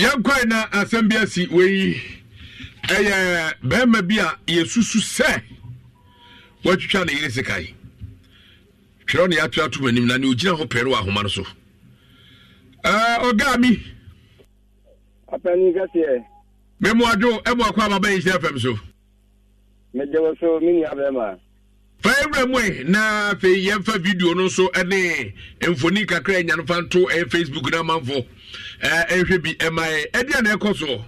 yɛnkwae na asɛm bi asi wei ɛyɛ bɛrima bi a yɛsusu sɛ watwitwa ne yere sekae twerɛ ne yɛato atom anim na ne ogyina hɔ pɛɛ no wɔ ahoma no so ɔgaa mi apani memoadwo ɛmo akɔ a mabɛyɛ fam so mede wo so me nua fa ɛwura mu ɛ na afei yɛmfa video no nso ne mfoni kakra ɛnya fa nto ɛyɛ facebook no amanfoɔ nhwɛ bi ɛma yɛ ɛdeɛ na ɛkɔ soɔ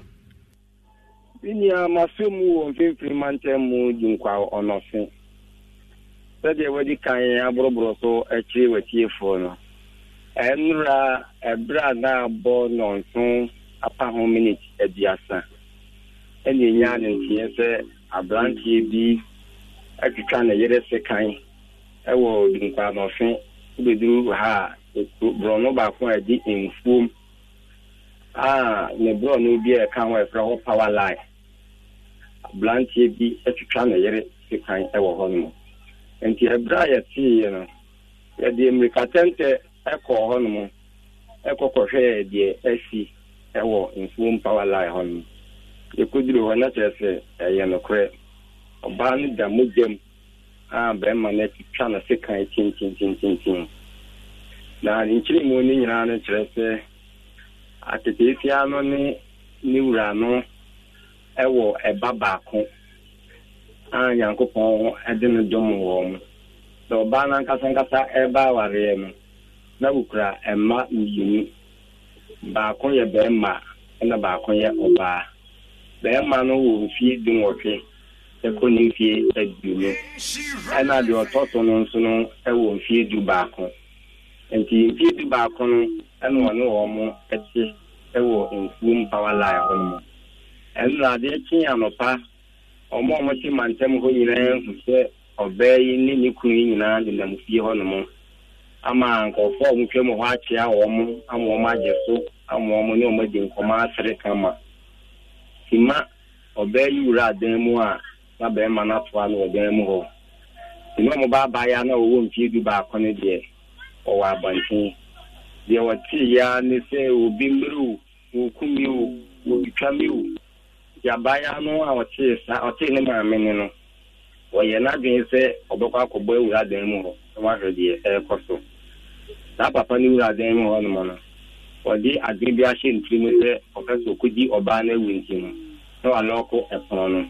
binia mafe mu wɔ mfimfini mantam mu di nkwa ɔnɔse sɛdeɛ wadi kan aborɔborɔ so akyire watiefoɔ no ɛnora ɛberɛ a na abɔ nɔnso apa ho minute aduasa ɛne ɛnya ne nteɛ sɛ aberanteɛ bi atwitwa ne yere se kan ɛwɔ dunkwa nɔfe wobɛduru ha a borɔno baako a ɛdi mfuom a lebron bi a ɛka e ɛfrɛ hɔ power line blanti bi atwitwa ne yere sekan wɔ hɔ nom nti ɛberɛ a yɛteeɛ no yɛde mmirikatɛntɛ ɛkɔɔ hɔ nom ɛkɔkɔhwɛɛ deɛ asi ɛwɔ nsuom power line hɔ nom yɛkɔduru hɔ na kyerɛ sɛ ɛyɛ nokorɛ ɔbaa ni da mogyam a bɛrima no atwitwa no sekan tintintintintin na nkyerɛ mu no nyinaa no kyerɛ sɛ atete esi anọ ne ne wura anọ wɔ ɛba baako a dɔm na ɔbaa n'ankasa nkasa ankasa awareɛ no na wokura mma mmienu baako yɛ barima na baako yɛ ɔbaa barima no wɔ mfie dunwɔtwe ɛkɔ ne aduonu ɛna deɛ nso no ɛna ɔne wɔn mo ɛte ɛwɔ nfuom power line hɔ nom ɛna adeɛ kye anɔpa wɔn a wɔte mantam hɔ nyinaa hu sɛ ɔbaa yi ne ne kunu yi nyinaa nenam fie hɔ nom ama nkɔfoɔ a wɔtwa mu hɔ akyea wɔn ama wɔn agye so ama wɔn ne wɔn adi nkɔmɔ asere kama sima ɔbaa yi wura adan mu a na barima no atoa no wɔ dan mu hɔ sima wɔn ba abaayewa no a mfie du baako no deɛ ɔwɔ abɔnten. deɛ eh, wɔtee ya ne sɛ obi mmiri o wɔkumi o wɔtwa mi o Yabaya no a ɔtee saa ɔtee ne maame ne no wɔyɛ n'adwene sɛ ɔbɛkɔ akɔbɔ ewura dan mu hɔ na wahwɛ deɛ ɛrekɔ so saa papa ne wura dan mu hɔ nom no wɔde adwene bi ahyɛ ne tirim sɛ ɔpɛ sɛ ɔkɔgyi ɔbaa no awu nti no na walɔɔko ɛpono no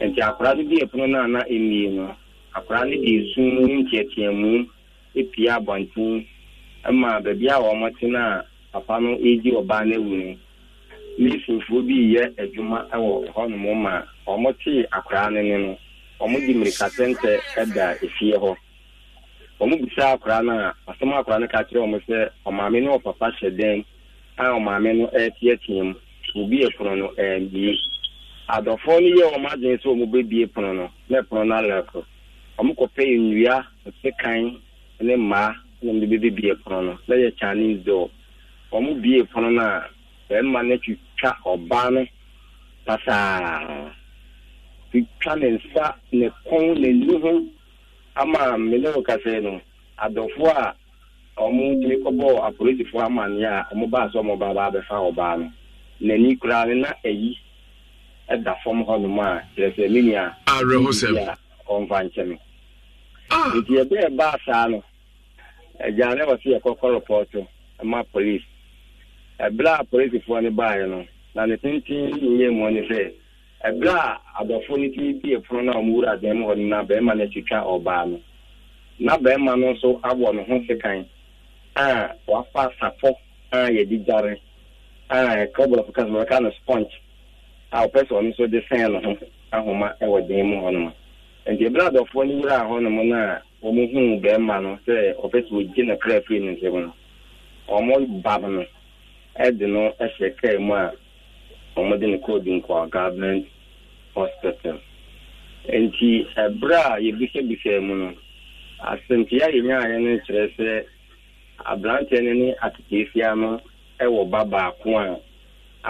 nti akwaraa no di ɛpono no a na ɛmmie no akwaraa no de esu ne nteateamu epie abɔnten ma beebi a wɔte no a papa no edi ɔbaa no awu no mmesinfoɔ bi yɛ adwuma wɔ hɔnom ma wɔte akwaraa no ne no wɔde mmirika tɛntɛ da efie hɔ wɔbisa akwaraa no a asɛm akwaraa no ka kyerɛ wɔn sɛ ɔmaame ne ɔpapa hyɛ dan a ɔmaame no reteatea mu obi yɛ pono no ɛrebie adɔfoɔ no yɛ wɔn adwene sɛ wɔn bɛbie pono no na pono no alɛ so wɔkɔpɛ nnua sekan mmaa. na mede bɛbɛbie pono no na yɛ chinese door ɔmo bie pono no a bɛrima no twitwa ɔbaa no pasaa twitwa ne nsa ne kɔn n'ani ho ama mene wo kasɛ no adɔfoɔ a ɔmo tumi kɔbɔɔ apolisifoɔ amanneɛ a ɔmo baa sɛ ɔmo baabaa bɛfa ɔbaa no n'ani koraa no na ayi ɛda fam hɔnom a kyerɛ sɛ menua awerɛhosɛm ɔmfa nkyɛ ah! nti ɛbɛɛ baa saa no agyaane wɔ so ɛkɔkɔ rɔpɔɔto ɛma polisi ɛberɛ a polisifoɔ no baeɛ no na ne tenten nyɛ mu ne sɛ ɛberɛ a abɔfo no ti bie pono no a ɔmwura dan mu hɔ no na bɛrima no atwitwa ɔbaa no na bɛrima no nso abɔ ne ho sekan a wafa sapɔ a yɛde gyare a ɛkɔbɔfo kasa wɔka no sponge a ɔpɛ sɛ ɔno nso de sɛn ne ho ahoma ɛwɔ dan mu hɔ no ma nti ɛberɛ a adɔfoɔ no wuraa hɔ no mu no wɔn hu bɛrima no sɛ ɔpɛ sɛ ogye ne kra firi ne nsam no wɔn ba no ɛde no ɛhyɛ kaa mu a wɔn de ne kɔɔ dunkwa government hospital nti ɛbrɛ a mu no no sɛ aberanteɛ no ne ɛwɔ ba baako a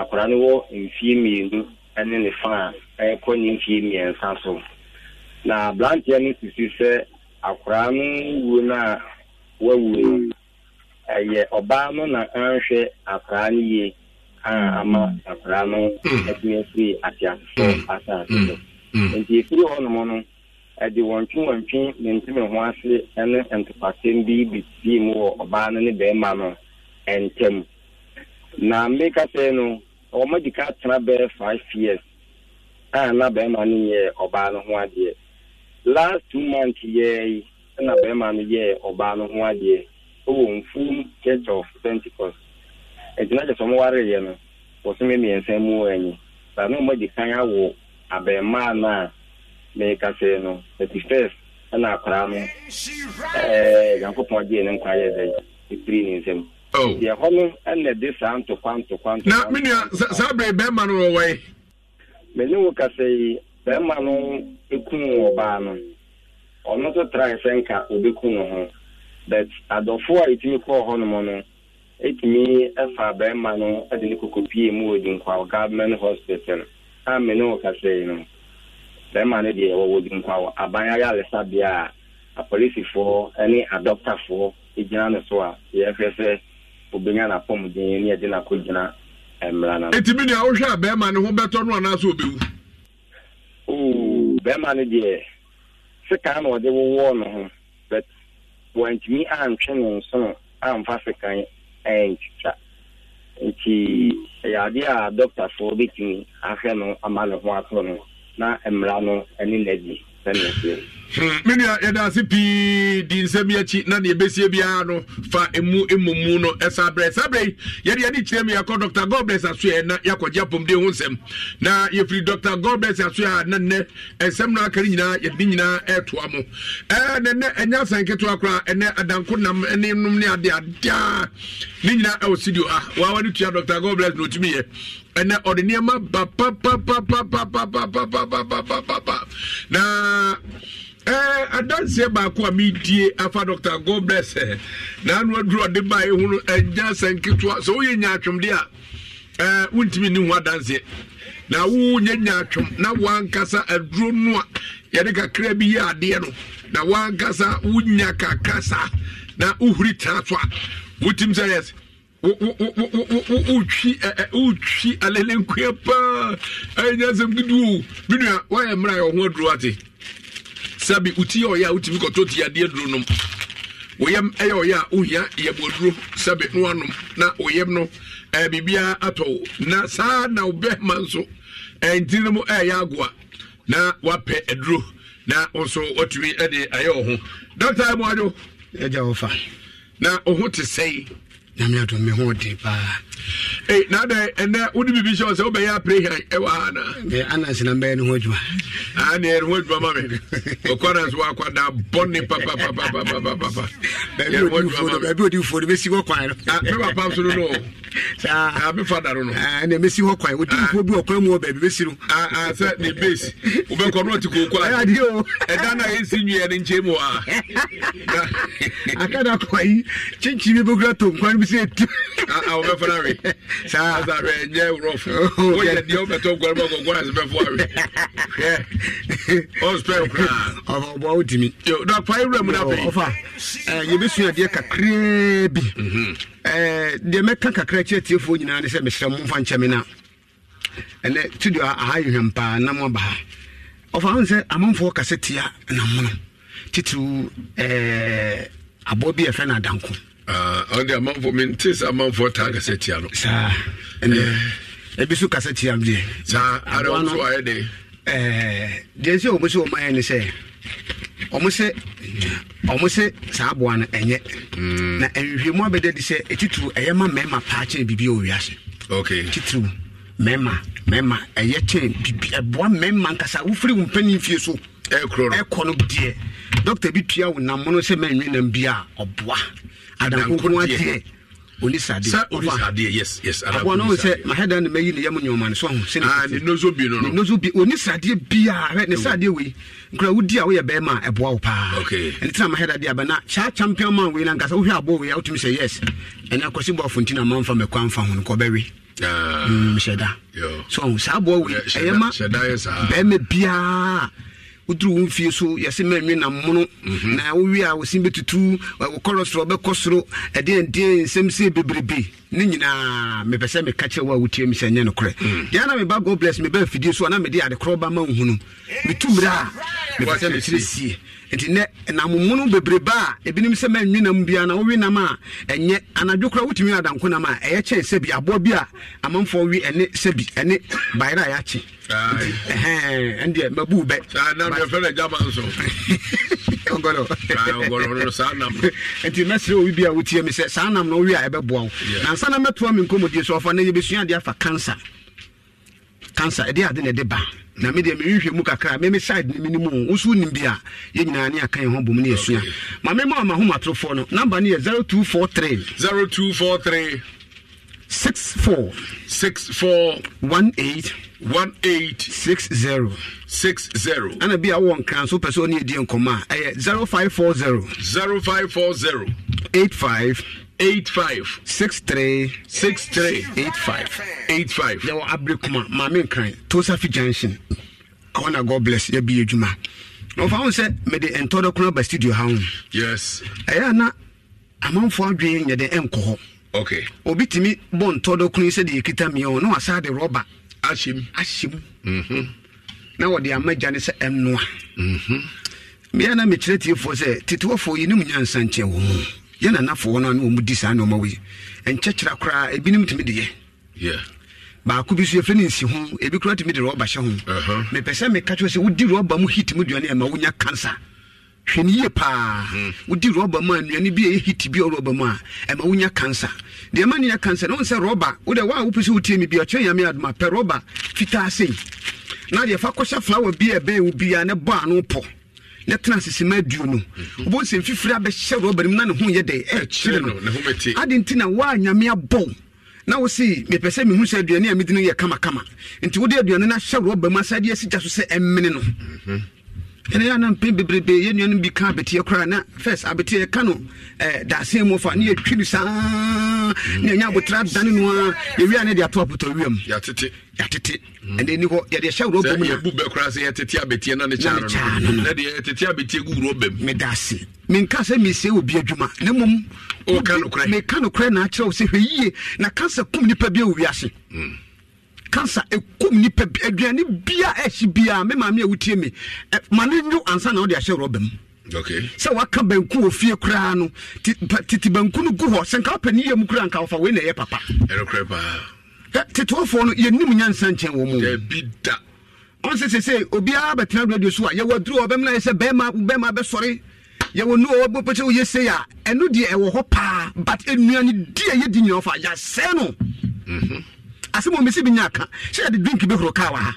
akwara no wɔ mfie ɛne ne ɛkɔ ne mfie mmiɛnsa akwaraa no wuo no a wawu no ɛyɛ ɔbaa no na anhwɛ akwaraa no yie a mm. ama akwaraa no mm. atumi afiri ateaseso mm. asase so nti ɛfiri hɔnom no ɛde wɔntwe wɔntwe ne ntimi ho ase ne ntopasɛm bi bisie mu wɔ ɔbaa no ne bɛrima no ɛntɛm na mmeka sɛ no ɔma di ka tena bɛɛ five years a na bɛrima no yɛ ɔbaa no ho adeɛ last two months yɛ yi ɛna bɛrima no yɛ ɔbaa no ho adeɛ ɛwɔ nfuom church of pentecost ɛgyina kyɛ sɛ ɔmowareeɛ no wɔsome mmiɛnsa mu wɔ anyi saa na ɔmagye kan awo abɛrmaa no a meka sɛ no thirty first ɛna akwaraa no ɛɛ nyankopɔn gyee ne nkwa yɛ dɛ ɛfiri ne nsam deɛ hɔ no ɛna de saa ntokwa ntokwa ntokwa na menua saa bere bɛrima no wɔwɔ yi mene wo kasɛ yi bɛrima no kun ɔbaa no ɔno nso trae sɛ nka obekum no ho but adɔfo a ɛtumi kɔɔ hɔnom no ɛtumi ɛfa bɛrima no ɛde ne kokopie mu wɔ dinkwaw government hospital a me ne wo kasa yi no bɛrima no deɛ wɔwɔ dinkwaw aban ayaresabea a apolisifoɔ ne adɔktafoɔ gyina no so a yɛhwɛ sɛ obenya n'apɔmuden ne yɛde n'akɔgyina mmara no ɛtumi nea wohwɛ a bɛrima ne ho bɛtɔ no anaasɛ obɛwu bɛrima no deɛ sekan na ɔde wowɔɔ no ho but wantumi antwe ne nsono amfa sekan ɛntwitwa nti ɛyɛ adeɛ a dɔktafoɔ bɛtumi ahwɛ no ama ne ho atɔ no na mmara no ne n'adi Hmm. menea yɛda ase pii di nsɛm akyi na ne yɛbɛsie biara no fa emu mmumu no ɛsa berɛ saa berɛ yi yɛde yɛne kyerɛ mu yɛkɔ dr gobles asoɛ na yɛakɔgye apɔmden ho nsɛm na yɛfiri dr gobles asoɛ a na nnɛ ɛnsɛm no aka no nyinaa yɛde ne nyinaa ɛɛtoa mo ɛɛ nnɛ ɛnyɛ asanketewa koraa ɛnɛ adanko nam ne nom ne ade ne nyinaa ɛwɔ studio a waawa no tua dr gobles na ɔtumi yɛ ɛnɛ ɔde nneɛma ba papapapapapapapapapa na ɛɛ adanseɛ baako a meedie afa dr god bless ɛ naanu aduru ɔde ba ehunu ɛgya sɛnketewa sɛ woyɛ nyaatwomde a ɛɛ wontumi ne ho adanseɛ na wonyɛ nyaatwom na wankasa aduro no a yɛde kakra bi yɛ adeɛ no na wankasa wonya kakasa na wohuri tena so a wotim sɛ yɛsɛ wotwi e, e, alelenkua paa ɛnyɛ asɛm keduo me woayɛ mmra yɛ ɔho aduro ate sabi woti yɛ ɔyɛ a wotumi kɔtɔ ti adeɛ duro nom woyam ɛyɛ ɔyɛ a wohia yɛboaduro sabi no wanom na woyam no ɛɛ e, atɔ wo na saa na wo nso no mu agoa na wapɛ aduro na nso watumi ayɛ na wo ho te sɛe nyame adom me ho paa Hey, eh, na dɛ ɛnɛ wode biribi sɛ wobɛyɛ apere hɛn eh, ɛwɔ ana eh, anas na mbɛyɛ ne ho adwuma aneɛ ah, ne ho adwuma ma me ɔkɔna so woakɔda bɔne papapapapapapa baabi odifoɔ no mɛsi hɔ kwan no ah, meba pam so no no ah, mefa da no no ɛnɛ mɛsi hɔ kwan odifoɔ bi ɔkwan mu wɔ baabi mɛsi no sɛ ne base wobɛkɔ no ɔte kooko ɛda no a yɛsi nwiɛ no nkyɛ mu a aka da kɔ sɛ ɛtuwobɛfa no awe saasahwɛ ɛnyɛ rɔf woyɛ deɛ wobɛtɔ nkɔre ma kɔkɔ ase bɛfo awe hwɛ ɔspɛn koraa ɔbɔa wotumi dɔpae wura mu no afei ɔfa yɛbɛsua adeɛ kakraa bi mm-hmm. deɛ mɛka kakra kyerɛ tiefoɔ nyinaa ne sɛ mehyerɛ momfa nkyɛ me no ɛnɛ studio aha yɛhwɛm paa na moaba ha ɔfa ho sɛ amanfoɔ kasɛ tia namono titiriw abɔ bi yɛfrɛ no adanko Ah, ɔde amanfoɔ mente sɛ amanfoɔ taa kasɛ tia no saa eh. ebi so kasɛ tia m deɛ saa arɛwo so ayɛ de deɛ sɛ eh, ɔmo sɛ ɔmayɛ ne sɛ ɔmo sɛ ɔmo sɛ saa aboa no ɛnyɛ hmm. na nhwɛmu abɛda di sɛ ɛtitiriw ɛyɛ ma mmarima paa kyɛn biribi a ɔwiase titiriw mmarima mmarima ɛyɛ kyɛn biribi ɛboa mmarima nkasa wofiri wo mpanyin fie so ɛkɔ no deɛ dɔkta bi tua wo nam mono sɛ manwe nam bi a ɔboa adankoko ateɛ onisadeɛ sɛ onisadeɛ yes yes adankoko onisadeɛ aboɔ no sɛ mahada ne mayi ne yam nyɔma ne so ɔho sɛ ne nozo bi no no nozo bi onisadeɛ biaa hwɛ ne sadeɛ wei nkura wodi a woyɛ bɛrima a ɛboa wo paa ɛne tena mahada deɛ aba na kyaa champion man wei nankasa wohwɛ aboɔ wei a wotumi sɛ yes ɛne akɔsi bɔ afonti na mamfa mɛkɔ amfa ho no kɔbɛwe hyɛda so saa aboɔ wei ɛyɛ ma bɛrima biaa woduru wo mfie so yɛse manwe mhm. na mmono na wowie a wosin bɛtutu wokɔrɔ soro soro ɛdeɛdeɛ nsɛm sɛ bebrebe ne nyinaa mepɛ sɛ meka kyerɛ wo a wotie me sɛ nyɛ nokorɛ mm. deɛ na meba god bless mebɛ afidie so ana mede adekorɔ ba ma wohunu metu mmerɛ a mepɛ sɛ mekyerɛ sie nti nɛ namomono bebrebe a ebinom sɛ ma nwi nam bia na wowi nam a ɛnyɛ anadwo kora wotumi adanko nam a ɛyɛ kyɛn sɛ bi aboa bi a amanfoɔ wi ɛne sɛ bi ɛne bayerɛ a yɛakye ɛndeɛ mabu bɛ nti mɛsrɛ obi bi a wotie me sɛ saa nam na wowi a ɛbɛboa wo nansa na mɛtoa me nkɔmmɔdie so ɔfa na yɛbɛsua adeɛ afa cancer cancer ɛdeɛ ade na ɛde ba na me deɛ mehwehwɛ mu kakra meme side ne menim o nso wonim bi a yɛ nyinaa ne aka yɛ ho bom ne yɛsua ma mema ama homatorofoɔ no namba no yɛ one eight six zero six zero. ana bi a wowɔ nkra nso pɛ sɛ ɔne ɛdi nkɔmmɔ a ɛyɛ zero eight five eight five. six three. six three. eight five. eight five. yẹ wọ abirikuma maame nkan tosafi junction awọn na god bless yẹ bi yẹ juma ọfọ ahun sẹ mẹde ntọdọ kuna ba studio ha hun. yes. ẹyẹ na amanfo adwene yẹ de ẹnkọ hɔ. okay. obi tìmi bọ ntọdọ kuna sẹ de yẹ kita mìíràn na wasa de rọba. ahyẹ mu. ahyẹ mu. na wɔde ama gya ne sɛ ɛnoa. mmea na mekyerɛ tiefoɔ sɛ tetewafoɔ yi ne mu nyansa nkyɛn wɔ mu. yɛn na nafo nafoɔ no a wɔn di saa nneɛma wei nkyɛkyerɛ koraa ebinom tumi deɛ baako bi so yɛfrɛ no nsi ho ebi koraa tumi de rɔba hyɛ ho mepɛ sɛ meka kyerɛ sɛ wodi rɔba mu hit mu duane ɛma e wonya kansa hwɛ ne yie paa mm-hmm. wodi rɔba mu a nnuane bi a ɛyɛ hit bi a rɔba mu a ɛma e wonya kansa deɛ ɛma no nya kansa na wo sɛ rɔba wodɛ wo a wopɛ sɛ wotie me bi ɔkyerɛ nyame adoma pɛ rɔba fitaa sei na deɛ fa kɔhyɛ flower bi a ɛbɛn wo bi biaa ne bɔ ano pɔ na tena asesema aduo no wobɛhu mhm. sɛ mfifiri abɛhyɛ rɔba no mu na ne ho yɛ dɛ eh, ɛkyere no ade nti na woa nyame abɔw na wo si mepɛ sɛ mehu sɛ aduane a medi no yɛ kamakama nti wode aduane no ahyɛ rɔba mu asadeɛ asigya so sɛ ɛmmene no mhm ɛnɛ yɛ ana mpɛn bebrebe yɛ nua no bi ka abɛteɛ koraa na first abɛteɛ yɛ ka no ɛɛ daasɛn mu fa ne yɛ twiri saa mm. ne yɛ nyɛ abotire adane no a yɛwia ne de ato apotɔ wiam yɛatete yɛatete ɛnɛ ni hɔ yɛde ɛhyɛ wuro bɔ mu na sɛ yɛbu bɛ koraa sɛ yɛtete abɛteɛ na ne kyaa no na deɛ yɛtete abɛteɛ gu wuro bɛm meda ase menka sɛ mesie obi adwuma na mmom meka nokorɛ na akyerɛ wo sɛ hwɛ yie na kansa kum nipa bi awu wiase mm. Kansa ekum nipa bi aduane bia ɛhyi bia me maame a wotie me ma ne nyo ansa na wode ahyɛ rɔba mu sɛ waka banku wɔ fie koraa no tete banku no gu hɔ sɛ nka wopɛ ne yɛ mu koraa nka wɔfa wei na ɛyɛ papa tetewafoɔ no yɛnim nyansa nkyɛn wɔ mu ɔn sɛ sɛ sɛ obiara bɛtena radio so a yɛwɔ aduru a ɔbɛmena yɛ sɛ bɛrima bɛrima bɛsɔre yɛwɔ nu a sɛ woyɛ sei a ɛno deɛ ɛwɔ hɔ paa but ɛnua no di a yɛdi nyina ɔfa yɛasɛe no mhm asɛm ɔmɛsi bi nya ka sɛ yɛde drink bɛhoro kaa wɔ ha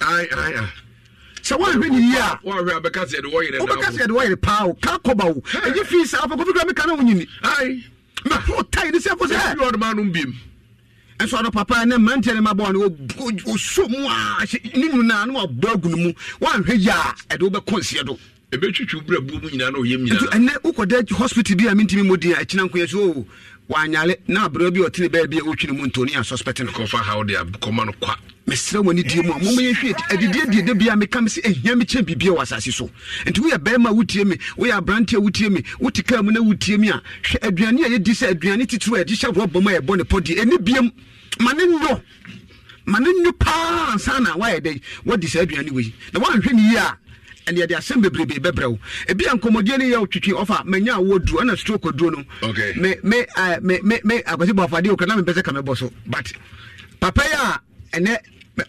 sɛ woanhwɛ ne yie a wobɛka sɛ yɛde wɔyere paa o ka kɔba wo ɛgye fii saa fa kɔfikra meka na wo nyini mapo tae ne sɛ sɛ ɛnso ado papa ne mmeranteɛ ne mabɔ ne ɔso mu a ne nwunu no ne wabɔ agu no mu woanhwɛ yi a ɛde wobɛkɔ nseɛ do ɛbɛtwitwi wobrabuo mu nyinaa na ɔyɛ nyinaa ɛnɛ wokɔda hospital bi a mentimi mmɔdin a ɛkyina nkoyɛ so o wanyale na aberɛ bi ɔtene bɛɛ bi a ɔtwene mu ntoni a suspect no kɔfa kwa mesrɛ wɔ die mu a momayɛ hwɛ adi da bia meka me sɛ ahia me kyɛ biribia wɔ asase so nti woyɛ bɛrima wotie me woyɛ aberante a wotie me wote kaa mu na wotie me a hwɛ aduane a yɛdi sɛ aduane titiri a yɛde hyɛ rɔba mu a yɛbɔ ne pɔdeɛ ɛne biam ma ne nnɔ ma ne nnɔ paa ansa na woayɛ dɛ wadi saa aduane wei na woanhwɛ ne yie a ɛne yɛde asɛm bebrebe bɛbrɛ wo ebi a nkɔmmɔdeɛ ni yɛ twitwi ɔfa manya awɔ duro ɛna stroke duro no me me me me akwasi bɔ afadeɛ okra na mepɛ sɛ ka mɛbɔ so but papa yi a ɛnɛ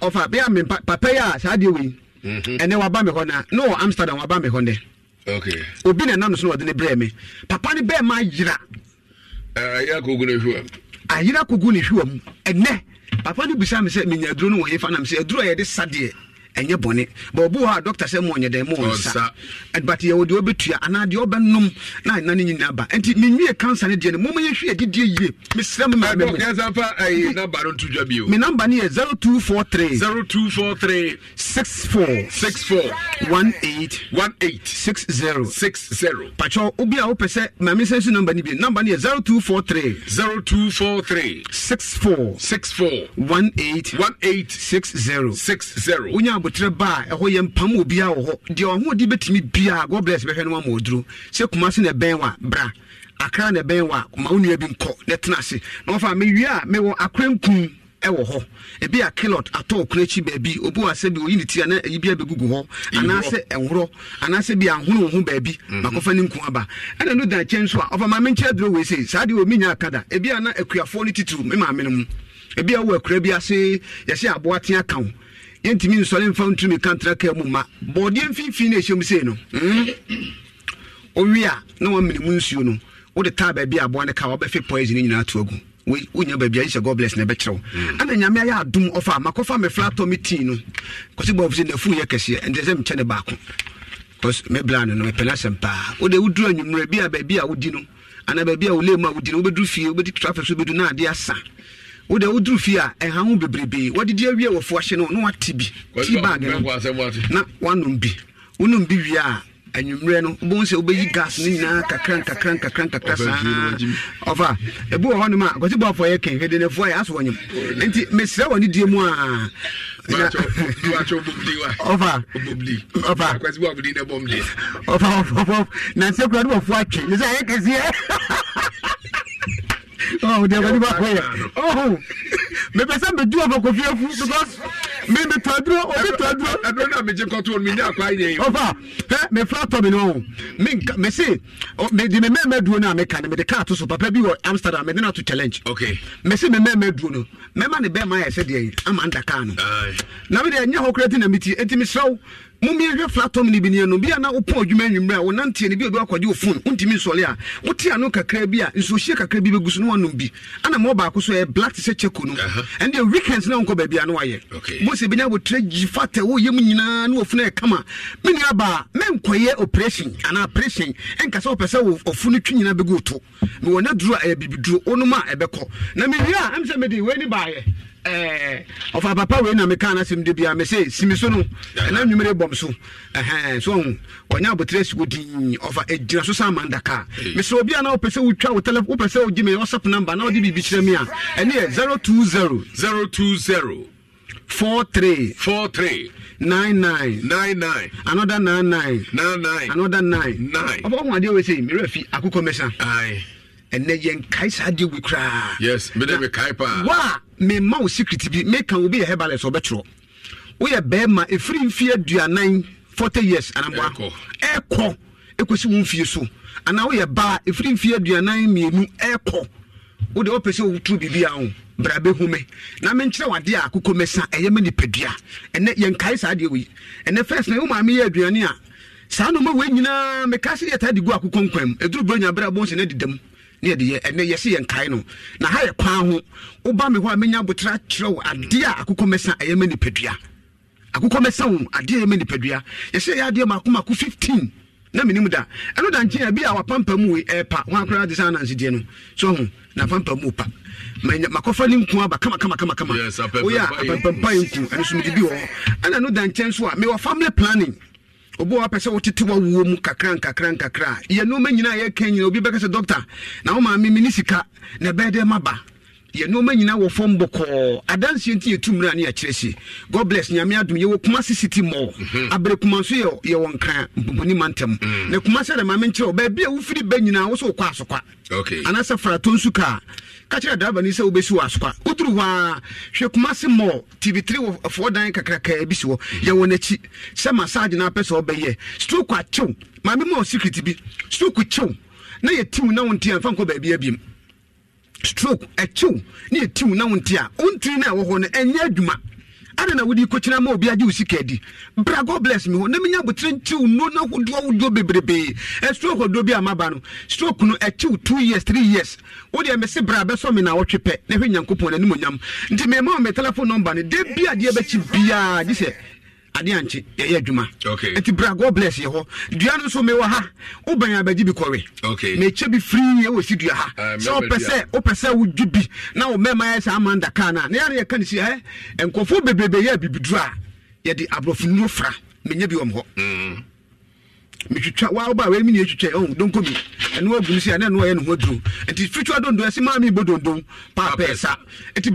ɔfa bia me papa yi a saa deɛ wei mhm. ɛnɛ waba me hɔ na na wɔ amsterdam waba me hɔ nɛ obi na nam so na ɔde ne brɛ me papa ne bɛɛ ma yera ayera kogu ne hwuam ayera kogu ne hwuam ɛnɛ papa ne bisa me sɛ menya aduro no wɔ hefa nam sɛ aduro a yɛde sadeɛ ɛnyɛ bɔne but ɔbu hɔ a doctor sɛ mo ɔnyɛ dɛn mo ɔnsa but yɛwɔ deɛ ɔbɛtua anaa deɛ ɔbɛnom na na ne nyinaa ba nti menwie cancer no deɛ no moma yɛhwɛ adidie yie mesrɛ me mamɛmɛ me number no yɛ 0243 0243 64 64 18 18 60 60 patwɛ obi a wopɛ sɛ mame sɛ so number no bi number no yɛ 0243 0243 64 64 18 18 60 60 wonya abotire ba a ɛhɔ yɛ mpam obiara wɔ hɔ deɛ ɔhoɔden bɛtumi biara god bless bɛhwɛ no ma ma ɔduro sɛ kumase na ɛbɛn wa bra akra na ɛbɛn wa ma wo nua bi nkɔ na tena ase na wɔfa mewie a mewɔ akra nkum ɛwɔ hɔ ebi a kilot atɔ ɔkuna akyi baabi obi wa sɛ bi oyi ne ti ana eyi bi abɛgugu hɔ anaasɛ ɛworɔ anaasɛ bi ahono ho baabi mhm. makɔfa ne nko aba ɛna no dan kyɛn so a ɔfa maame nkyɛn duro wei se saa deɛ omi nya akada ebi a na akuafoɔ ne titiri mi maame no mu ebi a wɔ akura bi ase yɛsɛ aboa tea kan yɛntumi nsɔre mfa ntumi kantra ka mu ma bɔɔdeɛ mfimfini na ɛhyɛ mu sei no wowie hmm? a na wamene mu nsuo no wode taa baabi a aboa no ka wobɛfe poison nyinaa to agu wonya baabi a nhyɛ god bless na ɛbɛkyerɛ wo hmm. ana nyame ayɛ adom ɔfa makɔfa mefra atɔ me tii no kɔsi bɔfo sɛ nafu yɛ kɛseɛ ɛntɛ sɛ mekyɛ ne baako mebra no no mepɛ no asɛm paa wode woduru anwummerɛ bi a baabi a wodi no anaa baabi a wolemu a wodi no wobɛduru fie wobɛdi traffic so wobɛdu na adeɛ asa wode woduru fie a ɛha ho bebrebee wadedi awie wɔfo ahye no na wate bi ti bag no na woanom bi wonom bi wie a anwummerɛ no wobɛhu sɛ wobɛyi gas no nyinaa kakra nkakra nkakra nkakra saa ɔfa ɛbu wɔ hɔ nom a kwasi bɔafoɔ yɛ kɛn hwɛdenafoɔ yɛ aso wɔnyam enti mesrɛ wɔ ne die mu a nansɛ kura ne wɔfoɔ atwe ne sɛ ɛyɛ kɛseɛ oh deɛ bani baako yɛ oh mepɛ sɛ medu abakɔfi afu because me metaduro obi taduro ɛduro na megye kɔto no menya akwa yɛ ɔfa hɛ mefra tɔ me no menka mese mede me mɛmɛ duro no a meka no mede kaa to so papa bi wɔ amsterdam mede no ato challenge okay mese me mɛmɛ duro no mɛma ne bɛɛma yɛ sɛdeɛ ama nda kaa no na mede ɛnyɛ hɔ koraa ti na meti enti meserɛ wo mommɛhwɛ flatom no bi ne no bia na wopɔ adwuma anwummerɛ a wonanteɛ no bi obi akɔgye wo phone wontumi nsɔle a wote ano kakra bi a nsuohyie kakra bi bɛgu so na woanom bi ana ma ɔbaako so ɛyɛ black te sɛ kyɛko no ɛne deɛ weekends na wonkɔ baabia na wayɛ mose bɛnya wɔtirɛ gyi fata woyɛ mu nyinaa na wɔfunu kama mene aba a menkɔyɛ operation ana operation ɛnka sɛ wopɛ sɛ ɔfu no twi nyinaa bɛgu wo to mewɔ na duru a ɛyɛ bibiduro wonom a ɛbɛkɔ na eh, eh, mewie Eh. ɔfa papa wei na meka nasɛm de bia mɛsɛ simi so no ɛna nnwumere bɔm so so ɔnya abotere si wodin ɔfa ɛgyina so sa obi a na wopɛ sɛ wotwa wo wopɛ sɛ wogye me whatsapp number na wode biribi kyerɛ me a ɛne yɛ 020 43 43 another ɛnɛ yɛn kae saa deɛ wi koraa yes mede me kae paa wo a mema wo secret bi meka wo bi yɛ hebale sɛ ɔbɛkyerɛ woyɛ bɛrima ɛfiri mfie aduanan 40 years anaboa ɛkɔ ɛkɔsi wo mfie so anaa woyɛ baa ɛfiri mfie aduanan mmienu ɛkɔ wode wopɛ sɛ woturu biribia wo bra bɛhume na menkyerɛ wadeɛ a kokɔ mɛsa ɛyɛ ma nipadua ɛnɛ yɛnkae saa deɛ wei ɛnɛ fis na womaame yɛ aduane a saa noma wei nyinaa meka sɛ yɛtaa de gu akokɔ nkwam ɛduru burɛ nya berɛ a bɔnsɛ no ne yɛde yɛ ɛnɛ yɛsi yɛn no na ha yɛ kwan ho woba me hɔ a menya botra akyerɛ wo adeɛ a akokɔ mɛsa ɛyɛ mɛ nipadua akokɔ mɛsa wo adeɛ yɛ mɛ nipadua yɛsi yɛ adeɛ mako mako fifteen na menim da ɛno da nkyɛn bi a wapampa mu ɛɛpa eh, wɔn akora de saa nansideɛ no so ho na pampa mu pa makɔfa ne nku aba kamakamakamakamaa woyɛ a apampampa yɛ nku ɛno so mede bi wɔ hɔ ɛna ɛno da nkyɛn so a mewɔ family planning obi wapɛ sɛ wotete wawuo mu kakra nkakra nkakra yɛ nnoɔma nyinaa yɛka nyina obi bɛka sɛ dɔkta na woma me mene sika na ɛbɛɛ dɛ maba yɛ nnoɔma nyinaa wɔ fam bɔkɔɔ adanseɛ nti yɛtu mmerɛ a ne yɛkyerɛ si god bless nyame adom yɛwɔ kuma se city mall mhm. abere kuma nso yɛwɔ nkra mpoponi ma ntɛm mhm. na kuma sɛ dɛ ma menkyerɛ wo baabi a wofiri bɛ nyinaa wo sɛ wokɔ asokwa anaasɛ frato nsu kaa ka kyerɛ draba ni sɛ wobɛsi wɔ asopa woduru hɔ a hwɛ kuma se mɔ tv3 wɔ foɔ dan kakrakaa bi si hɔ yɛwɔ n'akyi sɛ massage no apɛ sɛ ɔbɛyɛ stroke akyew maame ma secret bi stroke kyew na yɛtiw na wo nti amfa nkɔ baabi abiem stroke akyew na yɛtiw na wo nti a wontiri no a ɛwɔ hɔ no ɛnyɛ adwuma ada na wode kɔkyena ma obi agye wo sika di bra god bless me hɔ na menya botere nkyew no na ahodoɔ ahodoɔ bebrebee ɛstroke ahodoɔ bi a maba no stroke no ɛkyew two years three years wodeɛ mese bra bɛsɔ me na wɔtwe pɛ na hwɛ nyankopɔn n'animonyam nti mema wɔ me telephone number no da bi adeɛ e, bɛkyi biaa gye sɛ adeɛ ankye yɛyɛ adwuma nti bra god bless yɛ hɔ dua no nso mewɔ ha wobɛn abagye bi kɔwe mekyɛ bi firi ɛwɔ si dua ha ah, sɛ wopɛ sɛ wopɛ sɛ wodwi bi na wo mɛma yɛ sɛ amanda kar no a na yɛne yɛka no si ɛ nkɔfoɔ bebrebe yɛ bibiduru a yɛde aborɔfonuro fra menya bi wɔm hɔ mm. metwitwa wa woba wei mene ɛtwitwa ɔ donko mi ɛno dondo ɛse maa mebɔ dondon paapɛɛ sa nti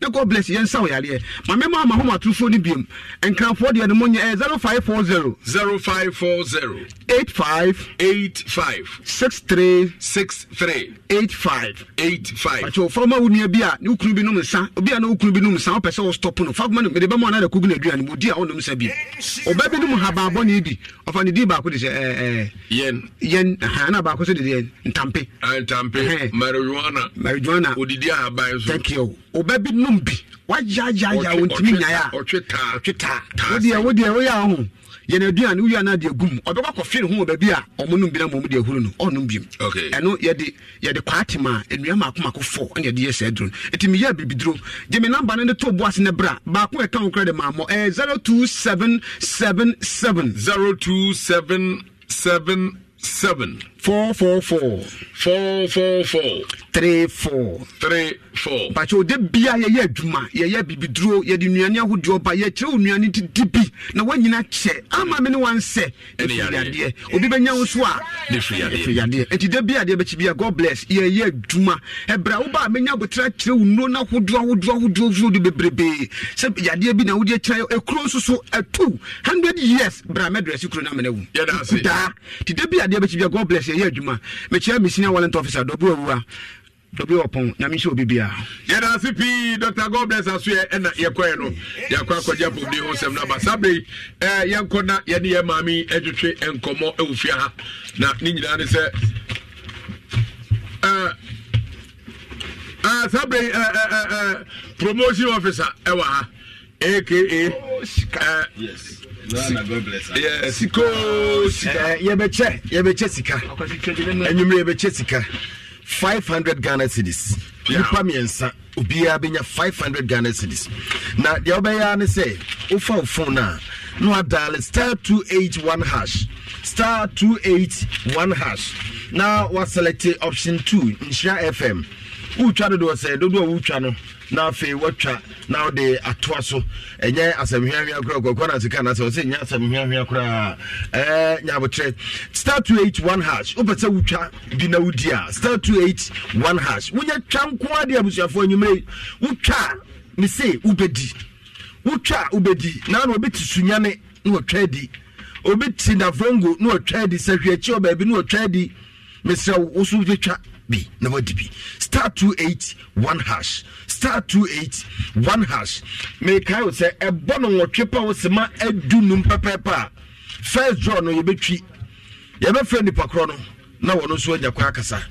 na god bless yɛn nsa wɔ yareɛ eh. ma mɛma ama homa atofoɔ no biom nkranfoɔ deɛ no mo nyɛ ɛ 0540 0540 85 85 63 eight five eight five wɔfra ma wo nua bi a ne wokunu bi nom nsa obi a na wokunu bi nom nsa wopɛ sɛ wɔstɔpo no fagoma no mede bɛma ɔnada kogu no aduane mu odi a wɔnom nsa bi ɔba bi nom habaabɔne bi ɔfa ne din baako de sɛ eh, eh, yɛn yɛn ana baako so de yɛn ntampe ah, ntampe marijuana marijuana odidi ahaban so thank you ọba bi num bi wayaayaya ontumi nyaya ɔtwetaa wodeɛ wodeɛ woyɛ aho yɛn aduane woyɛ ana de agum ɔbɛkɔ akɔfe ne ho wɔ baabi a ɔmo nom bi na mɔmu de ahuru no ɔnom bim ɛno yɛde yɛde kwaate ma nnua maako maako fɔ ɛna yɛde yɛ sɛ duro no nti meyɛ bibiduro gye me namba ne to boase ne bra baako ɛka wo kora de maamɔ ɛyɛ 02777 02777 Seven four four four four four four three four three bakyɛ ɔde bia yɛyɛ adwuma yɛyɛ bibiduro yɛde nnuane ahodoɔ ba yɛkyerɛ wo nnuane didi bi na woanyina kyɛ ama me ne wansɛ ɛfiriyadeɛ obi bɛnya wo so a ɛfiriyadeɛ enti da bia adeɛ bɛkyi bia god bless yɛyɛ adwuma ɛbrɛ woba a mɛnya abotra kyerɛ wo nnuro no ahodoɔ ahodoɔ ahodoɔ so de bebrebee sɛ yadeɛ bi na wode kyerɛ ɛkuro e nso so atu e 100 years bra mɛdrɛse kuro no amena wu daa nti da bia adeɛ bɛkyi bia god bless yɛyɛ adwuma mekyerɛ mesina walent officer dɔbɔ awura obi wɔpɔn nyame sɛ obi bia yɛda ase pii dr god aso yɛ ɛna yɛkɔɛ no yɛakɔ akɔgya pomde ho sɛm naba saa berɛ yɛnkɔ na yɛne yɛ maame adwetwe nkɔmmɔ ɛwɔ ha na ne nyinaa ne sɛ saa berɛ yi promotion officer ɛwɔ ha aka siko sika yɛbɛkyɛ yɛbɛkyɛ sika anwummerɛ yɛbɛkyɛ sika five hundred ghana cities nipa mmiɛnsa obiara bɛnya five hundred ghana cities na deɛ wobɛyɛ ne sɛ "Ofa, wo phone no a na star two eight one hash star two eight one hash na select option two nhyira fm wotwa dodoɔ sɛ dodoɔ wotwa no na afei watwa na wode atoa so ɛnyɛ asɛmhweahwea koraa kɔkɔ na sika na sɛ ɔsɛ nyɛ asɛmhweahwea koraa ɛɛ nyabotrɛ star two eight one hash wopɛ sɛ wotwa bi na wodi a star two eight one hash wonyɛ twa nko ade abusuafoɔ anwummerɛ yi wotwa a me se wobɛdi wotwa a wobɛdi na na wɔbɛte sunyane na wɔtwa adi obi ti na vongo na wɔtwa adi sɛ hwɛakyi wɔ baabi na wɔtwa adi mesrɛ wo wo bi na wadi bi star two eight one hash star two eight one hash mekae wo sɛ ɛbɔ no nwɔtwe pa wo ma adu num pɛpɛɛpɛ a first draw no yɛbɛtwi yɛbɛfrɛ nnipa korɔ no na wɔno nso anya kwan akasa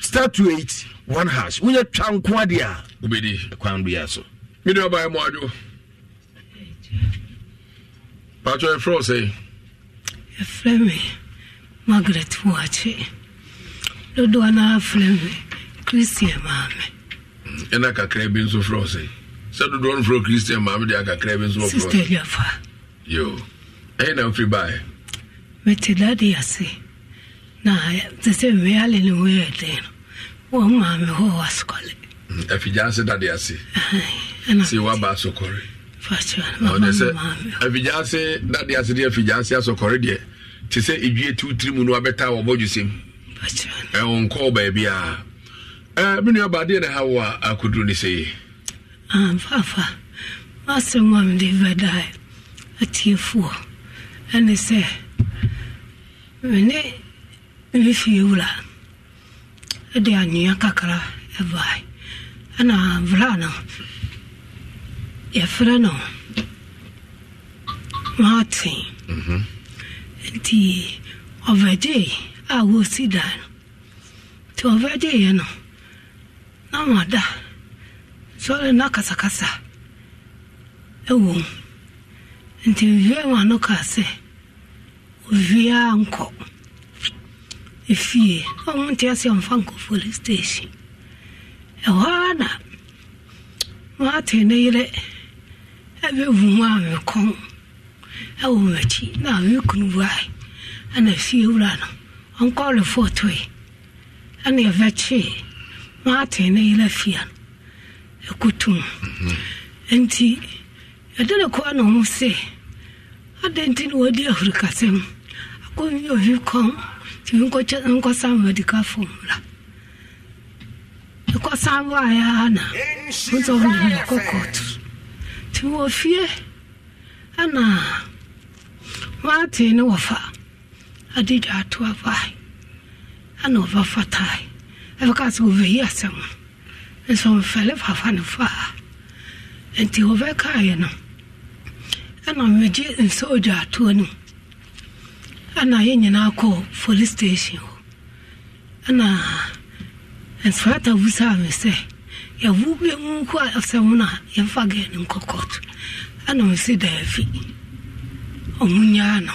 star 281 hash wonyɛ twa nko adeɛ a wobɛdi kwan bia so mede ɔbaɛ mɔ adwo patwɔ ɛfrɛ wo sɛ yɛfrɛ me margaret woakye dodoɔ no afrɛ me christian maame ɛna kakra bi nso frɛ wo sɛ sɛ dodoɔ no frɛ christian maame deɛ akakra bi nso sister yo ɛyɛ na wofiri baɛ mete dade ase na eh, te sɛ mmeale ne ho yɛ den no wɔ maame hɔ wɔ asokɔle mm, afigya ase dade ase sɛ woaba asokɔre afigya ase dade ase deɛ afigya ase asokɔre deɛ te sɛ edwie tiwotiri mu no wabɛta wɔ ɛwɔ nkɔ baabi a ɛɛ mi nua baadeɛ na ha a akuduro ne sɛye. Ah, mfafa maasɛ mu a mede bɛda atiefoɔ ɛne sɛ mene me fie wura ɛde anwea kakra ɛbae ɛna bra no yɛfrɛ no martin mhm. nti ɔbɛgyee a wɔresi dan no nti ɔbɛgyeeɛ no na wada sɔre na kasakasa ɛwɔ mu nti wie ma no kaa sɛ oviaa nkɔ efie na ɔmo nte ase ɔmfa nkɔ police station ɛhɔ ara na maate ne yerɛ ɛbɛbu mu a mekɔn ɛwɔ m'akyi na mekunu buae ɛna fie wura no ɔnkɔɔle fotoe ɛne yɛvɛkyee maatee ne yɛla fia e mhm. no ɛkutum nti yɛde ne kɔa ne ho se adɛn nti ne wadi ahurikasɛm akɔvi ovi kɔm nti nkɔsan medical formula ɛkɔsan baayɛa na wosɛ wonemɛkɔ kɔɔto nti wɔ fie ɛna maatee ne wɔfa adigya ato aba ɛna ɔba fataa ɛbɛka sɛ ɔbɛyi asɛm nso mfɛle fafa ne faa nti ɔbɛkaeɛ no ɛna megye nsa ogya atoɔ no ɛna yɛ nyinaa kɔɔ police station hɔ ɛna inspector busaa me sɛ yɛwo bɛmu nko asɛm no a yɛmfa gɛ ne nkɔ ɛna me se daafi ɔmo nyaa no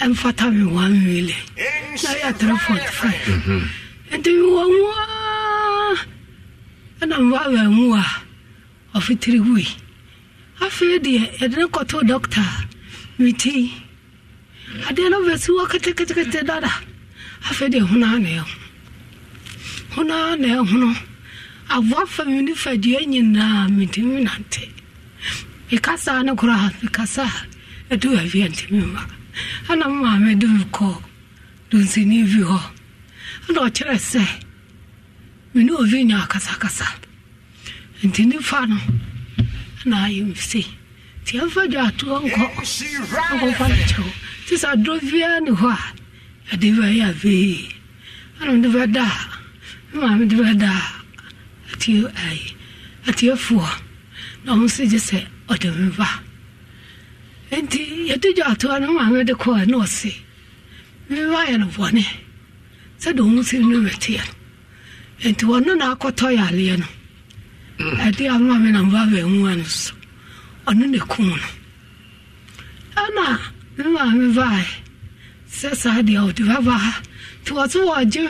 ɛmfata me one million na yɛ three forty five nti mewɔ mu a ɛna mewɔ awɛ mu a ɔfitiri wui afei deɛ yɛde ne kɔtoo dɔkta meti adeɛ no bɛsi wɔ ketekete dada afei deɛ honaa na ɛho honaa na ɛhono aboa fa me ne fadua nyinaa mentimi nante mekasa ne koraa mekasa ɛdu aviɛ ntimi ma ana m maame de kɔ dunsini bi hɔ ana ɔkyerɛ sɛ me ne obi nya akasakasa nti nifa no ana ayɛ m se nti ɛmfa dwa atoɔ nkɔ akɔfa no kyɛw nti sɛ adorɔ biara ne hɔ a ɛde bɛyɛ avee ana mede bɛda a me maame de bɛda a atiɛ ayi atiɛfoɔ na ɔmo se gye sɛ ɔde me ba nti yɛde gya atoa no maame de kɔɔ ne ɔse mema bụ no bɔne sɛde ɔhu no no nti wɔno na akɔtɔ yɛ no ɛde mm. ama me na mba baamu no so ɔno na ɛkum no ɛna me maame sɛ saa deɛ ɔde bɛba ha nti wɔso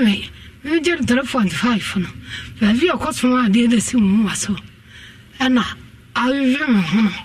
me megye no point five no baabi adeɛ si mu ma so ɛna awewe me ho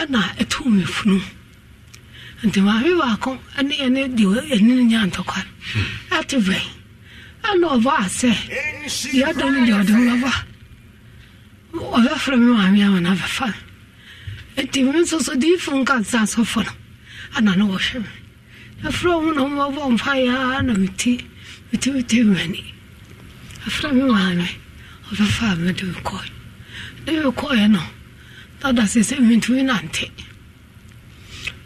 ɛna ɛtu mi funu nti maame baako ɛne ɛne deɛ ɛne ne nya ntɔkwa ɛte hmm. bɛn ɛna ɔba asɛ deɛ ɔda ne deɛ ɔde bɛba ɔbɛfrɛ me maame ama na bɛfa nti me nso so diifo nkasa asɔfo no ana ne wɔhwɛ me ɛfrɛ mu na mabɔ mpaeɛ na mete mete mete m'ani ɛfrɛ me maame ɔbɛfa me de mekɔe ne mekɔeɛ no dada sɛ sɛ mentumi nante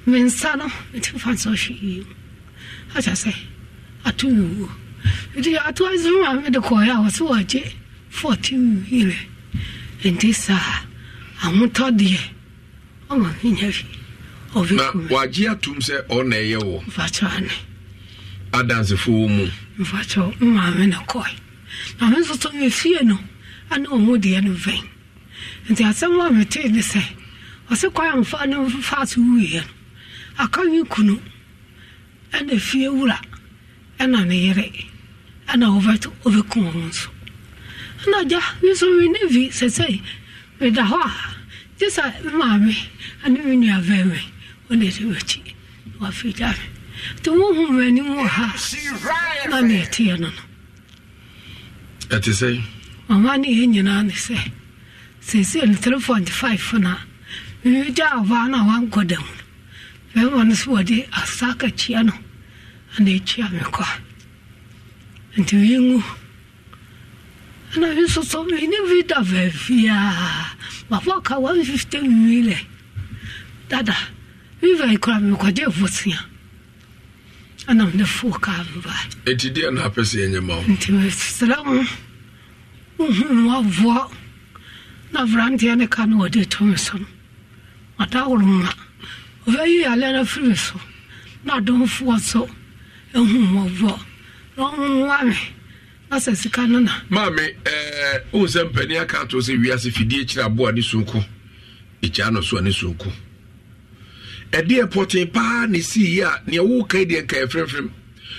me nsa no metumi fa nsɛ ɔhwe yie akyɛ sɛ ato wuo nti ato ase ma mede kɔɛ a wɔse wɔgye 14 mile nti saa ahotɔ deɛ ɔma menya fi ɔbɛkum wagye atom sɛ ɔna ɛyɛ wɔ mfakyɛ ane adansefoɔ mu mfakyɛ maame ne kɔe na me nso so mefie no ane ɔmu deɛ no vɛn nti asɛm a metee ne sɛ ɔsɛ kwan amfa ne mfa so wuiɛ no aka yi kunu ɛna fie wura ɛna ne yere ɛna wɔbɛto wɔbɛku wɔn nso ɛna gya ne nso mi ne vi sɛsɛi meda hɔ a gye sɛ maame ɛne me nua bɛɛmɛ ɔne ɛde m'akyi wafegya me nti wohu m'anim wɔ ha na ne ɛteɛ no no ɛte sɛ ɔma ne yɛ nyinaa ne sɛ seesei no three forty five na gya ɔbaa no a wankɔ da mu no bɛrima no so wɔde asa kakyia no ana akyia me kɔ nti mengu ana me soso mene bi da baabiaa mafɔ ka one fifty mmilɛ dada mebɛi kora mekɔgye bosea ana mede foo kaa meba ɛti deɛ na apɛ sɛ ɛnyɛ ma wo nti mesrɛ mo wohu waboɔ na aberanteɛ ne ka na wɔde to me so no mada woro ma ɔbɛyi yale no firi so na adomfoɔ so ɛhu mmɔbɔ na ɔnwa me na sɛ sika no na maame wohu sɛ mpani aka ato sɛ wiase fidie kyerɛ aboa ne sonko ɛgyaa no so a ne sonko ɛdeɛ pɔten paa ne sii a neɛ wokae deɛ nkaɛ frɛmfrɛm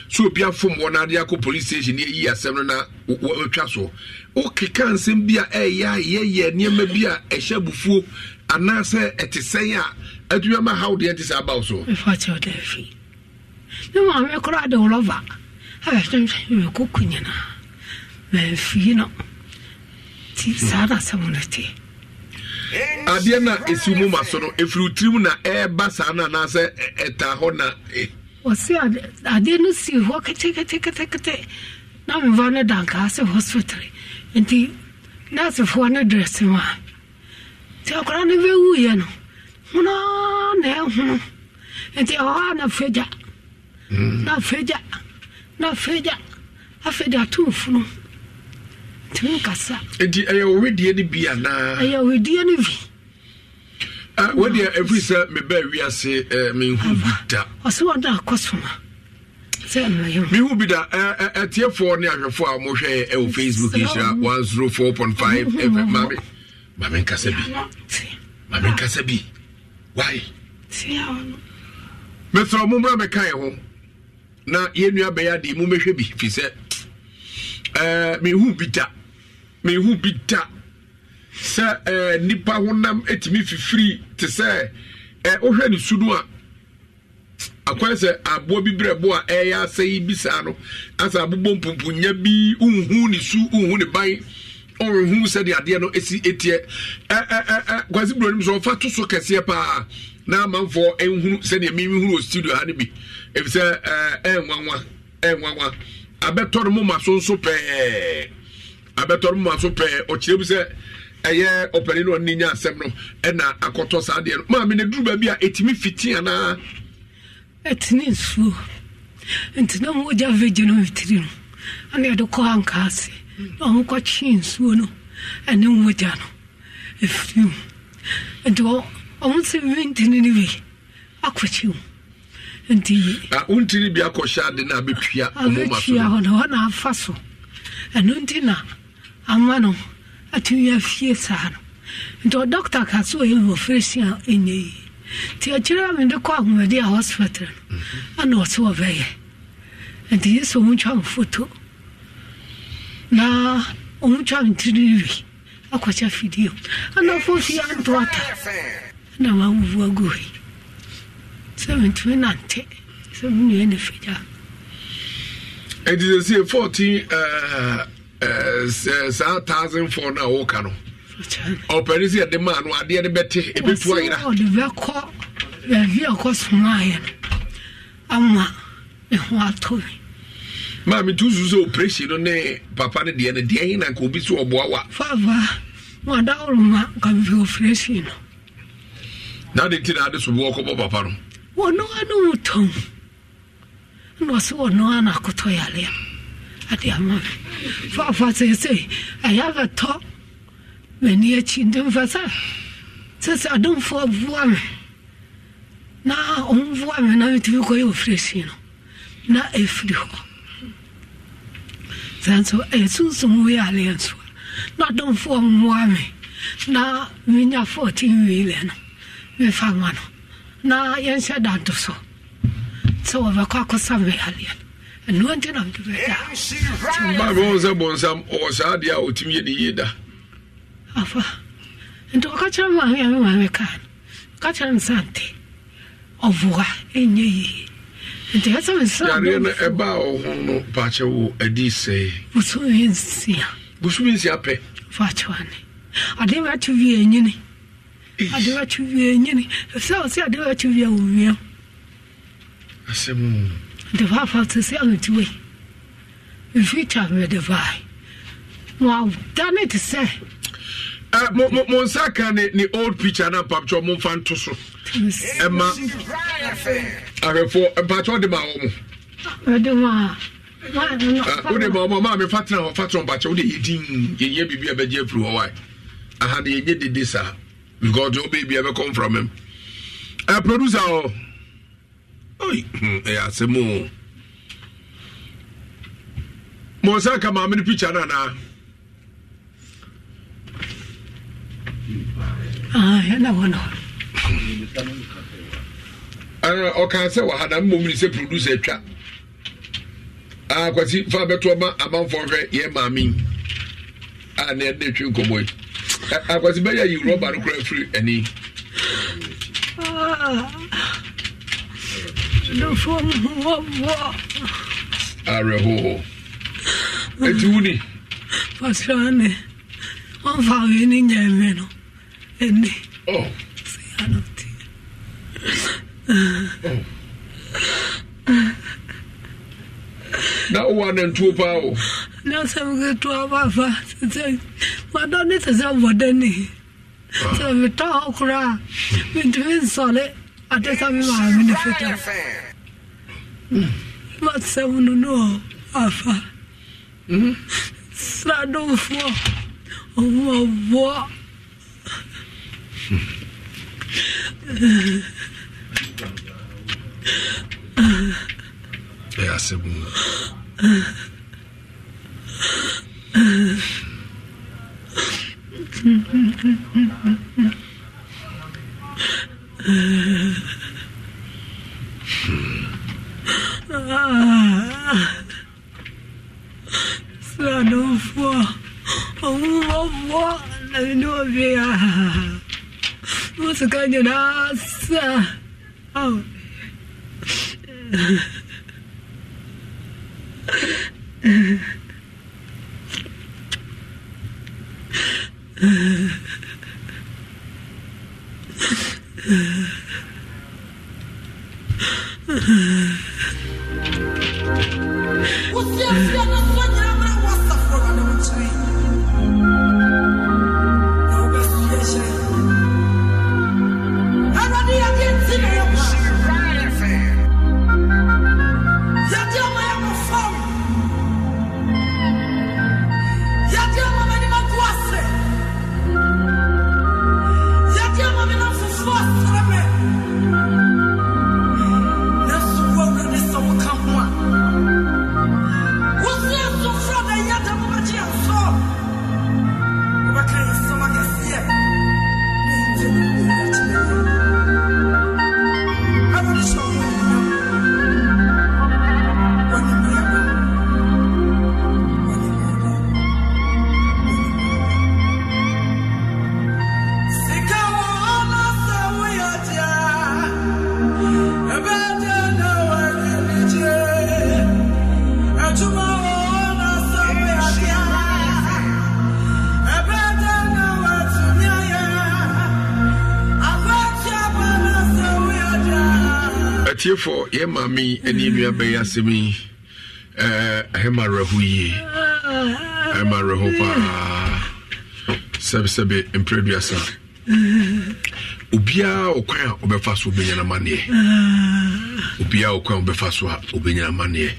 so obi afom wɔn ade akɔ police station ne ayi asɛm no na wɔtwa so wokeka nsɛm bi a ɛyɛ a yɛyɛ nneɛma bi a ɛhyɛ abufuo anaasɛ ɛte sɛn a atumi ama haw deɛ nte sɛ aba wo so ne maame koraa de wɔlɔva abɛhwɛ mekɔku nyinaa mamfii no nti saa na asɛm no te adeɛ na ɛsiw mu ma so no ɛfiri wo na ɛɛba saa no anaasɛ ɛtaa hɔ na eh, wɔse adeɛ no sii hɔ ketekete na meva no dankaa sɛ hospital nti nursefoɔ no dresse mu a nti ɔkora no bɛwuiɛ no hono na ɛhono nti ɛhɔ a na fagya mm. na fagya na fagya afei de ato funu nti nkasa nti ɛyɛ wɔwedie no bi anaa ɛyɛ wɔwedie no bi Ah, wodeɛ ɛfiri sɛ mebaa wiase menhu da ɔsɛ wɔda akɔ soma mehu bi da ɛtiefoɔ ne ahwɛfoɔ a mohwɛ ɛwɔ facebook nhyira 104.5 fm mame mame nkasa bi mame nkasa bi wae mesrɛ mo mmra mɛka ɛ ho na yɛnnua bɛyɛ adeɛ mu mɛhwɛ bi firi sɛ mehu bi da mehu bi da sɛ e eh, nipa honam etumi fifiri te sɛ ɛɛ eh, ne su no a akwan sɛ aboɔ bi brɛ bo a ɛyɛ asɛ yi bi saa no asa abobɔ mpumpunya bi nhu ne su nhu ne ban ɔnhu sɛde adeɛ no esi etie ɛɛ ɛɛ eh, kwasi buroni sɛ ɔfa to so kɛseɛ paa na sɛdeɛ mimi hunu wɔ studio ha bi efisɛ ɛɛ ɛnwanwa ɛnwanwa abɛtɔ no ma so nso pɛɛ abɛtɔ no ma so pɛɛ ɔkyerɛ sɛ. ɛyɛ ɔpanin no ɔne nya asɛm no ɛna akɔtɔ saa deɛ no maame ne duru baabi a etimi fiti anaa ɛtene nsuo nti na ɔmo gya vegye no mfitiri no ɛna yɛde kɔ anka ase na ɔmo kɔkye nsuo no ɛne mogya no ɛfiri mu nti ɔmo sɛ mentini no bi akɔkye mu nti wontini bi akɔhyɛ ade no abɛtua ɔmo ma so no abɛtua hɔ na hɔ afa so ɛno nti na ama no atumi afie saa no nti ɔdɔkta ka sɛ ɔyɛ wɔfrɛsi a ɛnyɛ yi nti akyirɛ a mede kɔ ahomadi a hospital no mhm. ana ɔse wɔbɛyɛ nti yesu ɔmu twa me foto na ɔmu twa me tiri wi akɔkyɛ fidie ana fo fie antoata na mawuvu agoi sɛ mentumi nante sɛ menua ne fagya ɛnti sɛ sie 14 uh... Eh, Eh, saa thousand four na ɔka no ɔpɛni sɛ yɛde maa no adeɛ no bɛte ɛbɛtu ayera ɔde bɛkɔ baabi ɔkɔ somaayɛ no ama ɛho atɔ me maame tu su sɛ operation no ne papa no deɛ no deɛ yi na nka obi so ɔboa wa fafa wadaworo ma ka bibi operation no na de ti na ade soboɔ kɔbɔ papa no wɔnoa no mu tɔm na ɔsɛ wɔnoa no akotɔ yaleɛ no ade ama fafa seesei ɛyɛ abɛtɔ m'ani akyi nti mfa sɛ sɛsɛ adomfoɔ boa me na ɔmboa me na metumi kɔyɛ ofirɛsi no na ɛfiri hɔ saa nso ɛyɛ sunsum nso na adomfoɔ mmoa me na menya 14 wiilɛ no mefa ma no na yɛnhyɛ danto so sɛ wɔbɛkɔ akɔsa me aleɛ no ɛno nti na mebɛdababɛhu sɛ bɔnsam ɔwɔ saa deɛ a ɔtumi yɛ ne yie da afa nti ɔka kyerɛ maame a me maame kaa no ɔka kyerɛ no sɛ nte ɔvoa ɛnyɛ yie nti ɛsɛ mesɛyareɛ no ɛbaa ɔ ho no paakyɛ wo adi sɛe bosome nsia nsia pɛ faakyɛwane adeɛ bɛakye wie anyini adeɛ wie anyini ɛsɛ ɔ sɛ adeɛ wie a wɔwiam asɛm nti fafa te sɛ anti wei mfita mɛdevae moadane te sɛ mo nsa ka ne ne old picture na mpatwɔ momfa nto so ɛma eh, ahwɛfoɔ mpatwɔ de ma wɔ mo de ma wode ma ɔma maa mefa tena hɔ fa torɔ mpakyɛ wode yɛ din yɛnyɛ biribi a bɛgye afiri hɔ wae aha ne yɛnyɛ dede saa because wobɛɛ bia bɛkɔm from him uh, producer ɔ oh. ɛyɛ asɛm mɔnsa ka maame no pikya no anaa ɔkaa sɛ wahada mmom ne sɛ producer atwa akwasi ah, fa bɛto ma amanfoɔ hwɛ yɛ maame a ne ɛde twe nkɔmmɔ yi akwasi ah, bɛyɛ yi rɔba no kora firi ani ah. dɔfoɔ mu wɔboɔ awerɛhoɔ ɛti wo ni pasra ne ɔmfa wei ne nya me no ɛne sɛanɔte na wowɔ anantuo paa o na sɛm ketewa bafa sɛ madɔ ne sɛ sɛ bɔdane sɛ metɔ hɔ koraa metumi nsɔre adesa mi maa mi ni fita ma sẹmu nínú ọ afa sradofo ọmọ ọbọ. ẹ yà sẹ́mu náà. Mm-hmm. 啥都不说，我我我来你那边，我是感觉难受，哦。wofiafia no fa nyinaa mmerɛ wɔ asafo awurade wo kyerɛ yɛ maame ɛne nua bɛyɛ asɛm yi ɛhɛma awerɛho yie ɛhɛma awerɛho paa sɛbesɛbe mprɛduasa obiara ɔkwan a ɔbɛfa so obɛnya no amanneɛ obiara ɔkwan a ɔbɛfa so a obɛnya no amanneɛ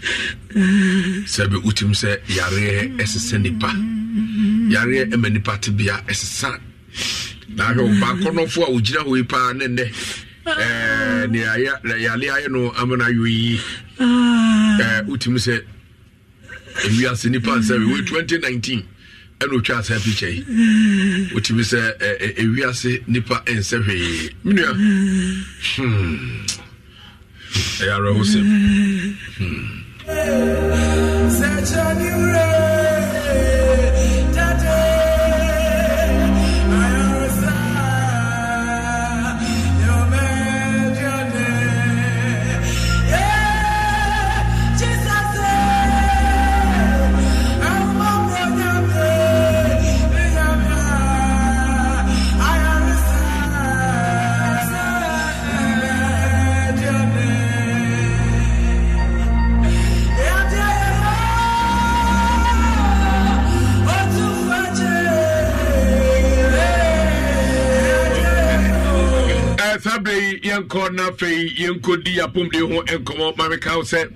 sɛbe wotim sɛ yareɛ ɛsesa nipa yareɛ ɛma nipa tebea ɛsesa na ahwɛ wo baakɔnɔfo a ɔgyina hɔ yi paa ne nnɛ Eh, yale ayɛ no amana yi ah. eh, wotumi sɛ ewiase nipa nsɛ wei 2019 ɛna otwa asa pikya yi wotumi sɛ eh, ewiase nipa nsɛ hwee menua hmm. hmm. ɛyɛ awerɛho sɛm hmm. new yɛnkɔ na afei yɛnkɔdi apɔmde ho nkɔmmɔ mameka wo sɛ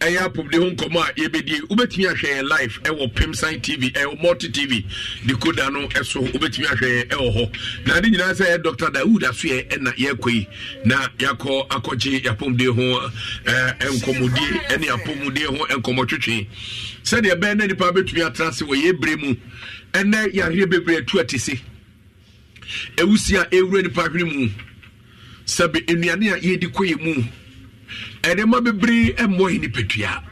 ɛyɛ apɔmde ho nkɔmmɔ a yɛbɛdie wobɛtumi ahwɛ yɛ live ɛwɔ pimsan tv ɛwɔ multi tv decoda no ɛso wobɛtumi ahwɛ yɛ ɛwɔ hɔ na ade nyinaa sɛ ɛyɛ dr dawood aso ɛna yɛkɔ yi na yɛakɔ akɔgye yɛapɔmde ho nkɔmmɔdie ne apɔmudie ho nkɔmmɔtwetwe sɛdeɛ ɛbɛyɛ na nipa bɛtumi atena ase wɔ yɛ bere mu ɛnɛ yɛaheɛ bebree atu ate se ɛwusi a ɛwura nipa hwene mu sɛbe nnuane a yɛdi kɔɛ mu ɛnɛma bebree mmɔ yɛ nipadua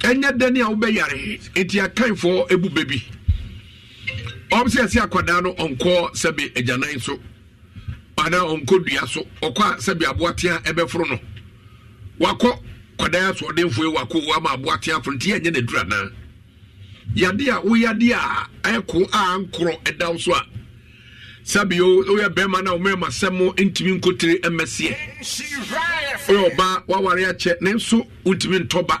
ɛnyɛ dɛne a wobɛyare enti akanfoɔ ɛbu ba bi ɔm sɛ ɛsɛ akwadaa no ɔnkɔ sɛbe agyanan so anaa ɔnkɔ dua so ɔkɔ a sɛbe aboatea ɛbɛforo no wakɔ kwadaa asoɔdenfoɔ yi wakɔ wo aboatea foro nti yɛnyɛ n'aduru anaa yade a a ɛko a ankorɔ ɛdaw so a sɛbi woyɛ bɛrima no a womerɛma sɛm ntumi nkotire mmɛseɛ woyɛ ɔba woaware akyɛ nanso wontumi ntɔ ba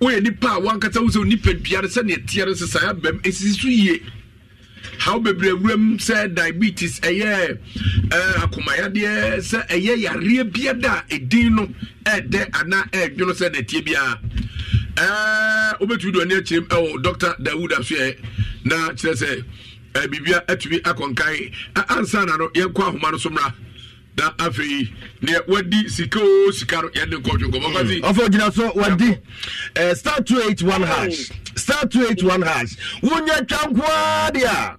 woyɛ nipa a wankasa wo sɛ wo nipa duare sɛneɛ teɛ no sesae abɛm ɛsisi so yie haw bebree wuram sɛ diabetes ɛyɛ eh, akomayadeɛ sɛ ɛyɛ yareɛ biara da a ɛdin no ɛɛdɛ anaa ɛɛdwono e, sɛ nɛteɛ biara eh, ɛɛ wobɛtumi eh, do ani akyerɛm ɛwɔ dr dawood asoɛ na kyerɛ sɛ Eh, biribia atumi eh, akɔnkan eh, ansa na no yɛnkɔ ahoma no so mmra na afei neɛ wadi sika o sika no yɛde nkɔdwo nkɔmɔ mm. fasi. ɔfɔ gyina so wadi ɛɛ star two eight one hash star two eight one hash wonye twankoa de a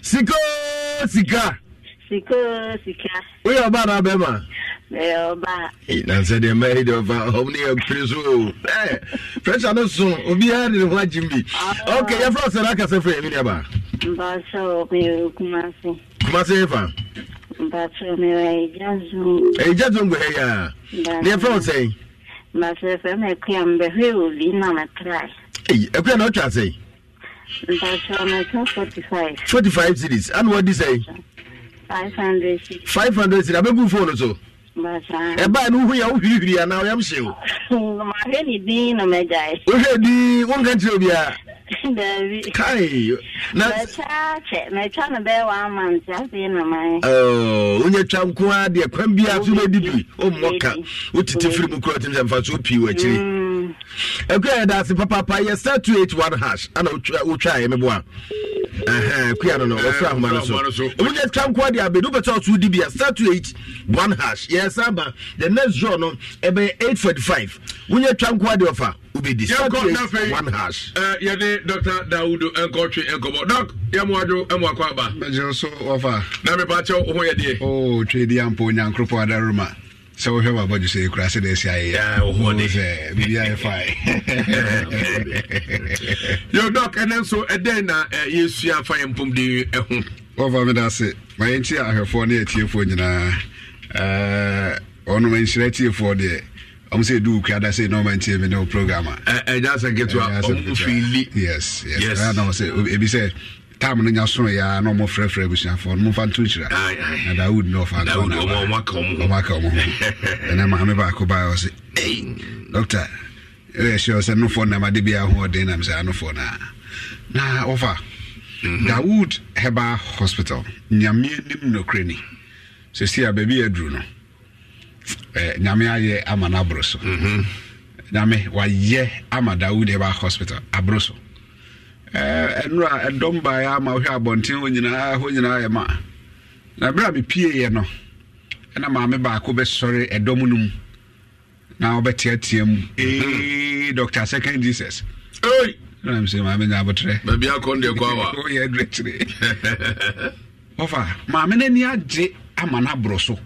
sika o sika. sika o sika. woyɛ ɔbaa na abɛɛma nansɛ deɛ mari deɛ ɔfa ɔm ne yɛpere so o frɛsa no so obiara de ne ho agyem bi ok yɛfrɛ sɛ no akasɛ frɛ ɛmi deɛba kuma se se fa ɛgya zo ngu hɛyi a ne yɛfrɛ wo sɛi akua na ɔtwa forty five series ane wadi five hundred series abɛgu fone so ɛbaa no wohu yɛ wohwirihwiri anaa woyam hye wo mahwɛ ne din na mɛgyae wohwɛ din wonka nkyerɛ obiaa daabi kae na mɛtwa kyɛ mɛtwa no bɛyɛ wɔamante afei na man wonya twa nko a deɛ kwan biaa so bɛdi bi wommɔ ka wotete firi mu kora tim sɛ mfa so wopii wɔ akyiri mm ɛkua yɛ daase papapa yɛ star two eight one hash ana wotwa yɛ meboa kua no no wɔfra ahoma no so ɛmu nyɛ twa nkoa de abɛdu wopɛ sɛ ɔso di bia star two eight one hash yɛ sa ba the next draw no ɛbɛyɛ e eight forty five wonyɛ twa nkoa de ɔfa wobɛdi star two one hash. Eh, yɛde dr dawudu nkɔtwe nkɔmɔ dɔk yɛmu adwo ɛmu akɔ aba. bɛgyere so wɔfa. na mepaakyɛw ho yɛ deɛ. o oh, twɛ di ampo nyankoropɔ adaroma sɛ wohwɛ babɔdwe sɛ ɛkura sɛ da asi ayɛyɛ biribia yɛfae yo dɔk ɛnɛ nso ɛdɛn na yɛsua fa yɛ mpɔmden ho wɔfa me da ase ma yɛnti ahwɛfoɔ ne atiefoɔ nyinaa ɔnom nhyira atiefoɔ deɛ ɔm sɛ ɛdu wokua da sɛ ɛna ɔma ntie me ne wo program a ɛgya sɛ ketewa ɔmfili yes yes ɛna sɛ ɛbi sɛ time no nya sono yɛ na ɔmo abusuafoɔ no momfa nto nhyira na dawood ne ɔfa ɔmaka ho ɛnɛ maame baako baa ɔ eh, sɛ doctor ɛyɛ hyɛ sɛ nofoɔ nam ade biaa nam sɛ anofoɔ no a ah. na ɔfa mhm. dawood heba hospital nyame nim nokorɛ ni sɛsi a baabi aduru no eh, nyame ayɛ ama no aborɔ so mhm. nyame wayɛ ama dawood heba hospital aborɔ so Eh, eh, nnura ɛdɔm eh, baeɛ ama wohwɛ abɔnten hɔ nyinaa hɔ nyinaa yɛ ma na berɛ a ya no na maame baako bɛsɔre ɛdɔm no mu na wɔbɛteatea mu ee hmm. dr second jesus m sɛ maame nya abotrɛ Beebi akɔ ndeɛ kɔ awa woyɛ adrɛkyerɛ ɔfa maame no ani agye ama no aborɔ so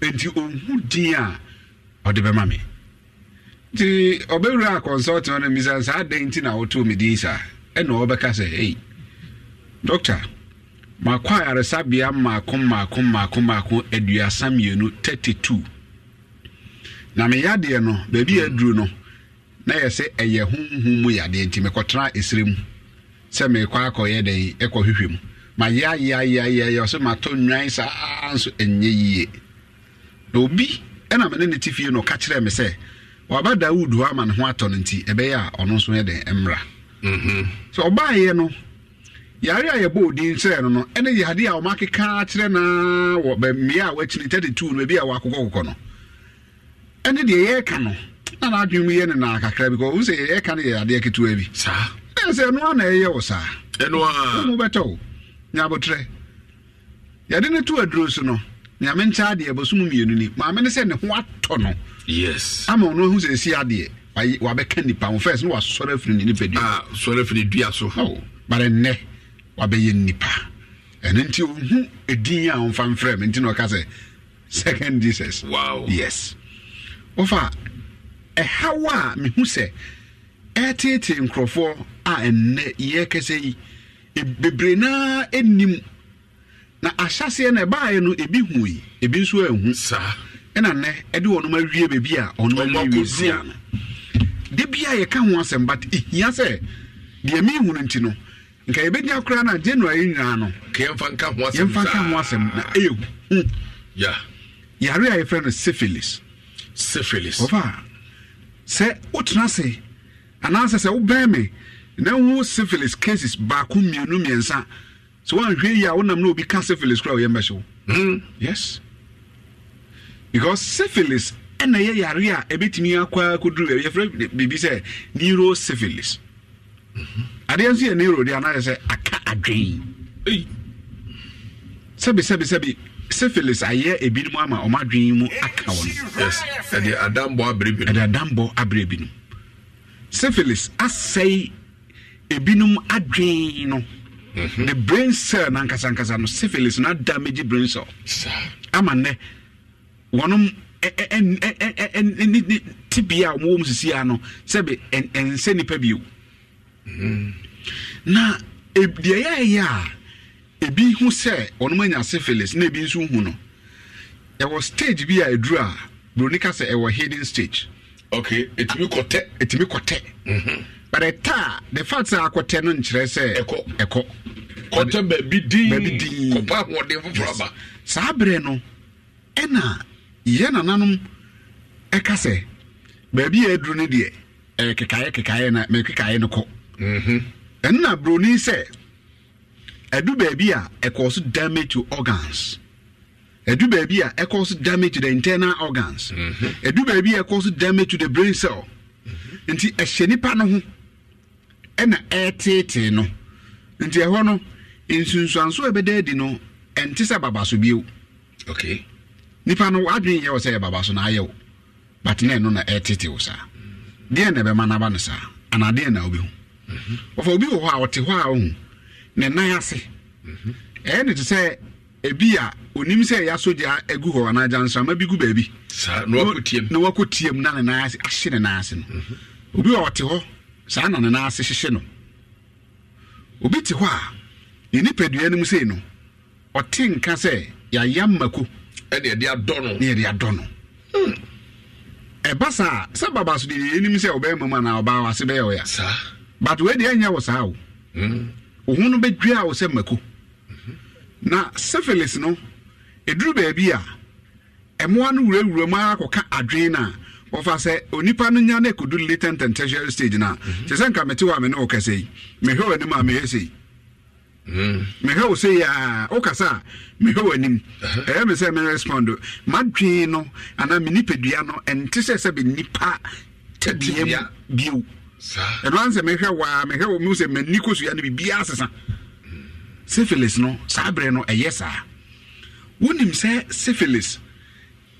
enti ɔhu din a ɔde bɛma me nti ɔbɛwura a consultant no misa saa dɛn nti na ọ tụọ m din saa ɛna ɔbɛka sɛ ei dɔkta makɔ ayaresabea mmaako mmaako mmaako mmaako aduasa mmienu 32 na me yadeɛ no baabi a aduro no na yɛ sɛ ɛyɛ honhom mu yadeɛ nti mekɔtena ɛsrɛ mu sɛ merekɔ akɔyɛ dɛn ɛkɔhwehwɛ mu mayɛ ayɛayɛayɛyɛ ɔsɛ matɔ nnwan saa nso ɛnyɛ yie na obi ɛna mene ne te fie no ɔka kyerɛɛ me sɛ waba dawood hɔ ama ne ho atɔ no nti ɛbɛyɛ a ɔno nso yɛ dɛn mmra Mm-hmm. so ɔbaayɛ no yare a yɛbɔ odin kyerɛ no no ɛne yadeɛ a ɔma akeka kyerɛ naa wɔ mmea a wakyiri 32 no baabi a wɔakokɔkokɔ no ɛne deɛ yɛreka no na n'adwene mu yɛ ne naa kakra bi kɔ wo sɛ yɛreka no yɛ adeɛ ketewa bi saa ɛn sɛ ɛno na ɛyɛ wo saa ɛno a mu bɛtɔ wo nyabotrɛ yɛde ne to aduro so no nyame nkyɛ adeɛ bɛsom mmienu ni maame ne sɛ ne ho atɔ no yes ama ɔno ahu sɛ ɛsi adeɛ wayi wabɛka nipa ho fɛs na wasɔre afiri ne nipa ah sɔre afiri dua so awo bare nnɛ wabɛyɛ nipa ɛno nti ohu edin a ɔmfa mfrɛ mi nti na ɔka sɛ second jesus wow yes wofa ɛhaw eh, ah, eh, ah, eh, e, e, a mehu sɛ ɛtetee nkurɔfoɔ a ɛnnɛ yɛ kɛsɛ yi bebree naa ɛnim na ahyɛseɛ na ɛbaeɛ no ebi hu yi ebi nso ahu saa ɛna nnɛ ɛde wɔn awie baabi a ɔno awie wie no de bia yɛka ho asɛm but ɛhia sɛ deɛ mehunu nti no nka yɛbɛnya koraa no january nyinaa no yɛmfa nka ho asɛm na ɛyɛ hu yare a yɛfrɛ no syphilis syphilis ɔfa sɛ wotena ase anaasɛ sɛ wobɛn me na wo syphilis cases baako mmienu mmiɛnsa sɛ woanhwɛ yi a wonam na obi ka syphilis koraa woyɛ mmɛhyew hmm. yes because syphilis ɛna ɛyɛ yare a ɛbɛtumi akɔ akɔduru baabi yɛfrɛ biribi sɛ neuro syphilis mhm. adeɛ nso yɛ neuro deɛ anaayɛ sɛ aka adwen sɛbisɛbisɛbi syphilis ayɛ ebinom ama ɔmo adwen mu aka wɔn yes ɛde adambɔ abere binom ɛde adambɔ abere binom syphilis asɛe ebinom adwen no mhm. the brain cell nankasankasa no syphilis na damage brain cell ama nnɛ wɔnom tibia a wɔwɔ mu sisi ano sɛbi nsɛ nipa bio na e, deɛ yɛayɛ a ebi ho sɛ ɔnom anya syphilis na ebi nso hu no ɛwɔ stage bi a ɛduru e a buroni ka ɛwɔ hidden stage. okay etumi kɔtɛ. etumi kɔtɛ. Mhm. but ɛta the fact sɛ akɔtɛ no nkyerɛ sɛ. ɛkɔ ɛkɔ. kɔtɛ baabi diin baabi diin kɔpa ahoɔden foforɔ aba. saa abirɛ no ɛna. yɛ na ɛka sɛ baabi yɛ aduru no deɛ ɛyɛ kekaeɛ kekaeɛ na mɛkekaeɛ no kɔ mhm. ɛno na buroni sɛ ɛdu baabi a ɛkɔɔ so damage to organs ɛdu baabi a ɛkɔɔ so damage to the internal organs mhm. ɛdu baabi a ɛkɔɔ so damage to the brain cell mhm. nti ɛhyɛ nipa no ho ɛna ɛɛteetee no nti ɛhɔ no nsunsuanso a ɛbɛda adi no ɛnte sɛ baba so bio okay nipa no adwene yɛ wɔ sɛ yɛ baba so na ayɛ wo but na ɛno na ɛtete wo saa deɛ na ɛbɛma naba no saa anaa deɛ na wobɛhu mhm. ɔfa obi wɔ hɔ a ɔte hɔ a ɔhu ne nan ase mhm. ɛyɛ ne te sɛ ebi a onim sɛ ɛyɛ asogya egu hɔ anaa gya nsrama bi gu baabi na wakɔ tie na ne nan ase ahye ne nan ase no mhm. obi wɔ ɔte hɔ saa na ne nan ase hyehyɛ no obi te hɔ a ne nipadua no mu sei no ɔte nka sɛ yɛayam mako ɛde ɛde adɔ no ne yɛde adɔ no hmm. ɛba saa sɛ baba so deɛ yɛnim sɛ ɔbɛyɛ mamu anaa ɔbaa wase bɛyɛ ɔyɛ but wɔadi anyɛ wɔ saa o hmm. wo ho no bɛdwaa wo sɛ mhm. na syphilis no ɛduru baabi a ɛmmoa no wurawura mu ara kɔka adwene no a wɔfa onipa no nya ɛkɔdu latent and stage no a mhm. kyɛ sɛ nka mete hɔ a me ne wɔ kɛsɛ mehwɛ wo sɛ yi a wokasa a mehwɛ w'anim ɛyɛ me sɛ merespond madwee no anaa me nipadua no ɛnte sɛ sɛ bɛ nipa tadeɛ mu bio ɛno an sɛ mehwɛ wo a mehwɛ wo mehu sɛ m'ani kɔsua no biribiaa sesa syphilis no saa berɛ no ɛyɛ saa wonim sɛ syphilis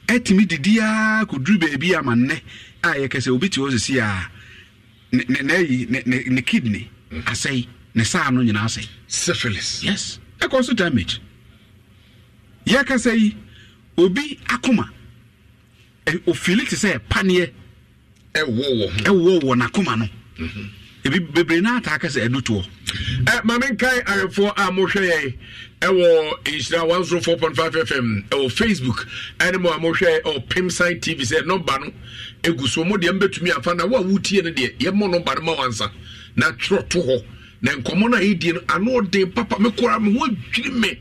ɛtumi didia kɔduru baabi ama nnɛ a yɛkɛ sɛ wobɛti hɔ sesi a na ayi ne kidney mhm. asɛe ne saa no nyinaa sɛ syphilis yes ɛkɔ so damage yɛkasa yi obi akoma ofili te sɛ paneɛ ɛwɔ wɔ n'akoma no mhm. ebi bebree naa taa kasa ɛdutoɔ. ɛ maame nkae ahwɛfoɔ a mohwɛ yɛ ɛwɔ nhyira one zero oh four point five fm ɛwɔ facebook ɛne mo a mohwɛ ɛwɔ pimsign tv sɛ nɔmba no egu so mo deɛ mbɛtumi afa na wo a wotie no deɛ yɛmmɔ nɔmba no ma wansa na twerɛ to hɔ na nkɔmɔ no a yɛdie no ano ɔden papa me kora me ho adwiri me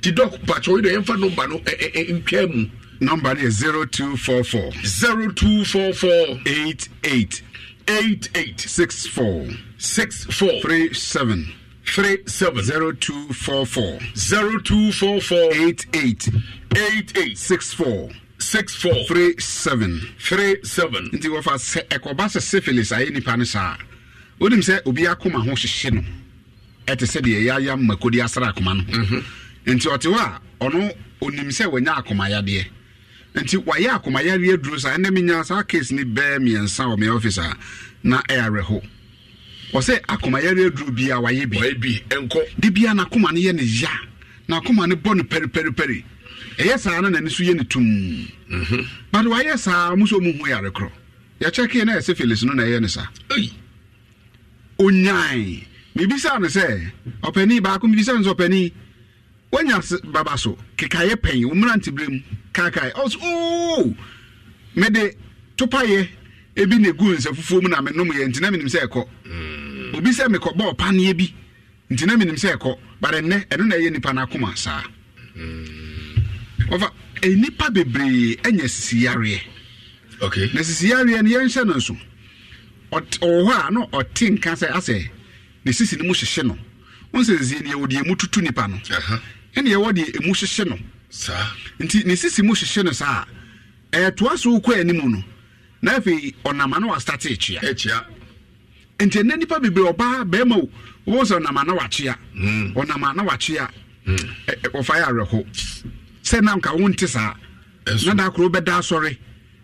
nti dɔk pakyɛ wo deɛ yɛmfa nomba no ntwa mu number no yɛ 0244 0244 88 88 64 64 37 37 0244 0244 88 88 64 six four three seven three seven nti wɔfa sɛ ɛkɔba sɛ syphilis ayɛ nipa no saa wonim sɛ obi akoma ho hyehye no ɛte sɛ deɛ yɛaya makodi asra akoma no mhm. nti ɔte hɔ a ɔno onim sɛ wanya akomayadeɛ nti wayɛ akomayadeɛ duro saa ɛnɛ menya saa case ne bɛɛ mmiɛnsa wɔ me office a na ɛyɛ awerɛho ɔsɛ akomayadeɛ duro bia wayɛ bi de bia n'akoma no yɛ ne ya n'akoma no bɔ no pɛripɛripɛri ɛyɛ saa na n'ani so yɛ ne tum mhm. but wayɛ saa ɔmo so ɔmo hu yare korɔ yɛkyɛ kee na ɛsɛ felix no na ɛyɛ ne saa onyae mebisa no sɛ ɔpani baako mebisa no sɛ ɔpani wanya baba so kekaeɛ pɛn wo mmerante mu kakae ɔso oo mede topayɛ ebi na egu nsa fufuo mu na menom yɛ ntina menim sɛ ɛkɔ obi hmm. sɛ mekɔbɔ ɔpaneɛ bi ntina menim sɛ ɛkɔ bare nnɛ ɛno na ɛyɛ nipa no akoma saa ɔfa hmm. nnipa e bebree anya sisiyareɛ na sisiyareɛ no yɛnhyɛ no nso ɔwɔ hɔ a na ɔte nka sɛ asɛ ne sisi ne mu hyehye no wɔn sɛ zie ne yɛwɔ deɛ emu tutu nipa no ɛne yɛwɔ deɛ emu hyehye no nti ne sisi mu hyehye no saa ɛyɛtoa so kɔ anim no na afei ɔnam ano wastate akyia akyia nti ɛnɛ nipa bebree ɔbaa bɛrima o wɔn sɛ ɔnam ano wakyia hmm. ɔnam ano wakyia hmm. ɔfa yɛ awerɛho sɛ nam ka wɔn ti saa na dakoro bɛda asɔre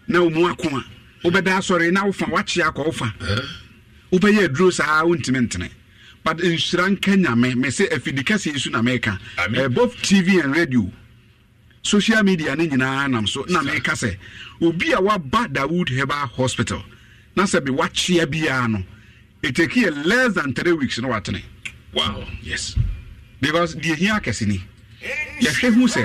na wɔn mu wobɛda asɔre na wofa wakye akɔ wofa wobɛyɛ aduro saa wontimi ntene but nhyira nka nyame me sɛ afidi kɛse yi so na meka uh, both tv and radio social media ne nyinaa nam so na meka sɛ obi a waba dawood heba hospital na sɛ bi wakyea biara no ɛtaki yɛ less than three weeks na watene wow yes because deɛ hia akɛse ni yɛhwɛ hu sɛ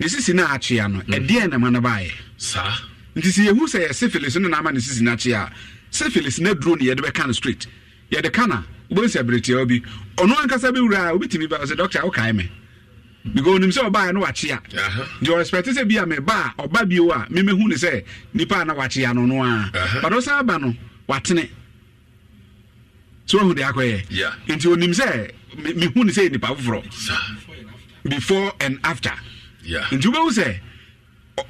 ne sisi no akyea no mm. ɛdeɛ nama no baayɛ saa nti sɛ yɛhu sɛ yɛ syphilis no naama ne sisi no akye a syphilis no aduro ne yɛde bɛka no straight yɛde ka na wobɛhu sɛ aberetiawa bi ɔno ankasa bɛwura a wobɛtumi ba sɛ dɔctor wokae me because onim sɛ ɔbaeɛ no wakye a nti ɔrespɛte sɛ bi a meba a ɔba bio a memɛhu ne sɛ nnipa na wakye a no no a but ɔsan aba no watene so wahu deɛ akɔyɛ nti onim sɛ mehu ne sɛ nipa foforɔ before and after nti wobɛhu sɛ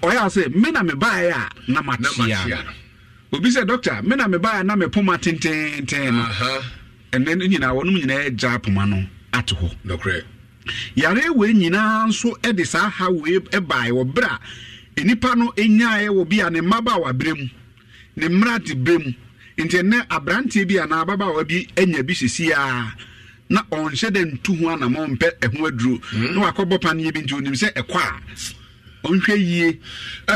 ɔyɛ sɛ me na mebaeɛ a na makyia obi sɛ doctor me na mebaeɛ na mepoma tententen no ɛnɛ no nyinaa wɔnom nyinaa gya poma no ato hɔ yare wei nyinaa nso de saa ha wee baeɛ wɔ berɛ a nnipa no nyaeɛ wɔ bi a ne mmabaawa berɛ mu ne mmerante berɛ mu nti ɛnɛ aberanteɛ bi anaa ababaawa bi anya bi sisi a na ɔnhyɛ dɛ ntu ho anama ɔmpɛ ɛho aduro hmm. na wakɔbɔ paneɛ bi nti onim sɛ ɛkɔ a ɔnhwɛ yie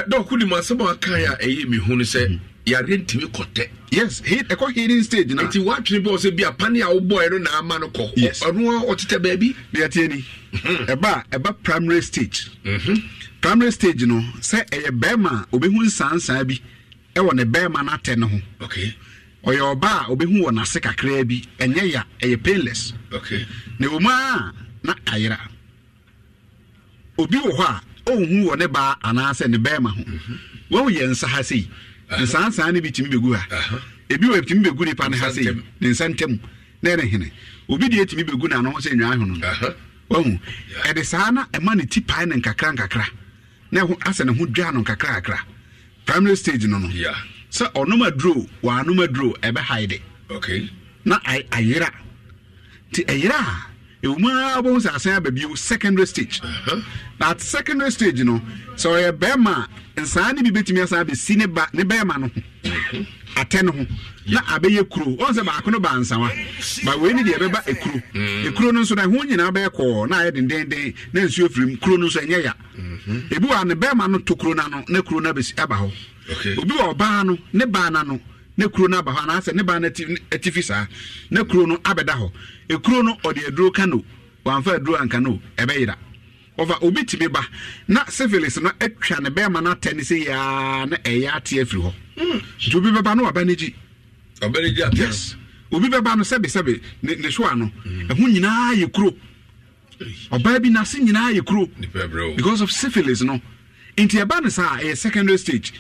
dɔɔko nim asɛm a aka a ɛyɛ mehu no sɛ hmm. yadeɛ ntumi kɔtɛ yes ɛkɔ healing stage na nti woatwene bi wɔ sɛ bia pane a wobɔɛ no na ama no kɔ ɔno a ɔtetɛ baabi deɛteɛ ni hmm. ɛba a ɛba primary stage mhm. primary stage no sɛ ɛyɛ bɛrima a obɛhu nsansaa bi ɛwɔ ne bɛrima no atɛ no ho ɔyɛ ɔba a obɛhu wɔ n'ase kakraa bi ɛnyɛ ya ɛyɛ painless na ɛwɔ mu a na ayera obi wɔ hɔ a ɔnhu wɔ ne baa anaasɛ ne bɛrima ho mhm. wɔn yɛ nsa ha sei nsansan ne bi tumi bɛgu ha ebi wɔ tumi bɛgu nipa ne ha sei ne nsa ntɛm ne ne hene obi deɛ tumi bɛgu n'ano sɛ nwa ahono no wɔn ɛde saa na ɛma ne ti pae ne nkakra nkakra na ɛho asɛ ne ho dwa no nkakra nkakra primary stage no no sɛ ɔnom aduro wɔ anom aduro ɛbɛ ha yi de na ayera ti ɛyera a ɛwɔmu ara wobɛhu sɛ asan aba bio secondary stage na at secondary stage no sɛ ɔyɛ bɛrima a nsaa ne bi bɛtumi asan abɛsi ne ba ne bɛrima no ho atɛ no ho na abɛyɛ kuro ɔn sɛ baako no bansawa ba wei ne deɛ ɛbɛba ekuro mm. ekuro no nso na ho nyinaa bɛyɛ kɔɔ na ayɛ dendenden na nsuo firi mu kuro no nso ɛnyɛ ya mhm. ebi wɔ a ne bɛrima no to kuro n'ano na kuro no abɛsi aba hɔ obi wɔ ɔbaa no ne baa n'ano ne kuro no aba hɔ anaasɛ ne baa no atifi saa ne kuro no abɛda hɔ ekuro no ɔde aduro ka no wɔamfa aduro anka no ɛbɛyera ɔfa obi tumi ba na syphilis no atwa ne bɛrima no atɛ ne sɛ yɛa na ɛyɛ ate afiri hɔ nti obi bɛba no waba no gyi yes obi bɛba no sɛbesɛbe ne soa no ɛho nyinaa yɛ kuro ɔbaa bi n'ase nyinaa yɛ kuro because of syphilis no nti ɛba no saa ɛyɛ secondary stage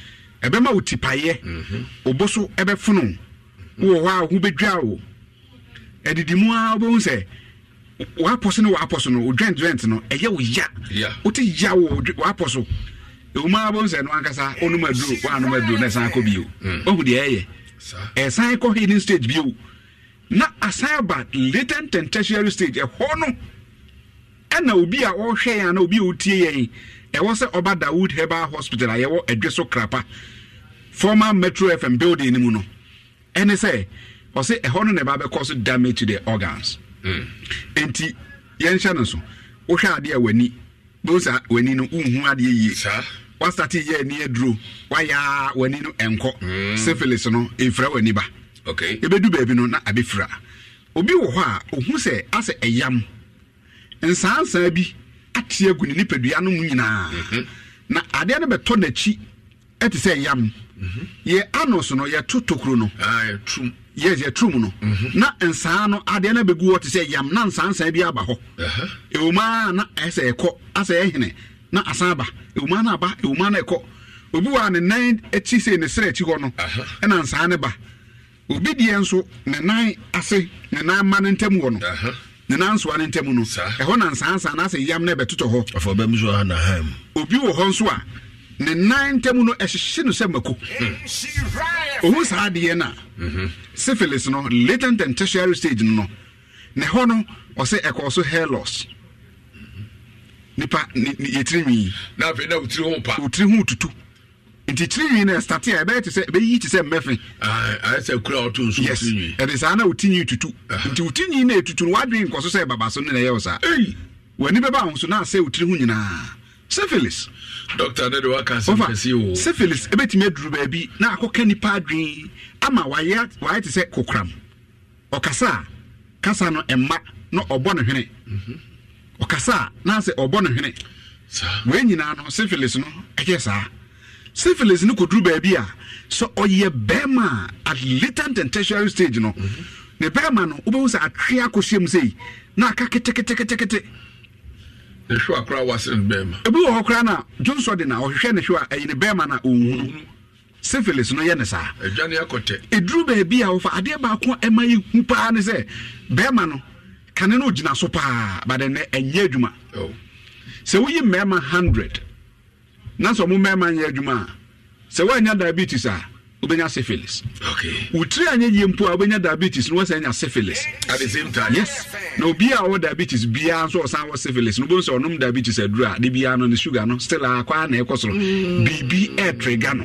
ɛbɛma wo tipaeɛ mhm. obo so ɛbɛfono wowɔ hɔ a ho bɛdwa wo adidi mu a wobɛhu sɛ wapɔ so ne wapɔ so no odwent dwent no ɛyɛ wo ya wote ya wo wapɔ so ɛwuma wobɛhu sɛ no ankasa wonom aduro woanom aduro na ɛsan mm. kɔ bio wohu deɛ ɛyɛ ɛsan kɔ hidden stage bio na asan aba latent and tertiary stage ɛhɔ no ɛna obi a wɔhwɛ yɛn ana obi a wotie yɛn ɛwɔ sɛ ɔba dawood herbal hospital a yɛwɔ adwe so krapa former metro fm building no mu no ɛne sɛ ɔsɛ ɛhɔ no na ɛba bɛkɔ so damage to the organs hmm. Enti yɛnhyɛ no so wohwɛ adeɛ a w'ani bɛhu w'ani no wonhu adeɛ yie wasate yɛ ani aduro wayɛ w'ani no ɛnkɔ hmm. syphilis no ɛmfira w'ani ba ɛbɛdu baabi no na abɛfira obi wɔ hɔ a ɔhu sɛ asɛ ɛyam nsansaa bi ate agu ne nipadua no mu nyinaa mhm. na adeɛ no bɛtɔ n'akyi ɛte sɛ yam mhm. yɛ anos no yɛto tokuro no yes yɛturum no mhm. na nsaa no adeɛ no bɛgu hɔ te sɛ yam na nsansan bi aba hɔ ɛwoma na ɛyɛ sɛ ɛkɔ asɛ ɛhene na asan aba ɛwoma no aba ɛwoma no ɛkɔ obi wɔ a ne nan akyi sɛ ne serɛ akyi hɔ no ɛna nsaa no ba obi deɛ nso ne nan ase ne nan ma no ntam wɔ no ne nansoa ne ntam no ɛhɔ na nsaansa anaasɛ yam no ɛbɛtotɔ hɔ obi wɔ hɔ nso a ne nan ntam no ɛhyehye no sɛ mako ɔhu saa adeɛ no a mhm. syphilis no latent and tertiary stage no no na ɛhɔ no ɔsɛ ɛkɔɔ so hair loss mhm. nipa yɛtiri nwii wotiri ho tutu nti tirinwi na ɛstate a ɛbɛyɛ te sɛ ɛbɛyi te sɛ mmɛfe. Ah, ayɛ sɛ kura ɔtɔ nsu yes ɛde saa na otinwi tutu nti otinwi na etutu no wadwi nkɔso sɛ baba so ne na ɛyɛ o saa w'ani bɛba ahosuo na asɛ otiri ho nyinaa syphilis. dɔkita ne de waka asɛm kɛse o. syphilis ebetumi aduru baabi na akɔka nipa adwin ama wayɛ wayɛ te sɛ kokoram ɔkasa kasa no ɛma na ɔbɔ ne hwene mhm. ɔkasa na asɛ ɔbɔ ne hwene wei nyinaa no syphilis no ɛyɛ saa syphilis no kɔduru baabi a sɛ ɔyɛ bɛrima at latent and tertiary stage no ne bɛrima no wobɛhu sɛ atwe akɔhyia mu sɛi na aka keteketeketekete ɛhwɛ akora wase no bɛrima ebi wɔ hɔ koraa no a johnson de na ɔhwehwɛ ne hwɛ a ɛyi ne bɛrima no a ɔnhunu syphilis no yɛ ne saa adwane akɔtɛ ɛduru baabi a wɔfa adeɛ baako ɛma yɛ hu paa ne sɛ bɛrima no kane no ɔgyina so paa bade nɛ ɛnyɛ adwuma sɛ woyi mmarima 100 na sɛ ɔmo mmarima nyɛ adwuma a sɛ woanya diabetes a wobɛnya syphilis wotiri anyɛ yie mpo a wobɛnya diabetes na wɔsɛ nya syphilis at the same time yes na obi a ɔwɔ diabetes biara nso ɔsan wɔ syphilis no wobɛhu sɛ ɔnom diabetes aduru a de biara no ne sugar no still a kwaa na ɛkɔ soro mm. biribi ɛɛtrega no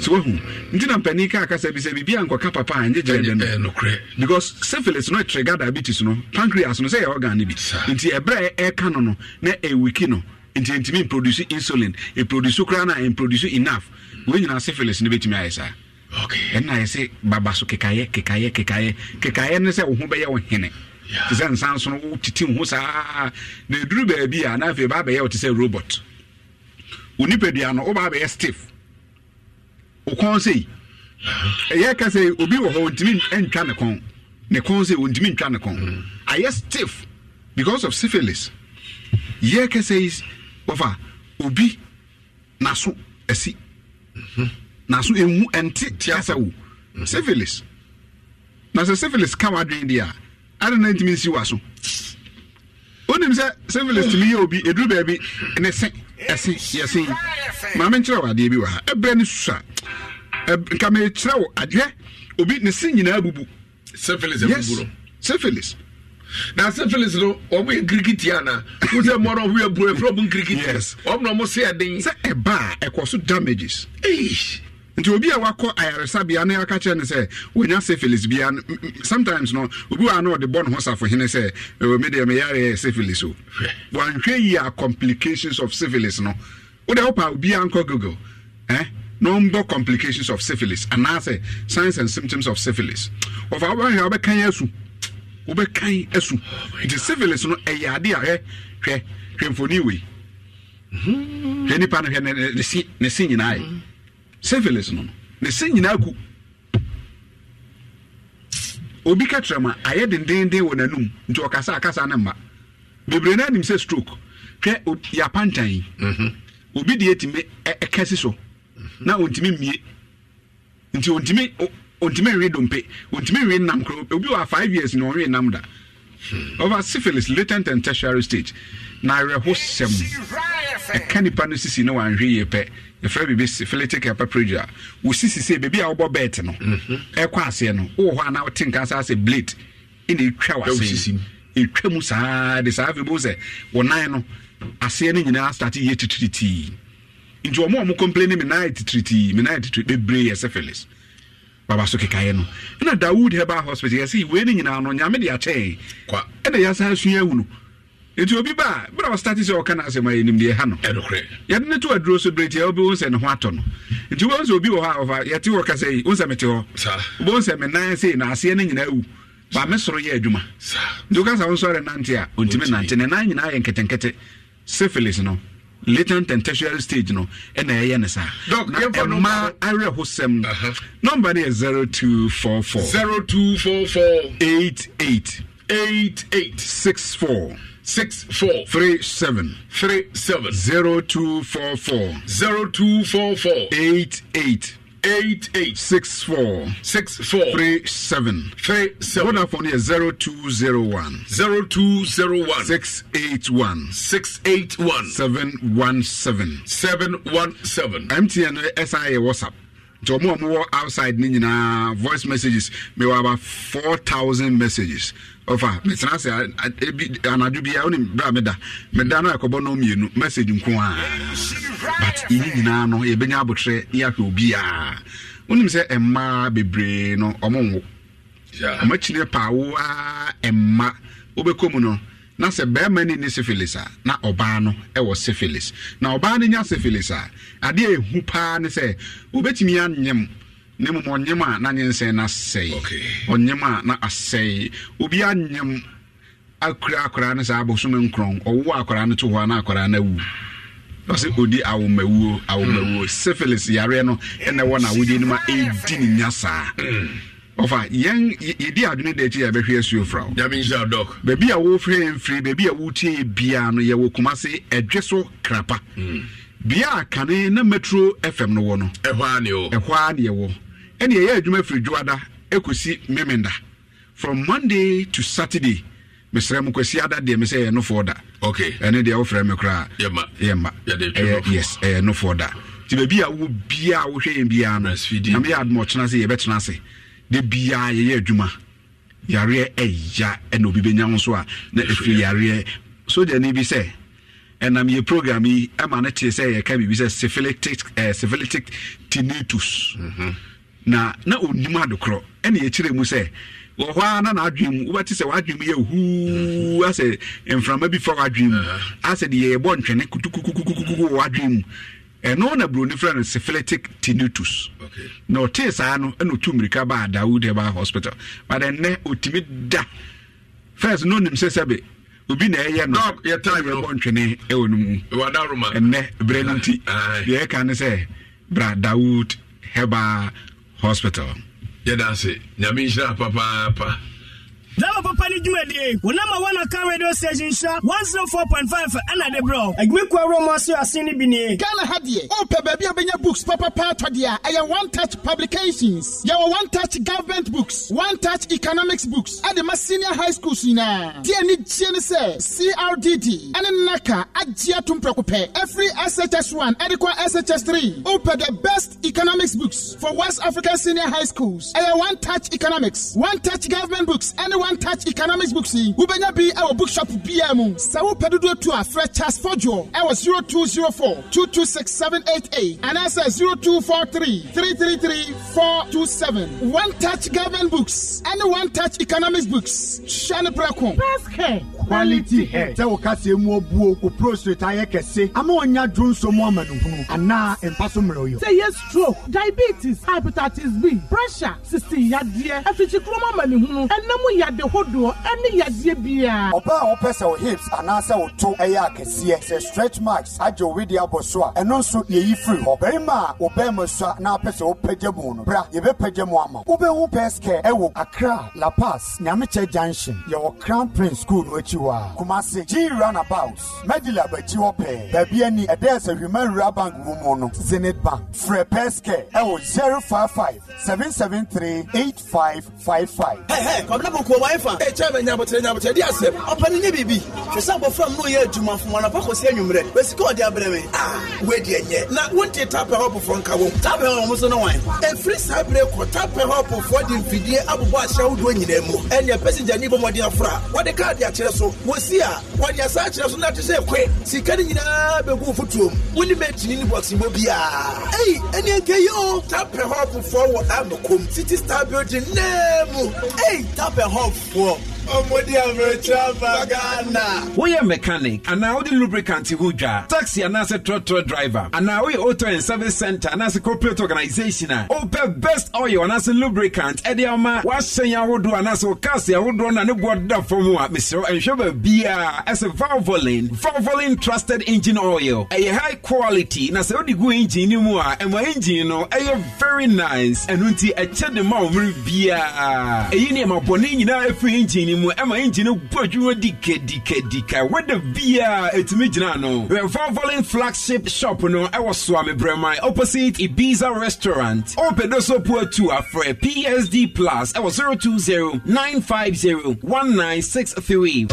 sɛ wahu nti na mpanin ka akasa bi sɛ biribi a nkɔka papa a ɛnyɛ gyerɛ dɛ no because syphilis no ɛtrega diabetes no pancreas no sɛ yɛ organ no bi nti ɛberɛ a ɛka no no na ɛwiki no nti ntumi produce insulin produce koraa na produce enough wɔn nyinaa syphilis ne bɛtumi ayɛ saa ɛnna ayɛ sɛ baba so kekayɛ kekayɛ kekayɛ kekayɛ ne sɛ wo ho bɛyɛ wo hene te sɛ nsa nso no wotete wo ho saa na ɛduru baabi a na afei baabɛyɛ wo te sɛ robot wo nipadua no wobaabɛyɛ stiff wo kɔn sei uh-huh. ɛyɛ ka sɛ obi wɔ hɔ ɔntumi ntwa ne kɔn ne kɔn sɛ ɔntumi ntwa ne kɔn mm. ayɛ stiff because of syphilis yɛ ka sɛ wɔfa obi naso asi mhm. naso ehu ɛnte tiasa wo mhm. syphilis na sɛ syphilis ka wadwene deɛ a ada na ntumi nsi waso onim sɛ syphilis tumi yɛ obi eduru baabi ne se ɛse yɛse maame nkyerɛ wɔ adeɛ bi wɔ ha ɛbrɛ ne susa nka mekyerɛ wɔ adeɛ obi ne se nyinaa bubu syphilis yes syphilis na syphilis no ɔmo yɛ kirikiti ana wosɛ mmɔ no ɔmo yɛ buro efura ɔmo nkirikiti yes ɔmo na ɔmo sɛ ɛden. sɛ ɛbaa ɛkɔ so damages. eesh. nti obi a wakɔ ayaresabea na yɛaka kyerɛ no sɛ wɔnya syphilis bia sometimes no obi wa na ɔde bɔ ne ho safohene sɛ medeɛ meyare yɛ syphilis o wanhwɛ yi a complications of syphilis no wode wopa obia nkɔ google eh? na ɔmbɔ complications of syphilis anaasɛ signs and symptoms of syphilis ɔfa wobɛhwɛ wobɛka yɛ asu wobɛkan asu nti civilis no ɛyɛ ade a hwɛ hwɛ hwɛ mfoni wei mhm. hwɛ nipa no hwɛ ne se ne se nyinaa yɛ mhm. civilis no ne se nyinaa ku obi ka kyerɛ ma ayɛ dendenden wɔ n'anum nti ɔkasa akasa ne mma bebree no anim sɛ stroke hwɛ yɛapantan mhm. obi deɛ tumi ɛkɛsi so na ɔntumi mmie nti ɔntumi otumi nwi dompe otumi nwi nam koro obi wa five years na ɔnwi nam da over syphilis latent and tertiary stage na awerɛhosɛm ɛka nipa no sisi ne wanhwe yie pɛ yɛfrɛ biribi syphilitic hyperplasia wo sisi sɛ baabi a wobɔ bɛɛt no mhm. ɛkɔ aseɛ no wowɔ hɔ anaa wote nka saa sɛ blade ɛna wa wase ɛtwa mu saa de saa afei bɛhu sɛ wo nan no aseɛ no nyinaa starte yɛ titiritii nti ɔmo a mo complain me nan titiritii me nan titiri bebree yɛ syphilis baba so kekaeɛ no ɛna dawood heba hospital yɛsɛ wei no nyinaa no nyame de akyɛe ɛna yɛsan sua awu no nti obi ba berɛ ɔstate sɛ ɔka no asɛm a yɛnim deɛ ha no yɛde no to aduro so berɛ tiɛ wobɛhu sɛ ne ho atɔ no nti wobɛhu sɛ obi wɔ hɔ a yɛte wɔ kasa yi wohu mete hɔ wobɛhu sɛ me nan sei na aseɛ no nyinaa wu ba me soro yɛ adwuma nti woka sa wo nsɔre nante a ɔntumi nante ne nan nyinaa yɛ nketenkete syphilis no latent and tertiary stage no ɛna ɛyɛ ne saa na ɛma awerɛhosɛm number no yɛ 0244 0244 88 88 64 six four three seven three seven zero two four four zero two four four eight eight eight eight six four six four three seven three seven. Vodafone is zero two zero one zero two zero one six eight one six eight one seven one seven seven one seven. MTN SIA WhatsApp. nti ɔmo a ɔmo outside ne nyinaa voice messages mewɔ aba four thousand messages ɔfa mesena ase ebi anadwo bia wonim berɛ meda meda no ɛkɔbɔ no mmienu message nko a but ɛyi nyinaa no yɛbɛnya abotrɛ ne yɛahwɛ obiaa wonim sɛ ɛmmaa bebree no ɔmo ɔmakyine paa wo ɛmma wobɛkɔ mu no na sɛ bɛrima ni ne syphilis a na ɔbaa no ɛwɔ syphilis na ɔbaa no nya syphilis a adeɛ ɛhu paa ne sɛ wobɛtumi anyem ne mmom ɔnyem a na nyensɛn no asɛe ɔnyem a na asɛe obiaa nyem akura akwaraa oh. hmm. no saa abosome nkorɔn ɔwo akwaraa no to hɔ na akwaraa no awu ɔsɛ odi awomawuo awomawuo syphilis yareɛ no ɛna ɛwɔ na awodie no ma ɛdi ne nya saa ɔfa yɛn yɛdi adwene da akyi yɛbɛhwɛ asuo fra wo baabi a wofrɛ mfiri baabi a wotie biaa no yɛwɔ kumase ɛdwe so krapa mm bea a kane na metro fm no wɔ no ɛhɔ a neɛ ɛhɔ a neɛ wɔ ɛne ɛyɛ adwuma firi dwoada ɛkɔsi memenda from monday to saturday mesrɛ mu kwasi ada deɛ me sɛ ɛyɛ nofoɔ da okay ɛne deɛ wofrɛ me koraa yɛma ɛyɛ yes ɛyɛ nofoɔ da nti baabi a wo biaa wohwɛ yɛn biaa no nyame yɛ adoma ɔkyena se yɛbɛtena ase de biaa yɛyɛ adwuma yareɛ ɛya ɛna obi bɛnya ho so a na ɛfiri yareɛ sogyani bi sɛ ɛnam yɛ program yi ama no kyerɛ sɛ yɛka biribi sɛ syphilitic uh, na na ɔnim adekorɔ ɛne yɛkyerɛ mu sɛ wɔ hɔ a na n'adwene mu wobɛte sɛ w'adwene mu yɛ huu mhm. asɛ mframa bi fa w'adwene mu eh. asɛ deɛ yɛbɔ ntwene kutukukukukuku wɔ w'adwene mu ɛno na buroni frɛ no syphilitic tinnitus na ɔtee saa no ɛna ɔtu mmirika baa dawood herbal hospital but ɛnnɛ ɔtumi da first no nim sɛ sɛbe obi na ɛyɛ no yɛbɛbɔ ntwene ɛwɔ no mu ɛnɛ berɛ no nti deɛ ɛka ne sɛ bra dawood heba hospital yɛda ase nyame nhyira papaapa dama papa ne dwumadie wonam a wanaka radio station hyira 104.5 ɛna de berɛ adwumi kɔ awurɔ mu ase ase no bi nie ghana ha deɛ wompɛ books Papa tɔ deɛ I ɛyɛ one touch publications yɛwɔ one touch government books one touch economics books ɛde ma senior high school nyinaa deɛ ani gyie ne sɛ crdd ɛne naka agye atom prɛko ɛfiri shs1 ɛde kɔ shs3 wompɛ the best economics books for west african senior high schools ɛyɛ one touch economics one touch government books ɛne one touch economics books yi wobɛnya bi ɛwɔ bookshop biara mu sɛ wopɛ dodoɔ tu a frɛ charles fodjo ɛwɔ three three three four two seven. one touch government books ɛne one touch economics books hyɛ ne prɛko quality hair sɛ wo kaseɛ mu abuo wo prostrate ayɛ kɛse ama ɔnya dwo nso mu amanehunu anaa mpa so mmerɛ yɔ sɛ yɛ stroke diabetes hepatitis b pressure sisi yadeɛ afikyikurom amanehunu ɛnam yadeɛ ade hodoɔ ɛne yadeɛ biara. ɔbaa a wɔpɛ sɛ o hips anaasɛ o to ɛyɛ akɛseɛ sɛ stretch marks agye owi de abɔ so a ɛno nso yɛyi firi hɔ barima a ɔbɛn mu sua na apɛ sɛ ɔpɛgya mu no bra yɛbɛpɛgya mu ama wobɛhu pɛskɛ ɛwɔ akra la paz nyamekyɛ junction yɛwɔ crown prince school no akyi hɔ a kumase g runabout medila bakyi hɔ pɛɛ baabi ani ɛdɛ sɛ human rural bank wɔ mu no zenit bank frɛ pɛskɛ ɛwɔ 055 773 8555 Hey, hey, come on, wife a ɛkyɛ bɛ nyabotere nyabotere di asɛm ɔpɛni nye biribi fisa abɔfra mu n'oyɛ adwuma fuma na pɔkɔ si enwumrɛ wesika ɔdi abirɛ mi aa wedi ɛnyɛ na wonti tapɛ hɔ pɔfɔ nka wɔm tapɛ hɔ wɔn so no efiri saa abirɛ kɔ tapɛ hɔ di mfidie abobɔ ahyɛ ahodoɔ mu ɛnni ɛpɛsɛgya ni bɔmɔden afra wɔde kaadi akyerɛ so a wɔde 我。ọmọdé amẹrẹkyerẹ afa ghana. woyɛ mechanic anaa wode lubricant ho dwa taxi anaasɛ trɔtrɔ driver anaa woyɛ auto and service center anaasɛ corporate organisation a wopɛ best oil anaasɛ lubricant ɛde ama wahyɛn ahodoɔ anaasɛ wo cars ahodoɔ na ne boɔ deda fam a mesrɛ nhwɛ baabiaa ɛsɛ valvoline valvoline trusted engine oil ɛyɛ high quality na sɛ wode gu engine no mu a ɛma engine no ɛyɛ very nice ɛno nti ɛkyɛ de ma wo mmere biaa ɛyi ne ɛma bɔne nyinaa ɛfiri engine ne mu ɛma engine bɔ adwuma dikadikadika weda bia ɛtumi gyina no valvolin flagship shop no ɛwɔ soame brɛman opposite ibiza restaurant ɔpɛdo so puatu afrɛ psd plus ɛwɔ 020 950 1963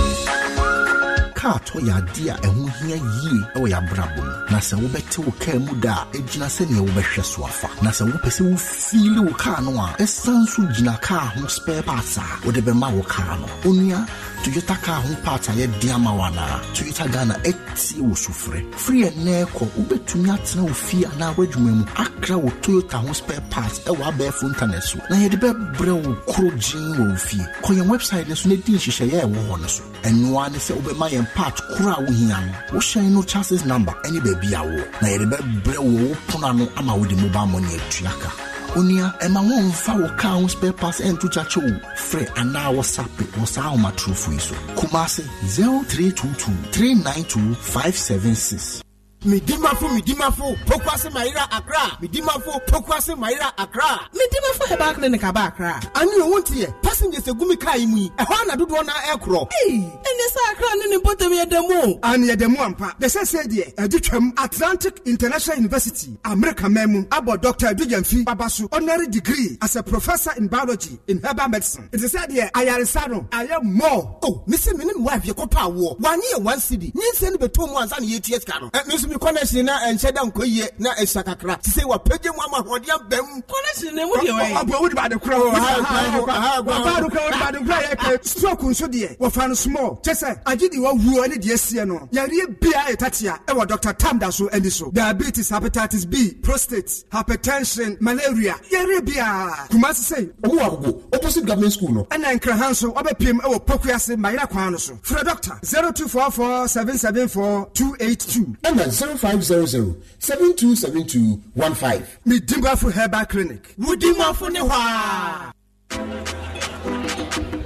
kaa tɔ yɛ adeɛ a ɛho hia yie wɔ yɛ abrabɔ mu na sɛ wobɛte wo kaa mu da a ɛgyina sɛnea wobɛhwɛ so afa na sɛ wopɛ sɛ wofiili wo kaa no a ɛsan so gyina kaa ho spare parts wode bɛma wo kaa no onua toyota car ho part a yɛde ama wo anaa toyota ghana ɛtie wo sofrɛ firi ɛnɛ kɔ wobɛtumi atena wo fie anaa w'adwuma mu akra wo toyota ho spare part ɛwɔ abɛɛfo internet so na yɛde bɛbrɛ wo kuro gyee wɔ wo fie kɔ yɛn website no so na di nhyehyɛeɛ ɛwɔ hɔ no so ɛnoa ne sɛ wobɛma yɛn part koro a wohia no wohyɛn no chances number ɛne baabi a wowɔ na yɛde bɛbrɛ wo wo pono ano ama wode mobile money atua ka onua ɛma wɔmfa wɔ kaa ho spare pass ɛnto kyakye wo frɛ anaa wɔsape wɔ saa ahomatorofo yi so kuma ase 0322 392 576 midimafo midimafo pokwase mayira accra midimafo pokwase mayira accra. midimafo herbal clinic aba accra. ani owo ti yɛ passengers egumi kaa yi mu yi ɛhɔ ana dodoɔ na ɛkorɔ. ee ɛnɛ sɛ accra ne ne bɔtɛm yɛ dɛmu. ani yɛ dɛmu ampa dɛsɛ sɛ deɛ ɛdi twɛm atlantic international university america mɛmu abɔ dr edujanfi babaso honorary degree as a professor in biology in herbal medicine. ɛdi sɛ deɛ ayaresa no ayɛ mɔɔ. o oh, misi mi ni mi wa awie kɔtɔ awɔ wa ni yɛ one cd nyi nsɛn ni bɛ to mu ansa ni yɛ tu yɛ sika no. ɛ eh, bi connection na ɛnhyɛ da nkɔ yie na ɛsa kakra sise wa pɛgye mu ama ahoɔden abɛm. connection na ewu deɛ wɔyɛ. ɔbɔ wuli baade kura wɔ ha baade kura wɔ baade kura yɛ kɛ stroke nso deɛ wɔfa no small kyɛ sɛ agye de wɔwuo ne deɛ sie no yɛreɛ bia ɛtatea ɛwɔ dr tam da so ani so diabetes hepatitis b prostate hypertension malaria yɛreɛ bia. kumasi sɛ. owó agogo opposite government school no. ɛna nkrahan so ɔbɛpiem ɛwɔ pokuase mayera kwan no so. fura doctor zero two four four seven seven four two eight two. ɛna Seven five zero zero seven two seven two one five. 727215. dimba for Herbal Clinic. Mu Dimbafu ne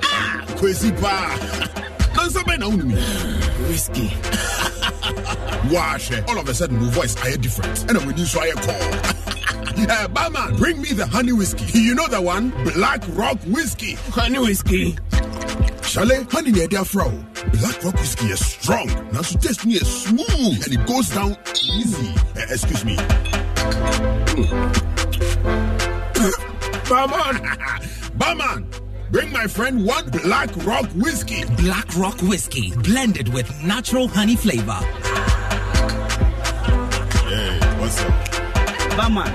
Ah, kwezi ba. Nansa bɛ na wunumi. Whiskey. Wash. All of a sudden, my voice I hear different. And I'm with you, so I call. Uh, barman, bring me the honey whiskey. You know the one? Black Rock Whiskey. Honey whiskey. Shale, honey, near their fro. Black Rock whiskey is strong. Now to test me is smooth and it goes down easy. Uh, excuse me. Barman, barman, bring my friend one Black Rock whiskey. Black Rock whiskey blended with natural honey flavor. Hey, what's up, barman?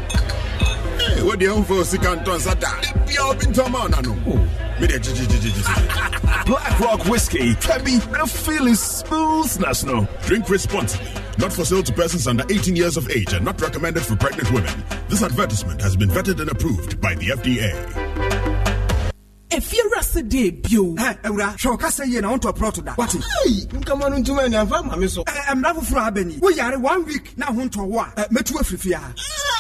What do you ntɔnsata bia wobintɔ ma ɔna no oh. mede black rock whiskey can be a feeling smooth national drink responsibly not for sale to persons under 18 years of age and not recommended for pregnant women this advertisement has been vetted and approved by the fda efiarase de bio. ɛ ewura sɛ o ka se yen na ɔn tɔ to da. wati. ayi n kama ni ntoma nin anfa maa mi sɔn. ɛ ɛ mura foforɔ abɛ nin. o yari one week n'a want to wa. ɛ eh, mɛtu wo firifiya.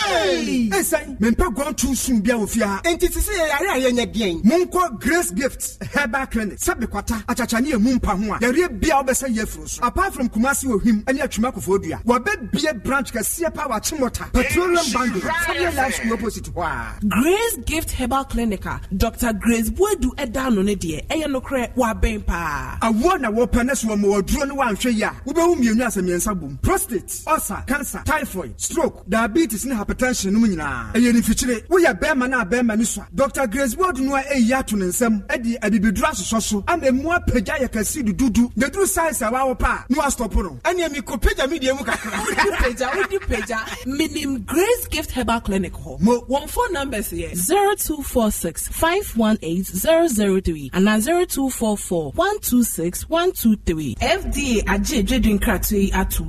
ee sɛn mɛ n pɛ gɔn tu sun biya o fiya. yari a ye ɲɛ biɲɛ. grace Gifts herbal clinic sɛbi kɔta acacani ye mun pa hun yari biya bɛ apart from kumasi with him, atuma kofo duya. wa bɛ biye branch ka siɛ pa wa ti petroleum bank sabiya life school opposite wa. grace gift herbal clinic ah, dr grace buedu ɛda ano no deɛ ɛyɛ nokorɛ wabɛn paa awoɔ na wɔpɛ ne so wɔ ma wɔduro no wanhwɛ yi a wobɛhu mmienu asɛ bom prostate ulcer cancer typhoid stroke diabetes ne hypertension no mu nyinaa ɛyɛ nifikyire woyɛ bɛrima no a bɛrima no so dr grace ward no a ɛyi ato ne nsam ɛde adibiduro asosɔ so ama ɛmu apagya yɛ kɛse dududu na duru size a wawɔ pa a ne wastɔpo no ɛneɛ mekɔpagya me deɛ mu kakra wodi pagya menim grace gift herbal clinic hɔ mo wɔn phone numbers yɛ 0246 518 003 ana 0244 126 123. FDA ajé ìjẹ́dùn nkratí atum.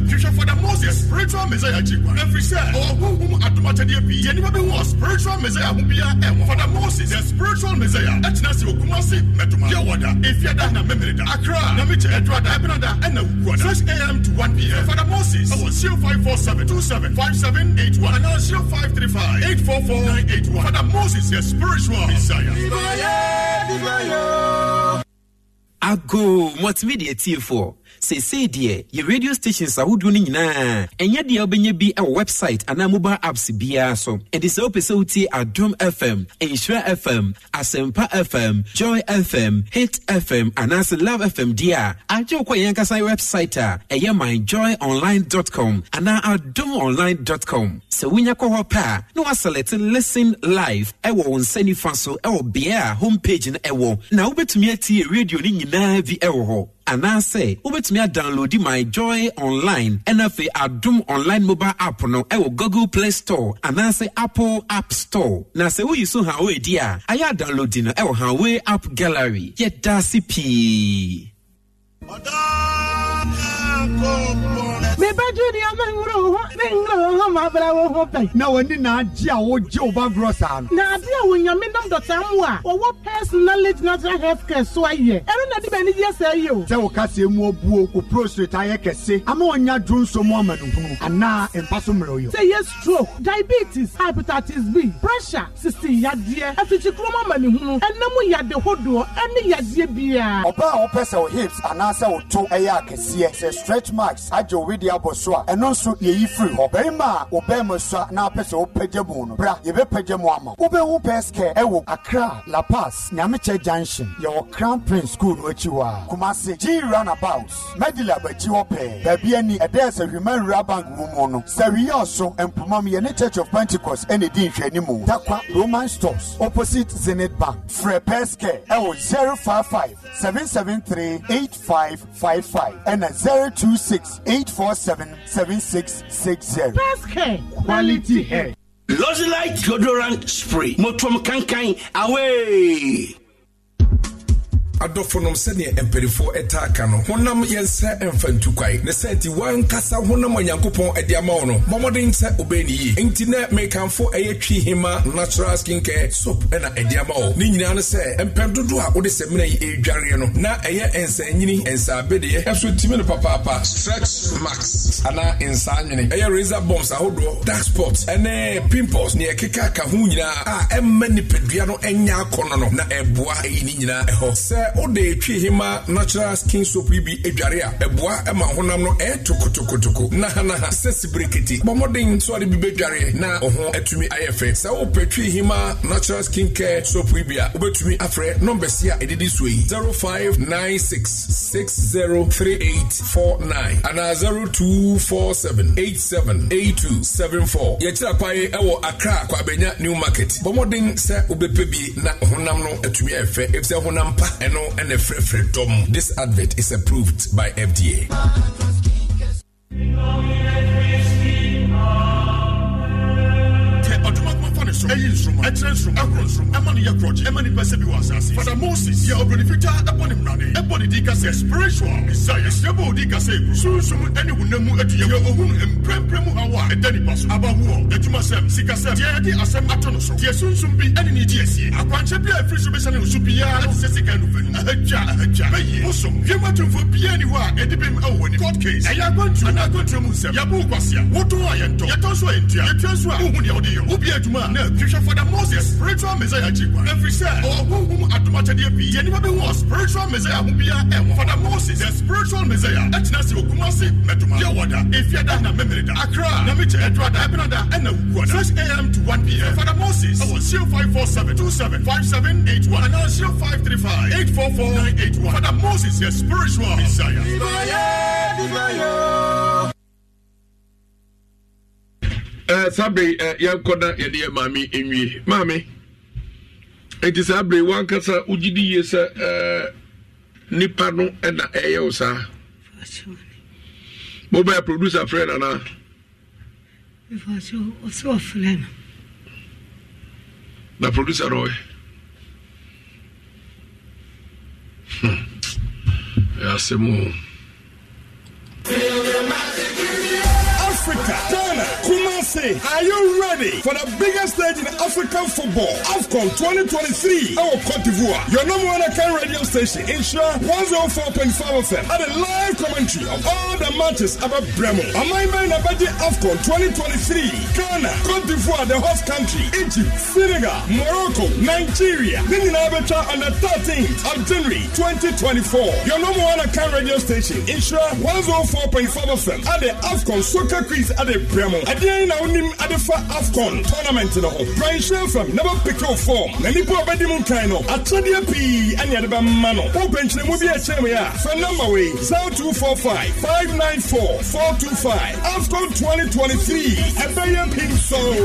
Caleb, for the Moses, spiritual Messiah Chikwa. Every cell, or whom Adumachadia be, and what was spiritual Messiah who be a for the Moses, the spiritual Messiah, Etnasi Okumasi, Metuma, Yawada, if Yadana Memrida, Accra, Namicha Edward, Abinada, and Ukwada, slash AM to 1 p.m. For the Moses, I was 0547 27 5781, and now 0535 844 981. For the Moses, the spiritual Messiah. Divaya, Divaya. Ago, what's media t for. seesei deɛ yɛ radio stations ahodoɔ no nyinaa ɛnyɛ deɛ wobɛnya bi wɔ website anaa mobile apps biara so ɛde sɛ wopɛ sɛ wotie adom fm nhyira fm asɛmpa fm joy fm hit fm anaasɛ love fm deɛ a agye wo kɔ yɛn ankasa website a ɛyɛ myjoyonline.com anaa adomonline.com sɛ wonya kɔ hɔ pɛ a na waselɛte listen live ɛwɔ wo nsa nifa so ɛwɔ beae a homepage page no ɛwɔ na wobɛtumi atie radio no nyinaa bi ɛwɔ hɔ anaasɛ wobɛtumi adownloadi my joy online ɛna afei adom online mobile app no ɛwɔ google play store anaasɛ apple app store na sɛ woyi so hawway di a ayɛ adownloadi no ɛwɔ hawway app gallery yɛda ase pii mebɛdu nneɛma na wɔne naagye a wogye wo ba borɔ na ade a wonyame nam dɔta mu a ɔwɔ personalage natural health care so ayɛ ɛno na de bɛani gye sɛ yi mu abuo wo prostate ayɛ kɛse ama ɔnya dwo nso mu ama no hunu anaa mpa so mmerɛ yo sɛ yɛ stroke diabetes hepatitis b pressure sisi yadeɛ afikyikuroma ama ne mu. ɛnam yade hodoɔ ɛne yadeɛ biara ɔbaa a wɔpɛ sɛ wo hips anaasɛ wo to ɛyɛ akɛseɛ sɛ stretch marks agye wo wedeɛ abɔ so firi ɔbarima a ɔbɛrima sua na apɛ sɛ wopɛgya mu no bra yɛbɛpɛgya mu ama wobɛhu pɛskɛ ɛwɔ accra la paz nyamekyɛ junction yɛwɔ crown prince school no akyi hɔ a kumase g runabout medila bakyi hɔ pɛɛ baabi ani ɛdɛ sɛ hwima nwura bank mu mu no sɛ wiyɛ so mpomam yɛne church of pentecost ɛne di nhwɛnimu takwa roman stores opposite zenit bank frɛ pɛskɛ ɛwɔ 055 773 8555 ɛna 026 847 766 excel. best hair quality hair. Lozilite deodorant spray. Mo tún kankan away adɔfonom sɛdeɛ mpanimfoɔ ɛtaa ka no honam yɛnsɛ ɛmfa ntukwae ne sɛ nti wankasa honam a nyankopɔn ɛde ama wo no bɔmmɔden sɛ obɛɛ ne yie enti nɛ mekamfo ɛyɛ twi hema natural skincare soap ɛna ɛde ama wo ne nyinaa no sɛ mpɛn dodoɔ a wode sɛmina yi ɛredwareɛ no na ɛyɛ nsanyini nsabedeɛ ɛso timi no papaapa stretch max anaa nsaanwene ɛyɛ razor bombs ahodoɔ dark spots ɛne pimples ne ɛkeka ka ho nyinaa a ɛmma nipadua no ɛnyɛ akɔnɔ no na ɛboa ɛyi ne nyinaa ɛhɔ sɛ sɛ wode twi natural skin soap yi bi adware a ɛboa ma honam no ɛɛto kotokotoko nahanaha sɛ sibireketi bɔ mmɔden nso ade bi bɛdware na wo ho atumi ayɛ fɛ sɛ wopɛ twi hema natural skin care soap yi bi a wobɛtumi afrɛ nɔmbɛse a ɛdidi so yi 0596603849 anaa 0247878274 yɛkyerɛ kwae ɛwɔ akra kwabɛnya new market bɔ mmɔden sɛ wobɛpɛ bi na honam no atumi ayɛ fɛ ɛfisɛ honam pa ɛno no and a frefredom. This advert is approved by FDA. nsom ɛyi nsom ɛkyerɛ nsom ɛhoro nsom ɛma ne yɛ korɔgye ɛma nipa sɛ bi wɔ asase fada moses yɛ ɔbroni fitaa ɛbɔ ne mmerane ɛbɔ ne di kasa spiritual isaia hyɛ bɔ odi kasa soon, any one wunam mu adua yɛ ohun prem hawa a ɛda nipa so abahoɔ adwumasɛm sikasɛm deɛ yɛde asɛm ato no so deɛ sunsun bi ɛne ne di asie akwankyɛ bi a ɛfiri so bɛsɛ ne nsu biara ɛte sɛ sika no fanu ahatwa ahatwa bɛyie wosom wiem atomfo biara ni hɔ a ɛde bem ɛwɔ wɔ ni court case ɛyɛ akwantu anaa akwantu mu nsɛm yɛbo kwasea wotɔn a yɛntɔ yɛtɔ so a yɛntua yɛtua so Who wohu deɛ wode yɛ wobi adwuma a na hwehwɛ fada moses spiritual messiah akyi kwa ɛfiri sɛ ɔwɔ honhom adomakyɛdeɛ pii yɛ nnipa bi wɔ spiritual messiah ho biara ɛwɔ moses the spiritual messiah ɛtena sɛ okum ase mɛtoma yɛ wɔ da if you are da a na mekyɛ adura da ɛbena da and wukua da 6 am to 1 pm fada moses ɛwɔ 0547 27 I was 0535 844 moses yɛ spiritual messiah uh, sabre uh, eh, yɛnkɔda yɛde yɛ maame nwie maame nti saa bere wankasa wogye di yie sɛ uh, eh, nipa no ɛna ɛyɛ wo saa mobɛyɛ producer frɛ no na producer no ɔyɛ hmm. ɛasɛm o Africa, Ghana, Kumasi. Are you ready for the biggest stage in African football? AFCON 2023. Our Cote d'Ivoire. Your number one account radio station, Insure 104.5 FM. At a live commentary of all the matches about Bremo. Amaiba in the AFCON 2023. Ghana, Cote d'Ivoire, the host country. Egypt, Senegal, Morocco, Nigeria. in Abetra on the 13th of January 2024. Your number one account radio station, Insure 104.5 FM. At the AFCON Soccer fees at the Bremo. At the end, I'll name at the AFCON tournament. No, Brian Shelfam never pick your form. Nani poor bedroom kind at Chadia P and Yadaba Mano. Open to the movie at Chemia. Phone number way 0245 594 425. AFCON 2023. A Bayan Pink Soul.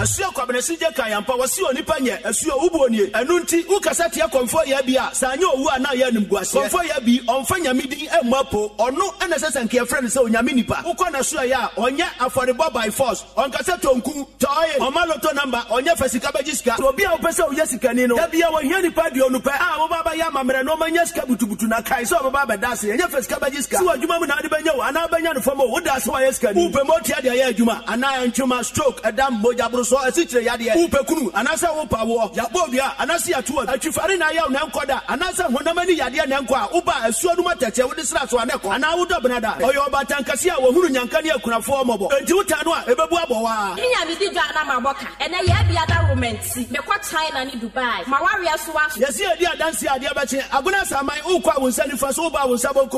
ɛsua kwabenesi gye kan yampa wɔsi onipa nyɛ ɛsua wubu onie ɛnu nti wukasa tea kɔnfɔ yɛ bi a saa nyɛ owu a naa yɛ enimgu aseɛ kɔnfɔ yɛ bi ɔmfa nyame din ɛmu e apo ɔno ɛna sɛ sɛnkeɛ frɛ ne sɛ onyame nipa wokɔ na suaeɛ a ɔnyɛ afɔrebɔ by force ɔnkasɛ tonku tɔe ɔma loto namba ɔnyɛ fa sika bɛgye sika obi a wopɛ sɛ woyɛ sikani no dabi a wɔhia nipa deɛ ɔnupɛ a ah, wobaa bɛyɛ amammerɛ na ɔmanya sika butubutu na kae sɛ ɔbɛba bɛda ase ɛnyɛ fɛ sika bɛgye sika sɛ wadwuma mu na wode bɛnya wo anaa bɛnya no fam o woda ase woayɛ sikani wopɛ ma otia deɛ ɛyɛ adwuma anaa ntwoma stroke ɛdam mogya sɔ asikyire yadeɛ. wò pɛ kunu anasɛ wò pa wɔ. yabɔ wia anasɛ atwifari na ayaw na nkɔda anasɛ hɔnamani yadeɛ na nkɔ a woba asuaduma tɛkyɛ wode sra so anɛ kɔ. anaa wodɔ bena da. ɔyɛ ɔbatan kɛse a wɔhunu nyanka ne akunafoɔ mɔbɔ. enti wota no a ebebu abɔ waa. mi yà mi di anam abɔ ka ɛnɛ yɛ bi ada romɛnti mɛkɔ china ni dubai ma waria so wa. yasi edi adansi adeɛ bɛkye agona saman o kɔ nifa so o ba awonsa bɔ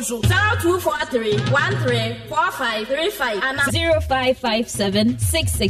so two four three one three four five three five ana. zero five five seven six six.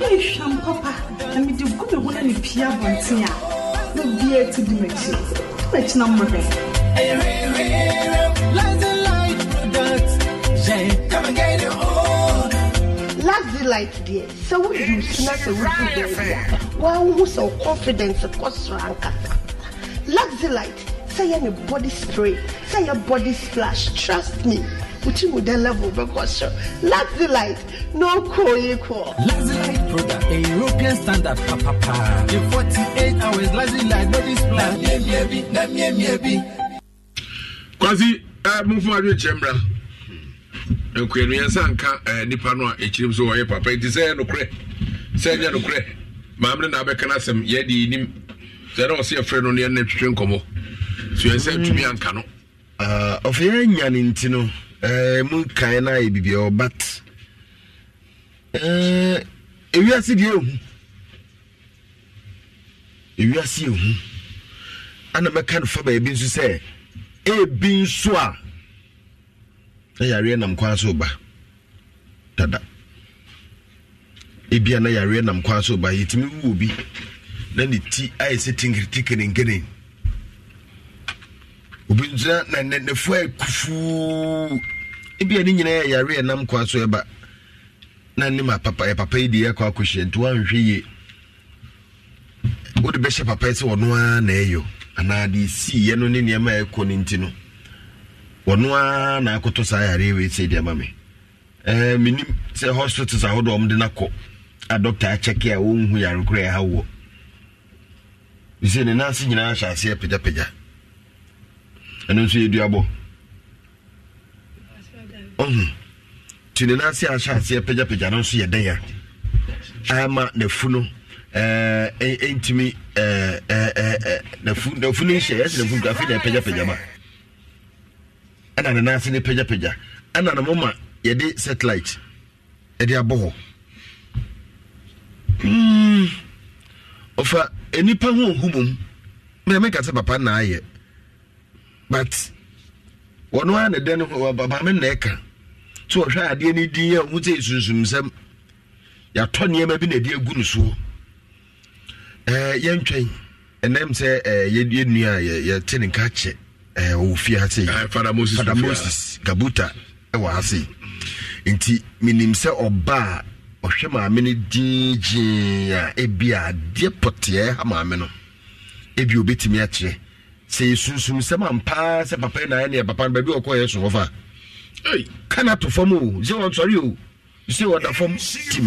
ehwam papa na mede gu me ho na ne pia abɔnten a na bia to di m'akyi m'akyi na mmɔhwɛ Lazy light deɛ sɛ So su na sɛ wodu baabi a woawohu sɛ wo confidence kɔ soro ankasa Lazy light say your body spray say your body splash trust me uchimu den level because sure, Lazy Light, no co equal. Lazy Light product, a European standard, papa. Pa. In 48 hours, Lazy Light, no display. Quasi, uh, move for your chamber. nkuanuansa nka eh, nipa no a ekyirim so wɔyɛ papa nti sɛ ɛyɛ nokorɛ sɛ ɛnyɛ nokorɛ maame no na abɛka no asɛm yɛde nim sɛ na ɔsɛ yɛfrɛ no ne yɛnna twitwe nkɔmmɔ so yɛn sɛ tumi anka no ɔfɛ yɛanya ne nti no mu nkan no ayɛ bibia ɔ oh, but eh, ewiase deɛ ɛhu ewiase ɛhu ana mɛka no fa baabi nso sɛ ebi nso a na yareɛ nam kwan so ba dada ebi a na yareɛ nam kwan so ba yɛtumi wu obi na ne ti ayɛ sɛ tinkiri tinkiri nkiri obi gyina na ne ne fo akufuu ebi a ne nyinaa yɛ yare ɛnam kwa so ɛba na ne ma papa yɛ papa yi de ɛkɔ akɔhyɛ nti wanhwɛ yie wode bɛhyɛ papa yi sɛ ɔno ara na ɛyɛ anaa de sii yɛ no ne nneɛma a ɛkɔ ne nti no ɔno ara na akoto saa yare wei sɛ deɛ ma me ɛɛ menim sɛ hospitals ahodoɔ ɔmo de na kɔ a dɔkta akyɛke a wɔnhu yare koraa ɛha wɔ bisɛ ne nan ase nyinaa hyɛ aseɛ pagyapagya ɛno nso yɛ duabɔ nti ne nase ahyɛ aseɛ pagyapagya no nso yɛ den a ama nafu no ɛntumi nafu no nhyɛ yɛsɛ nafu afei na ɛpagyapagya ma ɛna ne nase ne pagyapagya ɛna ne moma yɛde satellite ɛde abɔ hɔ ɔfa nipa ho ɔhu mom mmerɛ meka sɛ papa nnaayɛ but wɔn ara ne dan no baame na ɛka nti wɔhwɛ adeɛ no din yɛ ɔmo te sunsunsɛm yɛatɔ nneɛma bi na ɛde agu no soɔ ɛɛ yɛntwɛn ɛnam sɛ ɛɛ yɛ yɛ nua yɛ yɛte ne nka kyɛ ɛɛ ɔwɔ fie ase yi fada moses fada moses gabuta ɛwɔ ase yi nti minim sɛ ɔbaa ɔhwɛ maame no din gyee a ebi adeɛ pɔtɛɛ ha maame no ebi obetumi akyerɛ sɛ sunsunsɛm ampaa sɛ papa na ɛne papa no baabi ɔkɔyɛ so hɔ fa kana to fam o sɛ wɔnsɔre o sɛ wɔda fam tim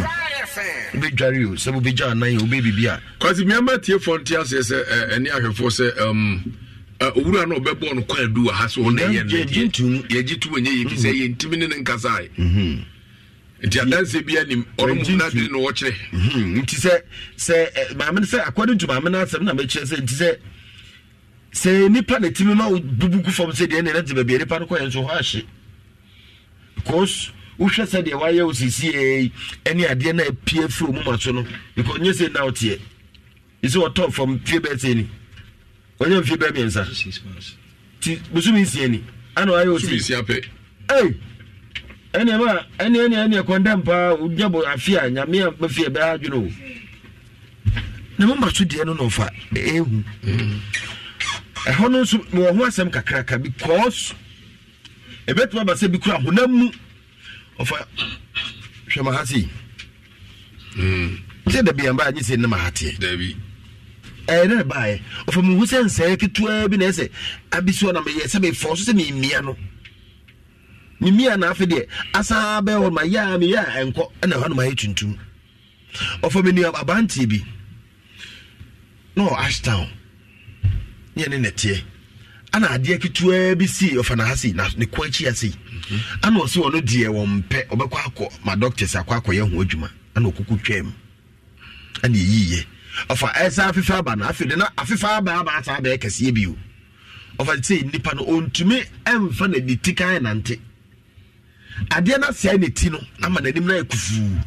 wobɛdware o sɛ wobɛgya anan wobɛbibi a kwasi mmeama tiefoɔ nte aseɛ sɛ ɛne ahwɛfoɔ sɛ owura no ɔbɛbɔ no kwan adu wɔ ha sɛ ɔne yɛnɛyɛgye to ɛnyɛ yɛfi sɛ mhm. yɛntimi ne ne nkasae mhm. nti adanse bi anim ɔno mu na de no wɔkyerɛ mhm. nti sɛ sɛ maame sɛ according to maame no asɛm na mɛkyerɛ sɛ nti sɛ sɛ nipa na timi ma bubu gu fam sɛ deɛ nɛnɛ te baabi nipa no kɔyɛ nso hɔ ahye because wohwɛ sɛ deɛ wayɛ wo sisiei ɛne adeɛ no apue firi mu ma so no because nyɛ sɛ na woteɛ ɛsɛ wɔtɔ fam fie bɛɛ sɛ ni ɔnyɛ mfie bɛɛ mmiɛnsa nti bosome nsie ni ana wayɛ wo si ɛne ma ɛne ɛne ɛne ɛkɔndɛm paa wonya bɔ afe a nyame a bɛfie bɛɛ adwene o na moma so deɛ no na ɔfa ɛhu mm. ɛhɔ no nso mewɔ ho asɛm kakraka because ɛbɛtumi aba sɛ bi kora honam mu ɔfa hwɛ ma ha sei mm. sɛ dabi ɛmbaa nye sɛ nnam ahateɛ ɛyɛ dɛ baayɛ ɔfa mehu sɛ nsɛɛ ketewaa bi na ɛsɛ abisoɔ na meyɛ sɛ mefɔ so sɛ memmia no memia na afe deɛ asaa bɛɛ hɔ ma yɛa meyɛ a ɛnkɔ ɛna ɛhɔ no tuntum ɔfa menu abanteɛ bi na ɔ ne yɛne nɛteɛ ana adeɛ ketewa bi si ɔfa na ha si na ne kɔ akyi ase ana ɔsi ɔno deɛ wɔn mpɛ ɔbɛkɔ akɔ ma doctors akɔ akɔ yɛ ho adwuma ana ɔkuku twɛm ana eyiye ɔfa ɛsan afefa aba na afei de na afefa aba aba asa abɛɛ kɛseɛ bi o ɔfa ti sɛ nipa no ɔntumi ɛnfa na ne ti kan nante adeɛ na sɛɛ ne ti no ama n'anim na yɛ kufuu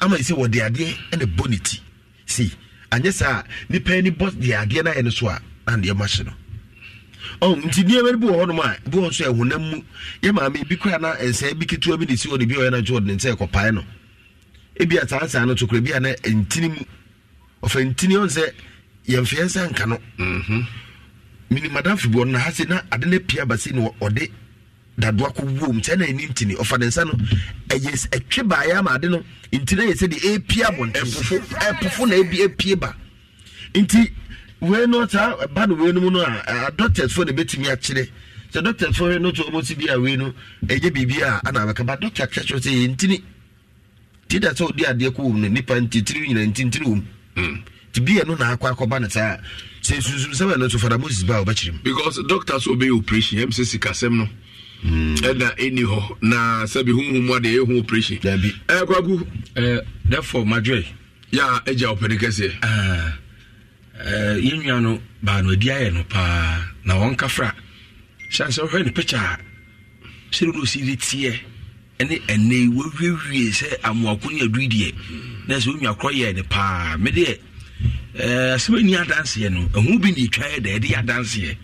ama yi sɛ wɔde adeɛ ɛna bɔ ne ti si anyɛ saa nipa yɛ ni bɔ deɛ adeɛ na yɛ no so a. Oh, na nneɛma hye no nti nneɛma bi wɔ hɔnom a bi wɔ nso ɛhonam mu yɛ maame bi kora na nsɛn bi ketewa bi de si hɔ de bi ɔyɛ na ntwe ɔde ne nsa ɛkɔpae no ebi asansan no tokura bi a ntini mu ɔfɛ ntini ɔn sɛ yɛmfeɛ nsa nka no mhm. mini madam fibu ɔno na ha se na ade ne pia basi na ɔde dadoa ko wo mu kyɛn na ɛni ntini ɔfa ne nsa no ɛyɛ ɛtwe baayɛ ama ade no ntini yɛ sɛ de epia bɔnten ɛpofo ɛpofo na ebi epie ba nti wei no saa ba no wei no mu no a doctors fo na ebetumi akyerɛ sɛ doctors fo no to ɔmo si bi a wei no ɛnyɛ biribi a ana abɛka ba doctor kyerɛ kyerɛ sɛ yɛn ntini ti da sɛ ɔdi adeɛ kɔ wɔm no nipa ntitiri nyina ntintiri wɔm hmm. ti bi no na akɔ akɔba ne saa sɛ sunsun sɛbɛn no so fada moses ba a ɔbɛkyerɛ mu. because doctors obey operation ɛmu sɛ sikasɛm no hmm. ɛna ɛni hɔ na sɛbi huhumu adeɛ ɛyɛ hu operation. dabi ɛɛ ɛɛ therefore madwe. yà á ɛgya Eh, yɛn nua no baa no adi ayɛ no paa na wɔn kafra hyɛn sɛ siri ne si a sɛdeɛ osi de teɛ ɛne ɛnɛ wɔwiewie sɛ amoako ne adu deɛ na sɛ wɔn nua korɔ yɛ ne paa mɛ deɛ ɛɛ eh, asɛm ni adanseɛ no ɛho bi na etwa yɛ dɛ ɛde adanseɛ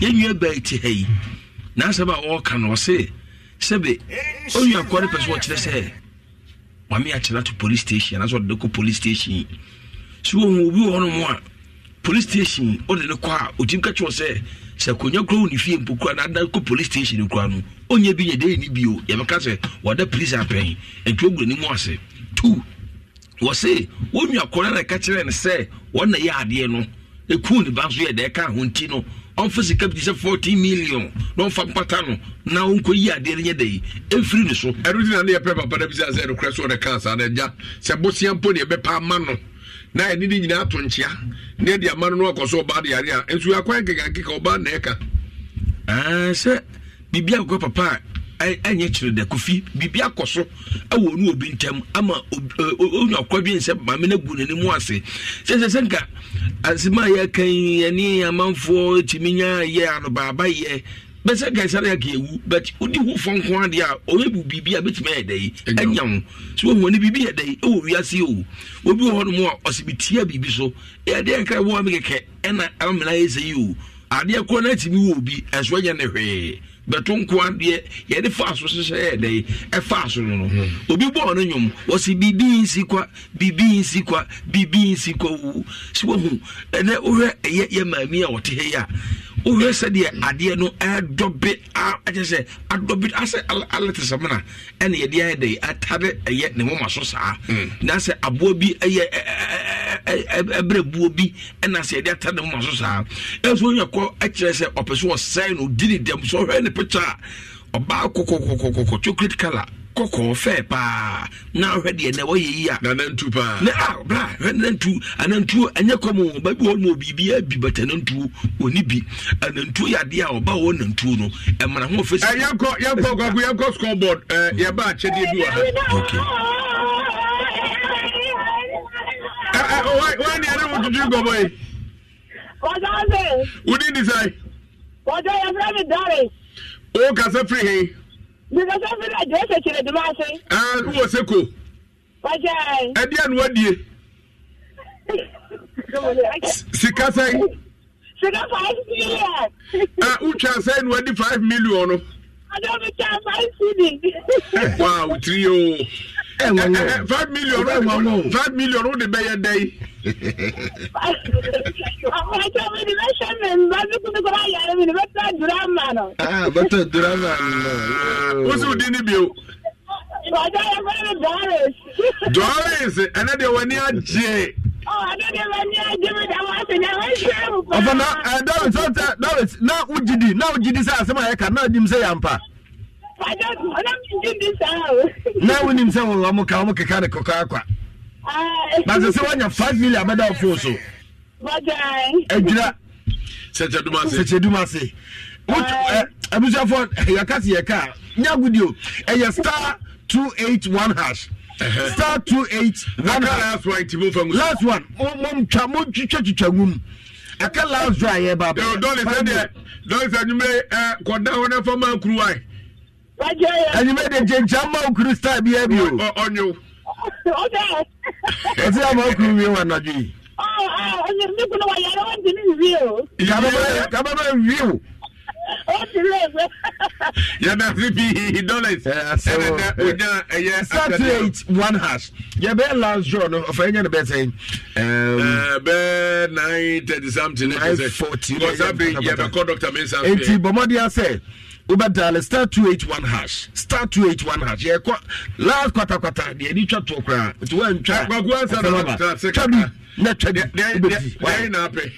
yɛn nua baa ti ha yi n'asɛm a wɔreka no ɔse sɛbe onua korɔ ne pɛ so sɛ maame akyerɛ ato polisi station anaasɛ ɔde kɔ polisi station so wɔn obi wɔ hɔnom a. police station ɔde ne kɔ a ɔtumi ka kyerɛ sɛ sɛ akonnwa kura wo ne fie mpo kura na adan kɔ police station kura no ɔnyɛ bi nyɛ dɛn ni bio yɛbɛka sɛ wɔda police apɛn ntu ogu ne mu ase two wɔse wɔn nua kɔrɔ na ɛka kyerɛ ne sɛ wɔn na yɛ adeɛ no ekun ne ba nso yɛ dɛ ɛka ho ti no ɔnfa sika bi ti sɛ fourteen million na ɔnfa mpata no na ɔnkɔ yi adeɛ no nyɛ dɛ yi efiri ne so. ɛnu ti na ne yɛ pɛ papa na bi sɛ ɛsɛ ɛnu kura so ɔna kaa saa na ɛnya sɛ bosia mpo ne yɛ pa ama no. na ɛne ne nyinaa to nkyea ne ɛde ama no no ɔkɔ so ɔbaa de yare a nso akwan nkekankeka ɔbaa na ɛka ah, sɛ biribi akokɔ papa a ɛnyɛ kyerɛ da kofi biribi akɔ so ɛwɔ ne obi ntam ama ɔnya eh, ɔkɔdwe nsɛ mame no agu n'anim ase sɛ sɛ sɛ nka asɛm a yɛka yi ɛne amanfoɔ tumi nya yɛ anobaaba yɛ bɛsɛ kae sɛ deɛ ewu but wodi ho fɔ nko adeɛ a ɔyɛ biribi a bɛtumi ayɛ dɛ yi ɛnya ho so wohu ne biribi yɛ dɛ yi ɛwɔ wiase o obi wɔ hɔnom a ɔsɛ bitia biribi so ɛdeɛ nkra ɛwɔ a mekɛkɛ ɛna ama mena yɛ sɛ yi o adeɛ korɔ no atumi wɔ obi ɛnso ɛnyɛ ne hwee bɛto nko adeɛ yɛde fa so hyehyɛ yɛ dɛ ɛfa so no no mhm. obi bɔɔ no nwom wɔsi biribi nsi kwa bibi nsi kwa biribi nsi kwa wu si wɔhu ɛnɛ wohwɛ ɛyɛ yɛ maame a wɔte ha yi a wohwɛ sɛdeɛ adeɛ no ɛdɔbe akyɛ sɛ adɔbe asɛ alɛte sɛm na ɛna yɛde ayɛ dɛ atare ɛyɛ ne moma so saa mm. na sɛ aboa bi ɛyɛ ɛbrɛbuo bi ɛna sɛ yɛde atare ne moma so saa ɛnso onyɛ kɔ ɛkyerɛ sɛ ɔpɛ so wɔsɛn no di ne dɛm so ne picture a ɔbaa kokokokokoko chocolate colour kɔkɔɔ fɛ paa na ahwɛ deɛ na wɔyɛ yi a nanantu paa na a bra nanantu anantuo ɛnyɛ kɔm ɔba bi hɔ ma biribiaa bi but anantuo ɔni bi anantuo yɛ adeɛ a ɔba wɔ nantuo no ɛmara ho ɔfɛ yɛnkɔ yɛnkɔ kwaku yɛnkɔ scoreboard yɛba akyɛdeɛ bi wɔ ha wɔn deɛ ne wotutu nkɔmmɔ yi wode desae wɔdɛ yɛfrɛ me doris o kasa firi he. bíbélì fúnra jẹ́ ẹ̀sẹ̀ kiri dùmá sí. ẹ ẹ wọ seko. wájà ẹ. ẹ díẹ̀ nu e. adìẹ. sika sẹ́yìn. sika five million. ẹ utwa sẹ́yìn nu ẹ di five million. ọjọ́ mi ta five cd. wàá o tiri yóò five million five million o de bɛ yɛ dɛ yi. àwọn ẹjọ́ mi ni bẹ́ẹ̀ ṣe mi ní bá dúkú ní kọ́ra yàrá mi ni bẹ́ẹ̀ tẹ̀ dùrámà nọ. bẹ́ẹ̀ tẹ̀ dùrámà nọ. ó sì dín níbi o. ọjọ́ yẹn fẹ́ mi doris. doris ẹ̀nẹ́ de wọ́n ní àjẹ́. ọfọ na ẹ doris na ujidi na ujidi sẹ asem a yẹ ka na ojim sẹ yampa na wonim sɛ wɔmo ka wɔmo keka ne kɔkɔ akwa na sɛ sɛ woanya 5 million bɛda wo foo so adwira sɛkyɛdum ase abusuafoɔ yɛka se yɛka a nya godio ɛyɛ star 281 hash star 281 last one momtwa motwitwatwitwa nwum aka last dra yɛ baba dɔle sɛ deɛ dɔle sɛ nwumere kɔda hɔ na fa ma nkuruwae anyimɛ de kyenkyan ma okuru star bi ɛbi o. ɔnyew. ɔdɛ. ɔsi ama okuru mi wa nɔdwi yi. ɔnyɛ mi kunu wa yɛrɛ o ti yɛbɛ last draw no sɛ. ɛɛ something. nine forty. kɔsa bi yɛbɛ kɔ wobɛdaale star 281 hash star 281 hash yɛkɔ last kwatakwata deɛ ani twa toɔ koraa nti woantwatwa ah, bi na twa bi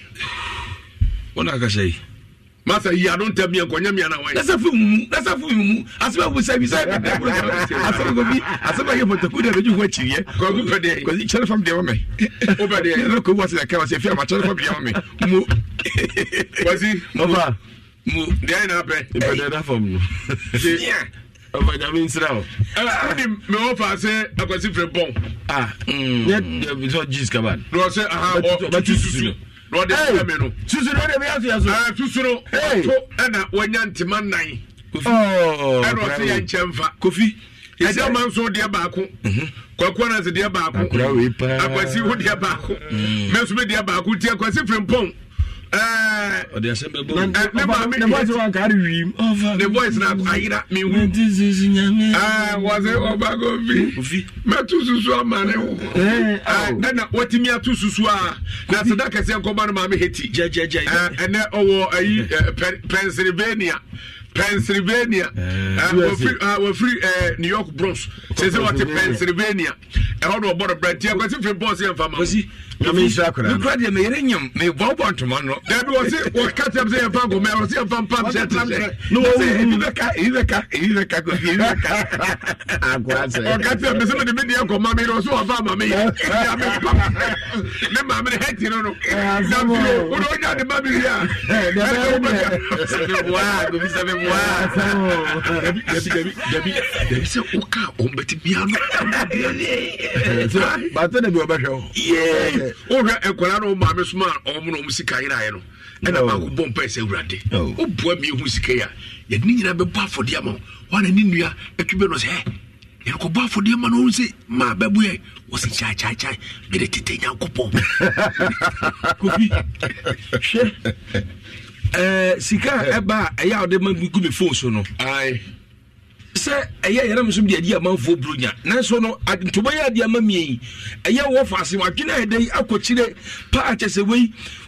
wonakahyɛ masa yi a don tɛ miɛ nkɔnyɛ miɛ na wa ye. lɛsɛ fún mu lɛsɛ fún mu asɛbɛ bu sɛbi sɛbi bɛ bolo asɛbɛ ko bi asɛbɛ ye pɔtɔku de bɛ ju ko tiɲɛ. kɔku bɛ de. kɔsi cɛli fam de wa mɛ. o bɛ de. ne ko waati la kɛ wa se fiyan ma cɛli fam de wa mɛ. mu. wasi. mɔfra mu deɛ na apɛ mpɛdɛda fam no ɔfanyame nsira o wode mewɔ fa sɛ akwasi frɛ bɔn sɛ ah, mm. ges kaba na ɔsɛ ahbɛtu susu na ɔde sɛ me no susu no wode bɛyɛfea so susu no ɔto ɛna wanya ntema nan ɛna ɔsɛ oh, yɛ nkyɛ mfa kofi ɛsɛ ma nso deɛ baako mhm. kwakuo na sɛ deɛ baako akwasi wo deɛ baako mm. mɛ nso me deɛ baako nti akwasi frɛ mpɔn Eh, ọdẹ ẹsẹ bẹ bọ mi. ne bọ́ọ̀sì wa kari wi. ne bọ́ọ̀sì na ayira mi hu. ne ti sisi nyame. wọ́n sẹ ọba kò fi mẹtu susu ama ne wo. ẹnna wọ́n ti mi atu susu a na sada kẹsí ẹ nkọ́ba ni maame heti. jẹjẹjẹ. Eh, ẹnẹ ọwọ ayi eh, Pennsylvania. Pennsylvania wɔfiri New York Bronx sɛ sɛ wɔte Pennsylvania ɛhɔ na ɔbɔ no brɛ nti ɛkɔsi fi bɔɔs yɛ mfama nyame nhyira akwadaa no nokora deɛ meyere nyam mebɔbɔ ntoma no dabi wɔ se wɔka kyɛm sɛ yɛmfa ngoma wɔ se yɛmfa mpam hyɛ te sɛ na wɔhu bɛka ɛyi bɛka ɛyi bɛka ɛyi bɛka ɔka kyɛm me sɛ mede me deɛ kɔma me wɔ so wɔfa ama me yɛ me pam ne maame ne hɛti no no dafio wode wonya de ma me wie a ɛne wobɛka dabi dabi dabi sɛ woka ɔmbɛte bia no bato na bi wɔbɛhwɛ wohwɛ ɛkwara no maame soma ɔmo na ɔmo sika yeraeɛ no ɛna baako bɔ mpae sɛ awurade wobua mi ɛhu sika yi a yɛde ne nyinaa bɛbɔ afɔdeɛ ama wane ne nnua atwi bɛ no sɛ ɛ yɛrekɔbɔ afɔdeɛ ma no ɔhu sɛ maa bɛbuɛ wɔsi kyaakyaakyae mede tete nyankopɔn kobi hwɛ sika ɛba a ɛyɛ a wode ma gu me fon so no sɛ ɛyɛ yɛrɛm so de adi amanfoɔ buronya nanso no ntoma yɛ adi ama mie yi ɛyɛ wɔ faase wadwene a yɛde akɔkyire paa kyɛ sɛ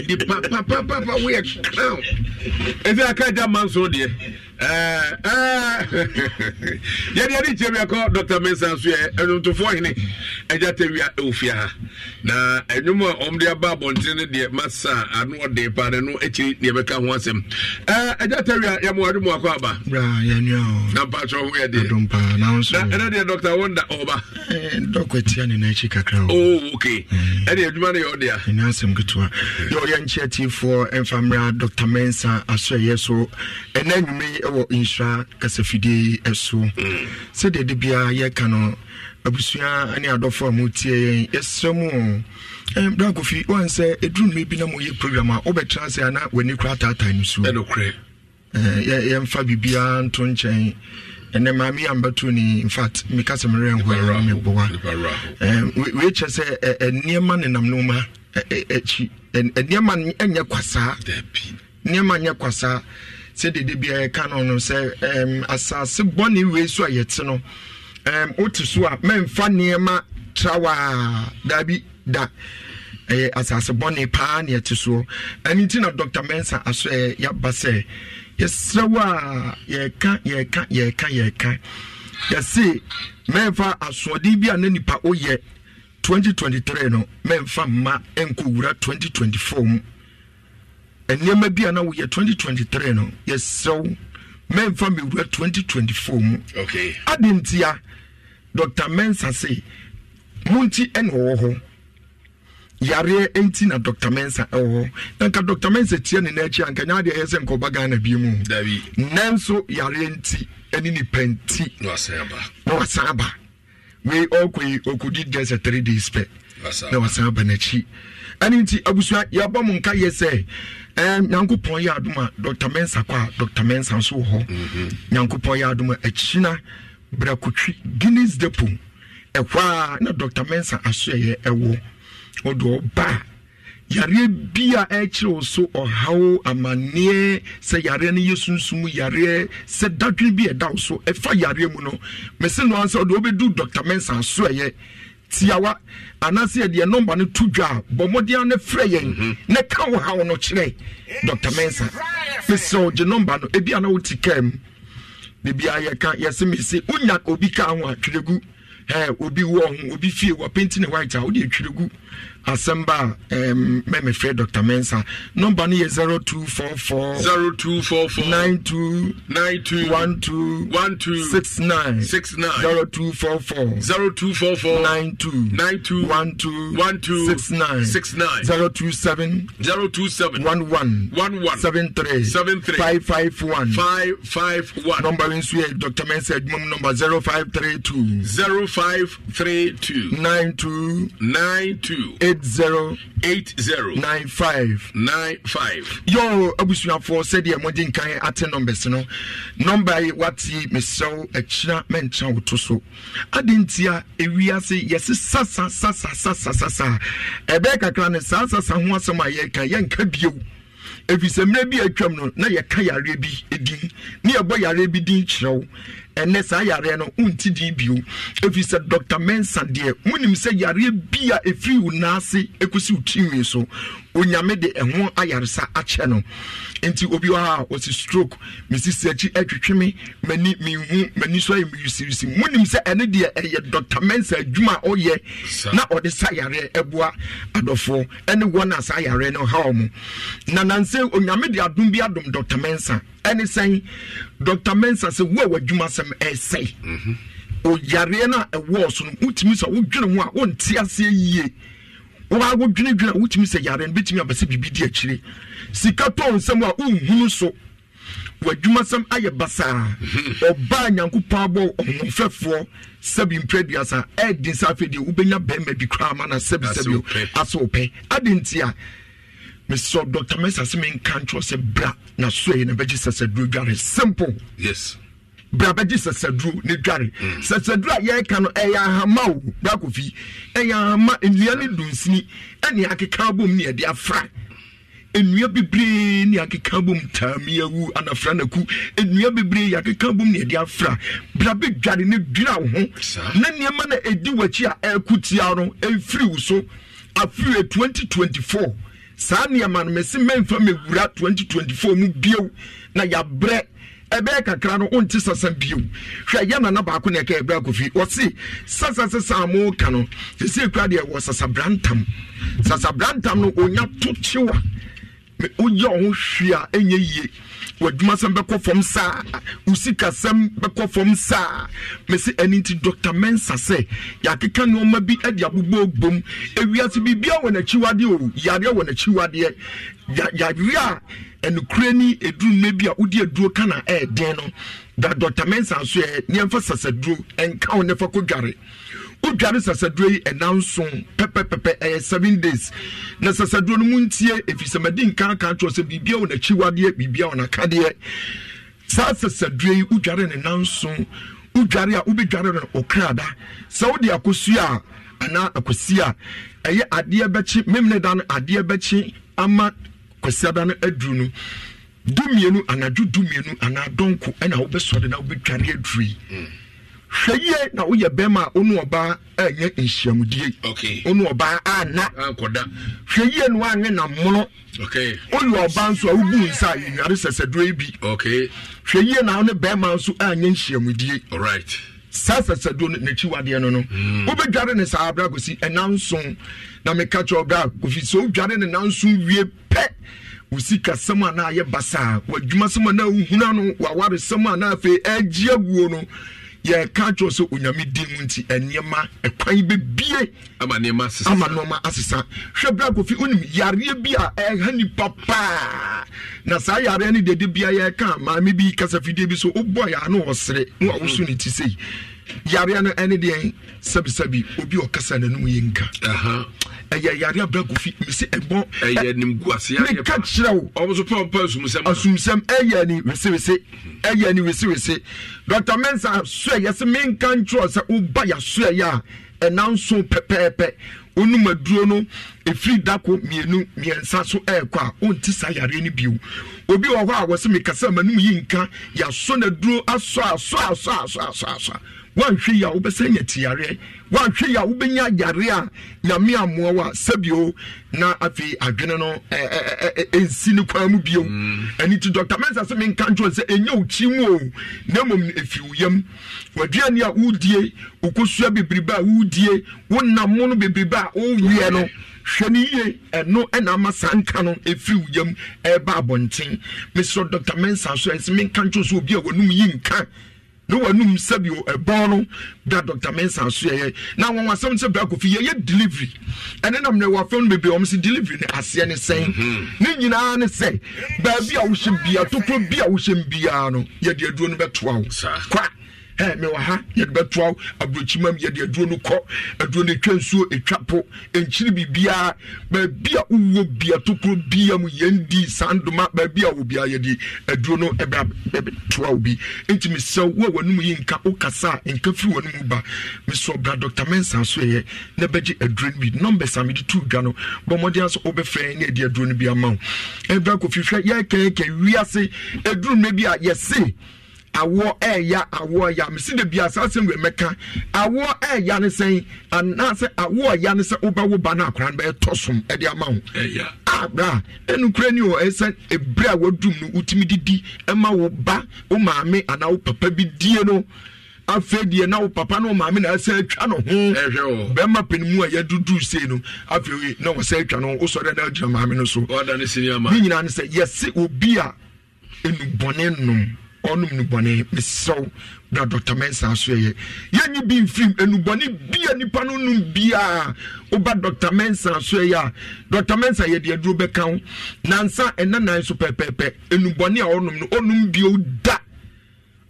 nipa papapapa woyɛ crown. ebi aka gya manso deɛ. Eh, eh. yɛde yɛde nkyɛ biakɔ dr mensa nso yɛ ɛnwomtofoɔ hene agya tawia ɛwofia ha na ɛnwom a ɔmde aba abɔntene no deɛ masa ano ɔde paa ne no akyiri deɛ bɛka ho asɛm agya eh, tawia yɛmoa dwomu akɔ aba na mpakyɛ ho yɛ deɛ na ɛnɛ deɛ dr wonda ɔba dɔkwatia ne nakyi kakra oh, ok ɛne adwuma no yɛ ɔde a ɛne asɛm ketewa yɛ ɔyɛ nkyeatiefoɔ ɛmfa mmerɛ dr mensa asɔɛyɛ so ɛnɛ nwume wɔ nsira kasafidie so sɛdeɛ de biara yɛka no abusua ne adɔfo a motie yɛn yɛsrɛ mu bra kofi wan sɛ ɛduru no bi na moyɛ program a wobɛtena sɛ ana w'ani kora ataatae no suo yɛmfa biribiara nto nkyɛn ɛnɛ maame a mbɛto ni infact meka sɛ merɛ nhɔ meboa wei kyɛ sɛ nneɛma nenam no ma akyi nneɛma ɛnyɛ kwasaa nneɛma nyɛ kwasaa sɛdeɛ de biara ɛka no no sɛ um, asase bɔne wei so a yɛte no um, wote so a memfa nneɛma trawaa daabi da ɛyɛ asase bɔne paa ne ɛte soɔ ɛno nti na dr mensa aso ɛ yɛaba sɛ yɛserɛ wo a yɛka yɛka yɛka yɛka yɛse memfa asoɔden bi a na nipa woyɛ 2023 no memfa mma nkɔwura 2024 mu nneɛma bi a na woyɛ 2023 no yɛsrɛ wo mɛmfa mewura 2024 mu okay. ade ntia dr mensa se mo nti ɛne ɔwɔ hɔ yareɛ nti na dr mensa ɛwɔ hɔ na dr mensa tie ne n'akyi a nka nya adeɛ ɛyɛ sɛ nkɔba ghana bi mu nanso yareɛ nti ɛne nipa nti na wasan aba wei ɔkɔ yi ɔkɔdi gya sɛ 3 days pɛ na wasan aba n'akyi ɛne nti abusua yɛbɔ mo nka yɛ sɛ nyankopɔn yɛ adom a dr mensa kɔ a dr mensa nso wɔ hɔ mhm. nyankopɔn yɛ adom a akyina brakotwi guinness depo ɛhɔ a na dr mensa asoɛyɛ ɛwɔ ɔde ɔba yareɛ bi a ɛkyerɛ wo so ɔhaw amanneɛ sɛ yareɛ no yɛ sunsum yareɛ sɛ dadwene bi ɛda wo so ɛfa yareɛ mu no mese no ansɛ ɔde wobɛdu dr mensa asoɛyɛ tiawa anaasɛ yɛdeɛ nɔmba no to dwa a bɔ mmɔden no frɛ yɛn mhm. na ka wo haw no kyerɛ dr mensa mesrɛ gye nɔmba no ebi ana na wote kaa mu biribiaa yɛka yɛse me se wonya obi kaa ho a twerɛ gu obi wɔ ho obi fie wapenti ne white a wode twerɛ asɛm ba a mɛmɛfrɛ dr mensa nɔmba no yɛ 024402426902449222690271173751 nɔmba no nso yɛ dr mensa adwuma mu nɔmba 0532 0532 92 92 8095 yo abusuafoɔ sɛdeɛ mogye nkan ate numbers no nɔmba yi wate mesɛw akyira mɛnkyerɛ wo to so ade nti a ewiase yɛse sasasasasasasa ɛbɛyɛ kakra ne saa sasa ho asɛm a yɛreka yɛnka bio ɛfiri sɛ mmerɛ bi atwam no na yɛka yareɛ bi din ne yɛbɔ yareɛ bi din kyerɛ ɛnɛ saa yareɛ no wonti din bio ɛfiri e sɛ dr mensa deɛ monim sɛ yareɛ bi a ɛfiri wo naase ɛkɔsi wo tirinwi so e e onyame de ɛho ayaresa akyɛ no nti obi hɔ a ɔsi stroke mesisi akyi atwitwe me m'ani menhu m'ani so ayɛ meyusirisi monim sɛ ɛne deɛ ɛyɛ dr mensa adwuma a ɔyɛ na ɔde sa yareɛ ɛboa adɔfoɔ ɛne wɔn a saa yareɛ no haw mu na nansɛ onyame de adom bi adom dr mensa ɛne sɛn dr mensa sɛ wo a w'adwuma sɛm ɛsɛe mhm. oyareɛ no a ɛwɔɔ so no wotumi sɛ wodwene ho a wonte aseɛ yie waa wodwene dwene a wotumi sɛ yareɛ no bɛtumi abɛsɛ biribi di akyire sika tɔ nsɛm a wonhunu so wadwumasɛm ayɛ basaa mhm. ɔbaa nyankopɔn abɔ ɔhoɔfɛfoɔ sɛbi mpɛ aduasa ɛɛdi nsa afei deɛ wobɛnya bɛrima bi koraa ma na sɛbisɛbio asɛ wopɛ ade nti mesɛ dr mesa sɛ menka nkyerɛ sɛ bra na soɛ na bɛgye sɛsɛduro dware simple yes bra bɛgye sɛsɛduro ne dware mm. sɛsɛduro a yɛreka no ɛyɛ ahama o dakofi ɛyɛ ahama nnua ne donsini ɛne akeka bom ne yɛde afra nnua bebree ne akeka bom taami awu anafra naku nnua bebree yɛ bom ne yɛde afra bra bɛdware ne dwira wo ho na nneɛma na ɛdi w'akyi a ɛɛko tia no ɛmfiri wo so afiri 2024 saa nneɛma no mɛsi mɛmfa mɛwura 2024 mu bio na yɛabrɛ ɛbɛyɛ kakra no wonte sasa bio hwɛ yɛ nana baako ne ɛka ɛbrɛ akɔfi ɔse sasa sesa a moka no sɛsie kura deɛ wɔ sasabrantam sasabrantam no ɔnya to kyewa woyɛ wo ho a ɛnyɛ yie w'adwumasɛm bɛkɔ fam saa wosikasɛm bɛkɔ fam saa mɛsɛ ɛno nti dr mensa sɛ yɛakeka nneɔma bi de abobɔ bom ewiase biribia wɔ n'akyiwadeɛ o yareɛ wɔ n'akyiwadeɛ yareɛ a ɛnokura ni ɛduru bi a wode aduro ka na ɛɛden no da dr mensa nso ɛ nneɛmfa sasaduro ɛnka wo ne fa kɔdware wodware sasaduro yi ɛna nson pɛpɛpɛpɛ ɛyɛ seven days na sasaduro no mu ntie ɛfiri sɛ madi nka ka kyerɛ sɛ biribia wɔ n'akyiwadeɛ biribia wɔ n'akadeɛ saa sasaduro yi wodware ne nanson wodware a wobɛdware no okrada sɛ wode akosi a anaa akosi a ɛyɛ adeɛ bɛkye memne da no adeɛ bɛkye ama kwasiada no aduru no dumienu anadwo dumienu anaa dɔnko ɛna wobɛsɔre na wobɛdware aduru yi mm. hwɛ yie na woyɛ bɛrima a ɔnu ɛyɛ nhyiamudie ɔnu ana hwɛ yie na wanyɛ na mmono ɔyɛ ɔbaa nso a wobu nsa a yɛnyare bi hwɛ yie na ɔne bɛrima nso anyɛ nhyiamudie saa no n'akyi wadeɛ no no mm. ne saa abira gosi ɛnanson na meka kyerɛ ɔbaa kofi ne nanson wie pɛ a na ayɛ basaa wadwuma sɛm a na wohuna no waware sɛm a na afei agye aguo yɛka kyerɛ sɛ onyame di mu nti nneɛma ɛkwan bɛbie ama nneɛma asesa hwɛ berɛ akɔfi wonim yareɛ bi a ɛha nipa paa na saa yareɛ no dede bia yɛka maame bi kasafidie bi so wobɔ yɛa no ɔsere na wawoso mhm. ne ti sei yareɛ no ɛne deɛn sɛbisabi obi ɔkasa n'anom yɛnka ɛyɛ yare abɛ gu fi sɛ ɛbɔ ɛyɛ nimgu ase yare meka kyerɛ wo ɔmo so pɛn asumsɛm asumsɛm ɛyɛ ni wesewese ɛyɛ ni wesewese dɔkta mensa so ɛyɛ sɛ menka nkyerɛ sɛ woba yɛso ɛyɛ a ɛnanso pɛpɛɛpɛ onum aduro no efiri dako mienu miɛnsa so ɛɛkɔ a onti saa yare ni bio obi wɔ hɔ a wɔsɛ mekasa manum yi nka yɛaso na duro asɔ asɔ asɔ asɔ asɔ asɔ wanhwɛ yi wobɛsɛ nya tiareɛ wanhwɛ yi wobɛnya yare a nyame amoa wo a sɛbio na afei adwene no ɛnsi eh, eh, eh, no kwan mu bio ɛno nti dr mensa sɛ menka nkyerɛ sɛ ɛnyɛ wo kyi mu o na mmom ɛfiri wo yam waduane a wodie wokɔsua bebrebe a wodie wonam mo no bebrebe a wowiɛ no hwɛ no yie ɛno ɛna ama saa nka no ɛfiri wo ɛɛba abɔnten mesrɛ dr mensa so ɛsɛ menka nkyerɛ sɛ obi a wɔnom yi nka ne wɔnum sɛbi ɛbɔn no da dr mensa so yɛyɛ na wɔn asɛm sɛ bra kofi yɛyɛ delivery ɛne nam na wɔafɛn no bebree wɔn sɛ delivery ne aseɛ ne sɛn mhm. ne nyinaa ne sɛ baabi a wohyɛ bia tokuro bi a wohyɛ biara no yɛde aduro no bɛtoa wo kwa ɛ mɛwɔ ha yɛde bɛtoa aburokyima mu yɛde aduro no kɔ e aduro no etwa nsuo etwa po nkyiri biribiara baabi a wowɔ bia tokuro bia mu yɛn di sandoma baabi a wɔ bia yɛde aduro no ɛbɛ bɛtoa wo bi ntumi e sɛ wo a wɔnum yi nka wo kasa a nka firi wɔn mu ba mesɔ bra dr mensa so yɛ na bɛgye aduro no bi numbers a mede tu dwa no bɔ mmɔden nso wobɛfrɛ na ɛde aduro no bi ama wo ɛbra e kɔfiri hwɛ yɛkɛyɛkɛ wiase aduro no bi a yɛse awoɔ ɛɛya awoɔ ya mesi de bia saa asɛm wɛ mɛka awoɔ ɛɛya ne sɛn anaasɛ awoɔ ya ne sɛ wobɛwo ba no akora no bɛyɛtɔ som ɛde ama wo abra ɛnukura ni wɔ ɛsɛ ebire a wadum no wotumi didi ɛma e wo ba wo maame anaa wo papa bi die no afei deɛ na wo papa ne wo maame na ɛsɛ e atwa no ho e bɛma panimu a yɛdudu sei no afei na wɔsɛ atwa no wosɔre na agyina maame no so ne nyinaa ne sɛ yɛse obi a ɛnubɔne nom ɔnom nubɔne mesrɛw bra dɔkta mensa so ɛyɛ yɛnyi bi mfirim enubɔne bia nipa no num biaa woba dɔkta mensa so ɛyɛ a dɔkta mensa yɛde aduro bɛka ho nansa ɛna nan so pɛpɛɛpɛ enubɔne a ɔnom no ɔnom bio da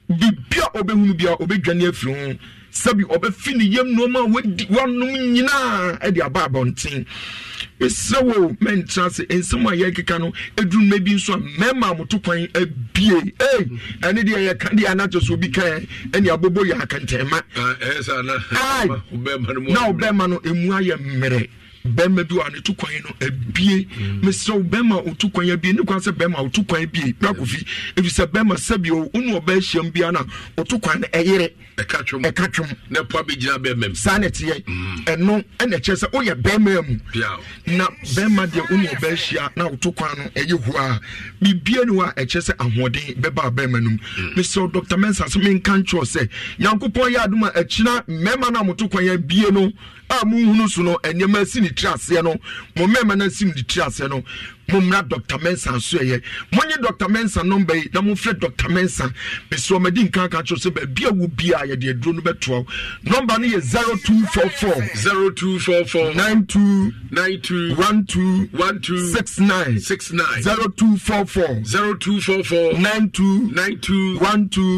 bibia ɔbɛhunu bia ɔbɛdwane afiri ho sɛbi ɔbɛfi ne yam nneɛma a wanom nyinaa ɛde aba abɔnten mesrɛ wo mɛntra ase nsɛm a yɛkeka no ɛduru ma bi nso a mɛma moto kwan abie ɛne deɛ yɛka deɛ anakyɛ so obi kaɛ ɛne abobɔ yɛ akantɛma ah, na wobɛma no ɛmu ayɛ mmerɛ bɛrima bi wɔ a ne tu kwan no abie mm. mesrɛ wo bɛrima a ɔtu kwan abie ne kwan sɛ bɛrima a ɔtu kwan abie mmerako fi ɛfiri sɛ bɛrima sɛbi o wone ɔbɛ ahyiam bia no a ɔtu kwan no ɛyere ɛka twom ɛka twom na po abɛgyina bɛrima mu saa ne teɛ mm. ɛno ɛna ɛkyerɛ sɛ woyɛ bɛrima mu na bɛrima deɛ wone ɔbɛ ahyia na ɔtu kwan no ɛyɛ hu a biribia ne hɔ a ɛkyerɛ sɛ ahoɔden bɛba bɛrima no mu mm. mesrɛ dr mensa so menka nkyerɛ sɛ nyankopɔn yɛ adom a akyina mmarima no a a muhunu so no nneɛma si ne tiri aseɛ no mo mmarima no si ne tiri aseɛ no mommra dr mensan so ɛyɛ monye dr mensan number yi na momfrɛ dr mensan mesɛ ɔmadi nka ka kyerɛ sɛ baabi a wo biaa yɛde aduro no bɛtoa wo number no yɛ 0244 0244 92 92 12 12 69 69 0244 0244 92 92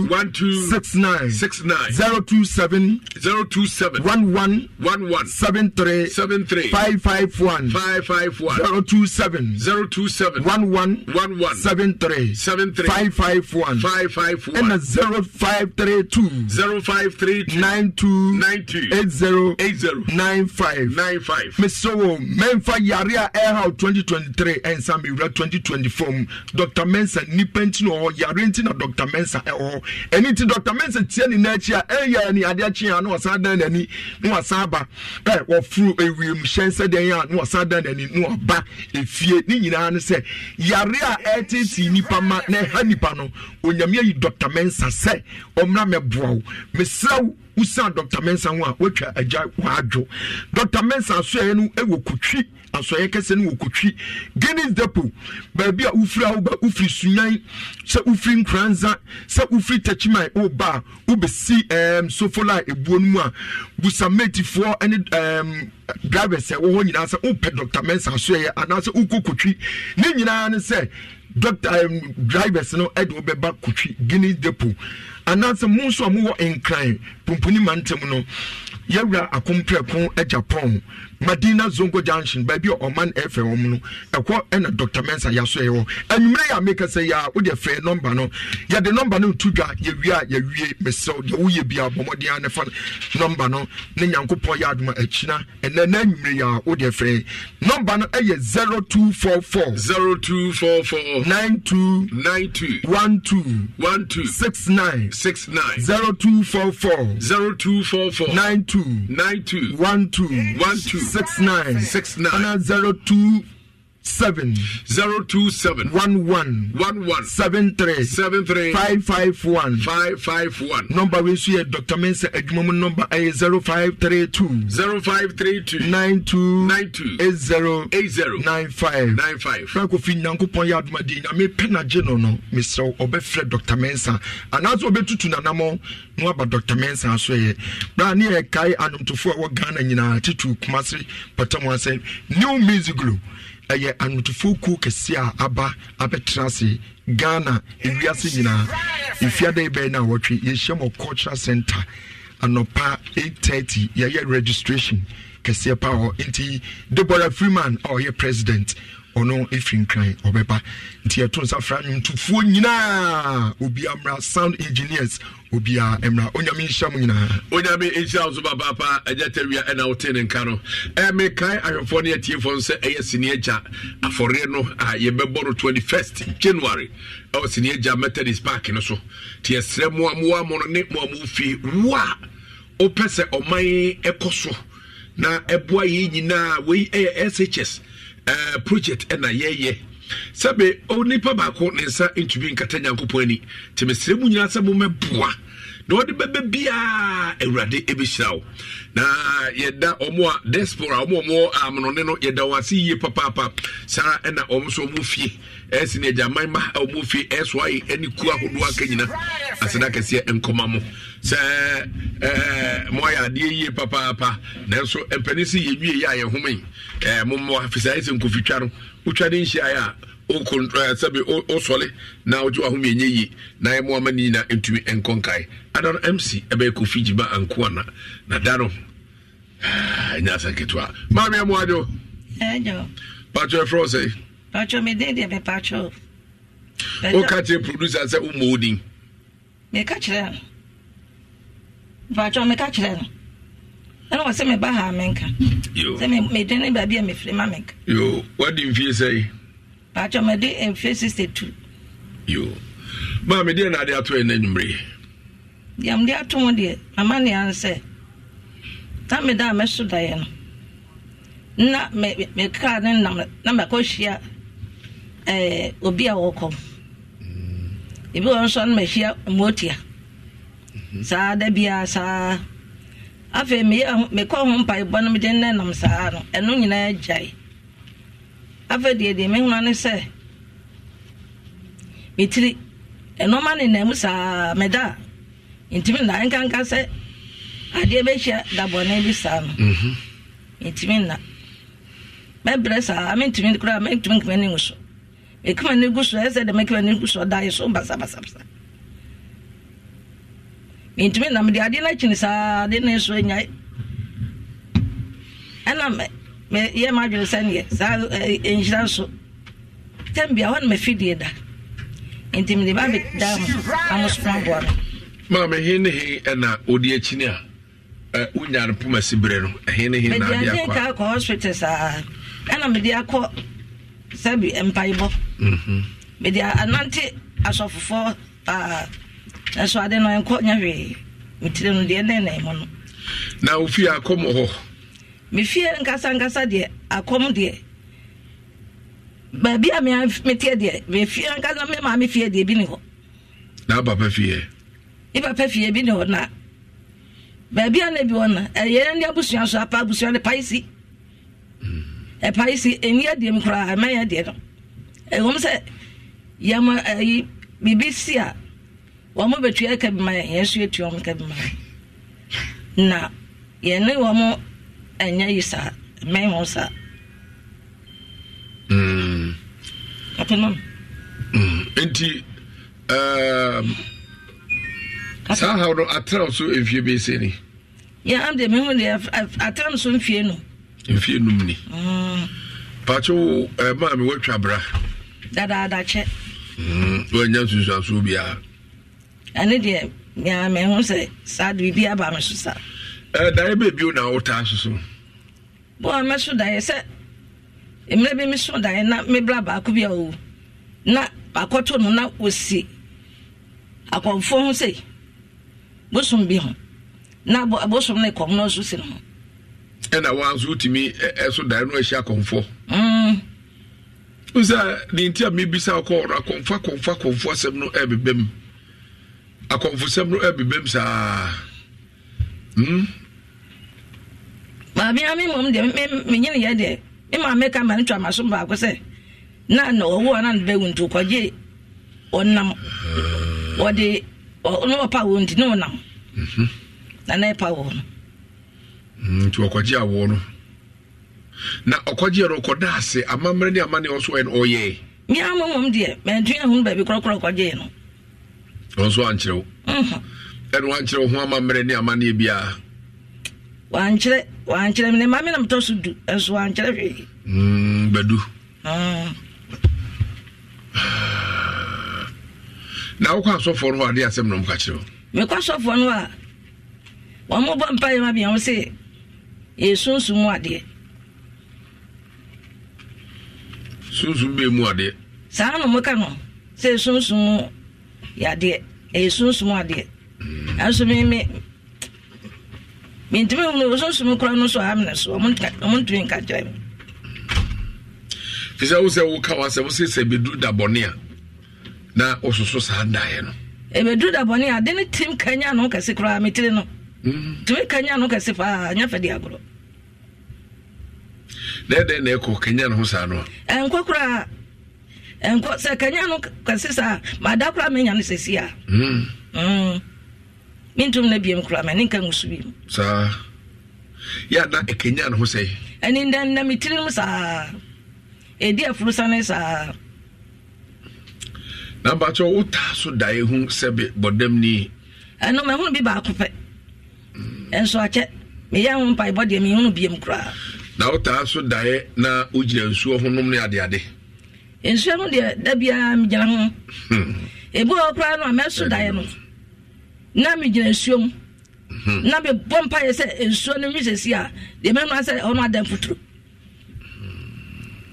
12 12 69 69 027 027 11 11 73 73 551 551 027 0 zero two seven one one one one seven three seven three five five one five five one a zero five three two zero five three nine two nine two eight zero eight zero nine five nine five. mesowo mẹ́nfà yàrá air twenty twenty three ẹ̀ nsá twenty twenty four mu dr mensa nípa ntí na ọ̀ yàrá ntí na dr mensa ẹ̀ ọ̀ ẹni ti dr mensa tiẹ̀ ní n'akyi a ẹ̀ yẹ ni adeɛ kyi a na wasan dan n'ani na wasan aba ẹ̀ wɔfuru ewiem hyɛn sɛ deɛ yẹn a na wasan dan n'ani na waba efie ne nyinaa nyinaa ne sɛ yare a ɛtete nipa ma na ɛha nipa no onyame ayi dɔkta mɛnsa sɛ ɔmmra mɛboa wo mesrɛ wo wosan dr mensa ho a woatwa agya waadwo dr mensa asɔeɛ no wɔ kotwi asɔeɛ kɛsɛ no wɔ kotwi guinness depo baabi a wofiri woba wofiri sunyan sɛ wofiri nkranza sɛ wofiri tachiman woba a wobɛsi um, sofola a ɛbuo no mu a busametifoɔ ne um, drivers a ɛwɔ hɔ nyinaa sɛ wopɛ dr mensa asɔeɛ anaasɛ wokɔ kotwi ne nyinaa ne sɛ doctor um, drivers no ɛde wɔbɛba kutwi guinness depot anaasɛ mu nso a mowɔ nkran pomponi mantam no yɛwura akomprɛko agya pɔn madina zongo junction baabi a ɔman ɛfɛ wɔn no ɛkɔ ɛna dr mensa yasɔ yɛ hɔ enyimire yɛ ameka sɛ yɛ a wode fɛ nɔmba no yɛde nɔmba eh, no tu dwa yɛwie a yɛwie mesrɛw deɛ woyɛ bi a bɔmmɔden a ne fa nɔmba no ne nyankopɔn yɛ adoma akyina ɛnɛ na enyimire yɛ a wode fɛ nɔmba no ɛyɛ zero two four four. zero two four four. nine two. nine two. one two. one two. six nine. six nine. zero two four four. zero two four four. nine two. nine two. one two. one two. six nine six nine zero two. seven zero two seven one one one one seven three seven three five five one five five one. number we so yɛ dr mensa adwumamu number ɛyɛ zero five three two zero five three two nine two nine two eight zero eight zero nine five nine five. franco fi nyankopɔn yɛ adumaden nyame pɛ na gye no dr mensa anaasɛ ɔbɛtutu nanamɔ na waba dr mensa so yɛ bra ne yɛ kae anomtofoɔ a ɛwɔ ghana nyinaa titu kumase pɔtɛmu asɛ new music group ɛyɛ anwotofo kuo kɛse a aba abɛtena ase ghana ewiase nyinaa efiada ebɛn na awɔtwe yɛhyia mɔ culture center anɔpa 8:30 yɛyɛ registration kɛseɛ pa hɔ nti deborah freeman a ɔyɛ president ɔno efiri nkran ɔbɛba nti yɛto nsa fra nwomtofoɔ nyinaa obi amra sound engineers obiaa mmra onyame nhyira mu nyinaa onyame nhyira wo so papaapa agya tawia ɛna wote ne nka no mekae ahwɛfoɔ no yɛtiefoɔ no sɛ ɛyɛ sini agya afɔreɛ no a yɛbɛbɔ no 21st january ɛwɔ sini agya methodist park no so nti yɛsrɛ mmoamoa mo no ne mmoamoo fie wo a wopɛ sɛ ɔman ɛkɔ so na ɛboa yɛ nyinaa wei ɛyɛ shs uh, project ɛna yɛyɛ sɛbe onipa baako ne nsa ntumi nkata nyankopɔn ani nti mesrɛ mu nyinaa sɛ na wɔde bɛbɛ biara awurade bɛhyira wo na yɛda ɔmo a despora ɔmo ɔmo amonone no yɛda wɔn ase yie papaapa saa ɛna ɔmo nso ɔmo fie ɛsi ne agyaman ma a ɔmo fie ɛso ayi ɛne ku ahodoɔ aka nyina asena kɛseɛ nkɔma mo sɛ ɛɛ mo ayɛ adeɛ yie papaapa nanso mpanyin si yɛ wie yɛ a yɛ home ɛɛ mo mo afisa ayɛ sɛ nkofitwa no wotwa ne nhyia yɛ a. sɛbi wosɔle na wogye wahome ɛnyɛ na ɛmoa ma ne nyina nkọ ɛnkɔ nkae ada no mc ɛbɛyɛ kofi gyima anko ana na da no ɛnyɛ asɛ nketewa maame ɛmoa dwo patwɔ ɛfrɛ wo sɛi woka kyerɛ producer sɛ wommɔ wo din meka meka mfie sɛi atwa mede mfe sixty tu. yoo maame deɛ na ade ato yɛ n'anwumere yi. deɛ mde ato mu deɛ mama ne ansɛ na me da a mɛso daeɛ no na me me kaa ne nam na mɛkɔ hyia ɛɛ eh, obi a wɔkɔ mm. ebi wɔn nso na no mɛhyia mootia mhm. saa da biara saa afei meyɛ mekɔ ho mpaebɔ no mede nnɛ nam saa no ɛno nyinaa gyae. afa deɛ deɛ mehuna ne sɛ metiri ɛnɔma ne nam saa meda a ntumi nna nkanka sɛ adeɛ bɛhyia dabɔne bi saa no ntumi nna mɛbrɛ saa mentumi koraa mentumi nkuma ne gu so mekuma ne gu so ɛsɛ dɛ mekuma ne gu so ɔdae so basabasabasa mentumi nna mede adeɛ no akyini saa adeɛ no so anyae ɛna ihe ma adwene sɛ neɛ saa eh, nhyira nso tam bia hɔ no mafidie da nti mede ba bɛda m amosoma aboa no maame he ne he ɛna ɔdi akyi ne a eh, wonya no poma si berɛ no ɛhe eh, ne he nade akɔ hospital saa ɛna mede akɔ sɛbi mpaebɔ mhm. mede anante asɔfofoɔ ah, ɛso ade no ɛnkɔ nya hwee metire no deɛ no na wofie hɔ mefie nkasankasa deɛ akɔm deɛ baabi a meteɛ deɛ mefie ankasa me maame fie deɛ bi ne hɔ na papa fie ne papa fie bi ne hɔ na baabi a ne bi hɔ na ɛyɛ ne abusua so apa abusua ne pae si hmm. ɛpae si ɛni adeɛ mu koraa ɛma yɛ deɛ no ɛwɔm sɛ yɛma ɛyi biribi si a wɔn bɛtua ka ma yɛn yɛn nso etua wɔn ka ma na yɛn ne wɔn ɛnyɛ yi saa mmɛn wɔn saa. apenom. nti saa ha no atrɛw so mfie bɛsɛ ni. yɛ am de mehu deɛ atrɛw so mfie no. mfie num ni. Hmm. paakyew ɛɛ eh, maame watwa bra. dadaada kyɛ. Hmm. wanya nsusuasoɔ biara. ɛne deɛ maame ho sɛ saa de biribi aba me so saa. ɛɛ dan na wotaa soso bɔɔl mɛso daeɛ sɛ mmerɛ bi meso daeɛ na mebra baako bi a ɔwu na akɔto no na osi akɔmfoɔ ho sei bosom bi ho na bosom no kɔm no nso si no ho ɛna wa nso wotumi ɛso daeɛ no ahyia akɔmfoɔ mm. wosa ne nti a mebisa wokɔ ɔno akɔmfo akɔmfo akɔmfo asɛm no ɛbebam akɔmfo sɛm no ɛbebam saa hmm? maame ame mmom deɛ yɛ deɛ maame ka ma no twa maso baako sɛ na na ɔwo na no bɛwu nti kɔgye ɔnam ɔde ɔno ɔpa wɔ nti ne ɔnam mhm. na na ɛpa wɔ nti ɔkɔgye awoɔ no na ɔkɔgye no ɔkɔda ase amammerɛ ne amane ɔso ɛn deɛ baabi no mhm. ho amammerɛ ne biara wankyerɛ wankyerɛ me ne ma me na metɔ so du ɛnso wankyerɛ hwee mm, bɛdu ah. na wokɔ asɔfoɔ no hɔ ade asɛm na ɔmka kyerɛ wo mekɔ asɔfoɔ no a ɔmobɔ mpayɛ ma bia wo se yɛsunsum mu adeɛ sunsum bɛ mu adeɛ saa na ɔmoka no sɛ yɛsunsum mu yɛ adeɛ ɛyɛ sunsum mm. adeɛ ɛnso me me mintimi wuli wososom kura no so amene so ɔmo ntumi nka kyerɛ mi. fisɛ wo sɛ woka wa sɛ wo sɛ bɛduru da bɔne a na wososo saa daeɛ no ɛbɛduru da bɔne a de ne tim kanya no kɛse koraa metire no tumi eh, kanya eh, no kɛse paa anyɛ fɛ de agorɔ na ɛdɛn na ɛkɔ kanya no ho saa no a ɛnkɔ koraa ɛnkɔ sɛ kanya no kɛse mm. saa maada mm. koraa menya no sɛsi a mentom na biam kora mane nka ngusu bi saa yɛ na ɛkanya ne ho sɛe ɛne nda na metiri sa, e ɛdi aforo sa ne saa na bakyɛ wotaa so dae ho sɛ bɔdam ni ɛno mahunu bi baako pɛ ɛnso akyɛ meyɛ ho mpaebɔ deɛ mehunu biam koraa na uta so daeɛ na wogyina nsuo ho nom ne adeade nsuo ho deɛ da biara megyina ho ɛbu hmm. hɔ koraa no a mɛso daeɛ no na megyina nsuo mu na mebɔ mpa yɛ sɛ nsuo no mesɛsi a deɛ mɛnoa sɛ ɔno ada mfoturo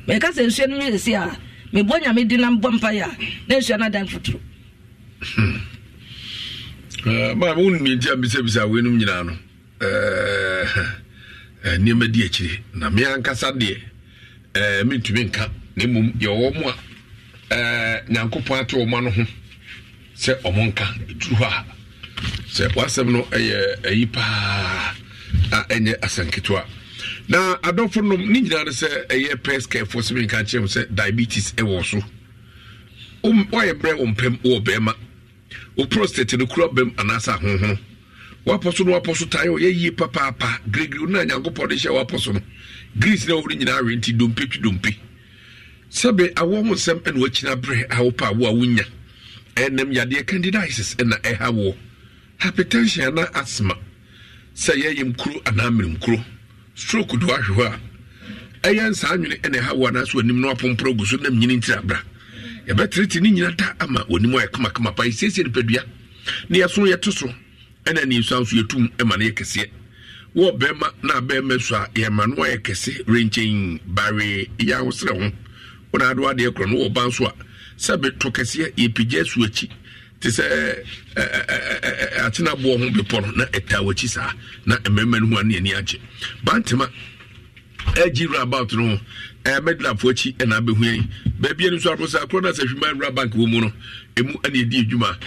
meka sɛ nsuo no mesɛsi a mebɔ nyame di na mbɔ mpa yɛ a na nsuo no ada mfoturo eh, maa wo nmienti a bisabisa weinom nyinaa no eh, eh, nneɛma di akyire na me ankasa deɛ mentumi nka na mmom yɛwɔ mu a nyankopɔn ate ɔma no ho sɛ ɔmo nka ɛduru hɔ a sɛ wasɛm no ɛyɛ ayi paa a ɛnyɛ asanketewa na adɔfo nom ne nyinaa no sɛ ɛyɛ sɛ menka kyerɛ m sɛ diabetes ɛwɔ so woayɛ berɛ mpɛm wɔ wo prostate no kura bɛm anaasɛ ahohono wapɔ so no wapɔ so tae papaapa na nyankopɔn de greece na wɔno nyinaa nti dompe twi dompe sɛbe ho nsɛm ɛna wakyina berɛ awo a wonya ɛnam yadeɛ hypertension ana asthma sɛ yɛyɛ mkuro anaa mmerɛmkuro stroke do ahwe hɔ a ɛyɛ nsaa nwene ɛna ɛha wo anaa so anim no apomporo gu so nam nyini ntira bra yɛbɛterete ne nyina ta ama wɔnim ayɛ kamakama pa yɛsiesie nipadua ne yɛso yɛto so ɛna ne yɛsua nso yɛtum ma no yɛ kɛseɛ wɔ bɛrima na bɛrima so a yɛma no ayɛ kɛse renkyɛn bare yɛ ahosrɛ ho wɔn adeɛ korɔ no wɔ ban so a sɛ bɛtɔ kɛseɛ yɛpagya su akyi te sɛ atenaboɔ ho bepɔ no na ɛtaa wakyi saa na mmarima no ho a ne ani agye bantema agyi rabout no ho medlafo akyi ɛna abɛhu yi baabia no nso akɔ sɛ akorɔ no sɛ hwima nwura bank wɔ mu no ɛmu ɛne ɛdi adwuma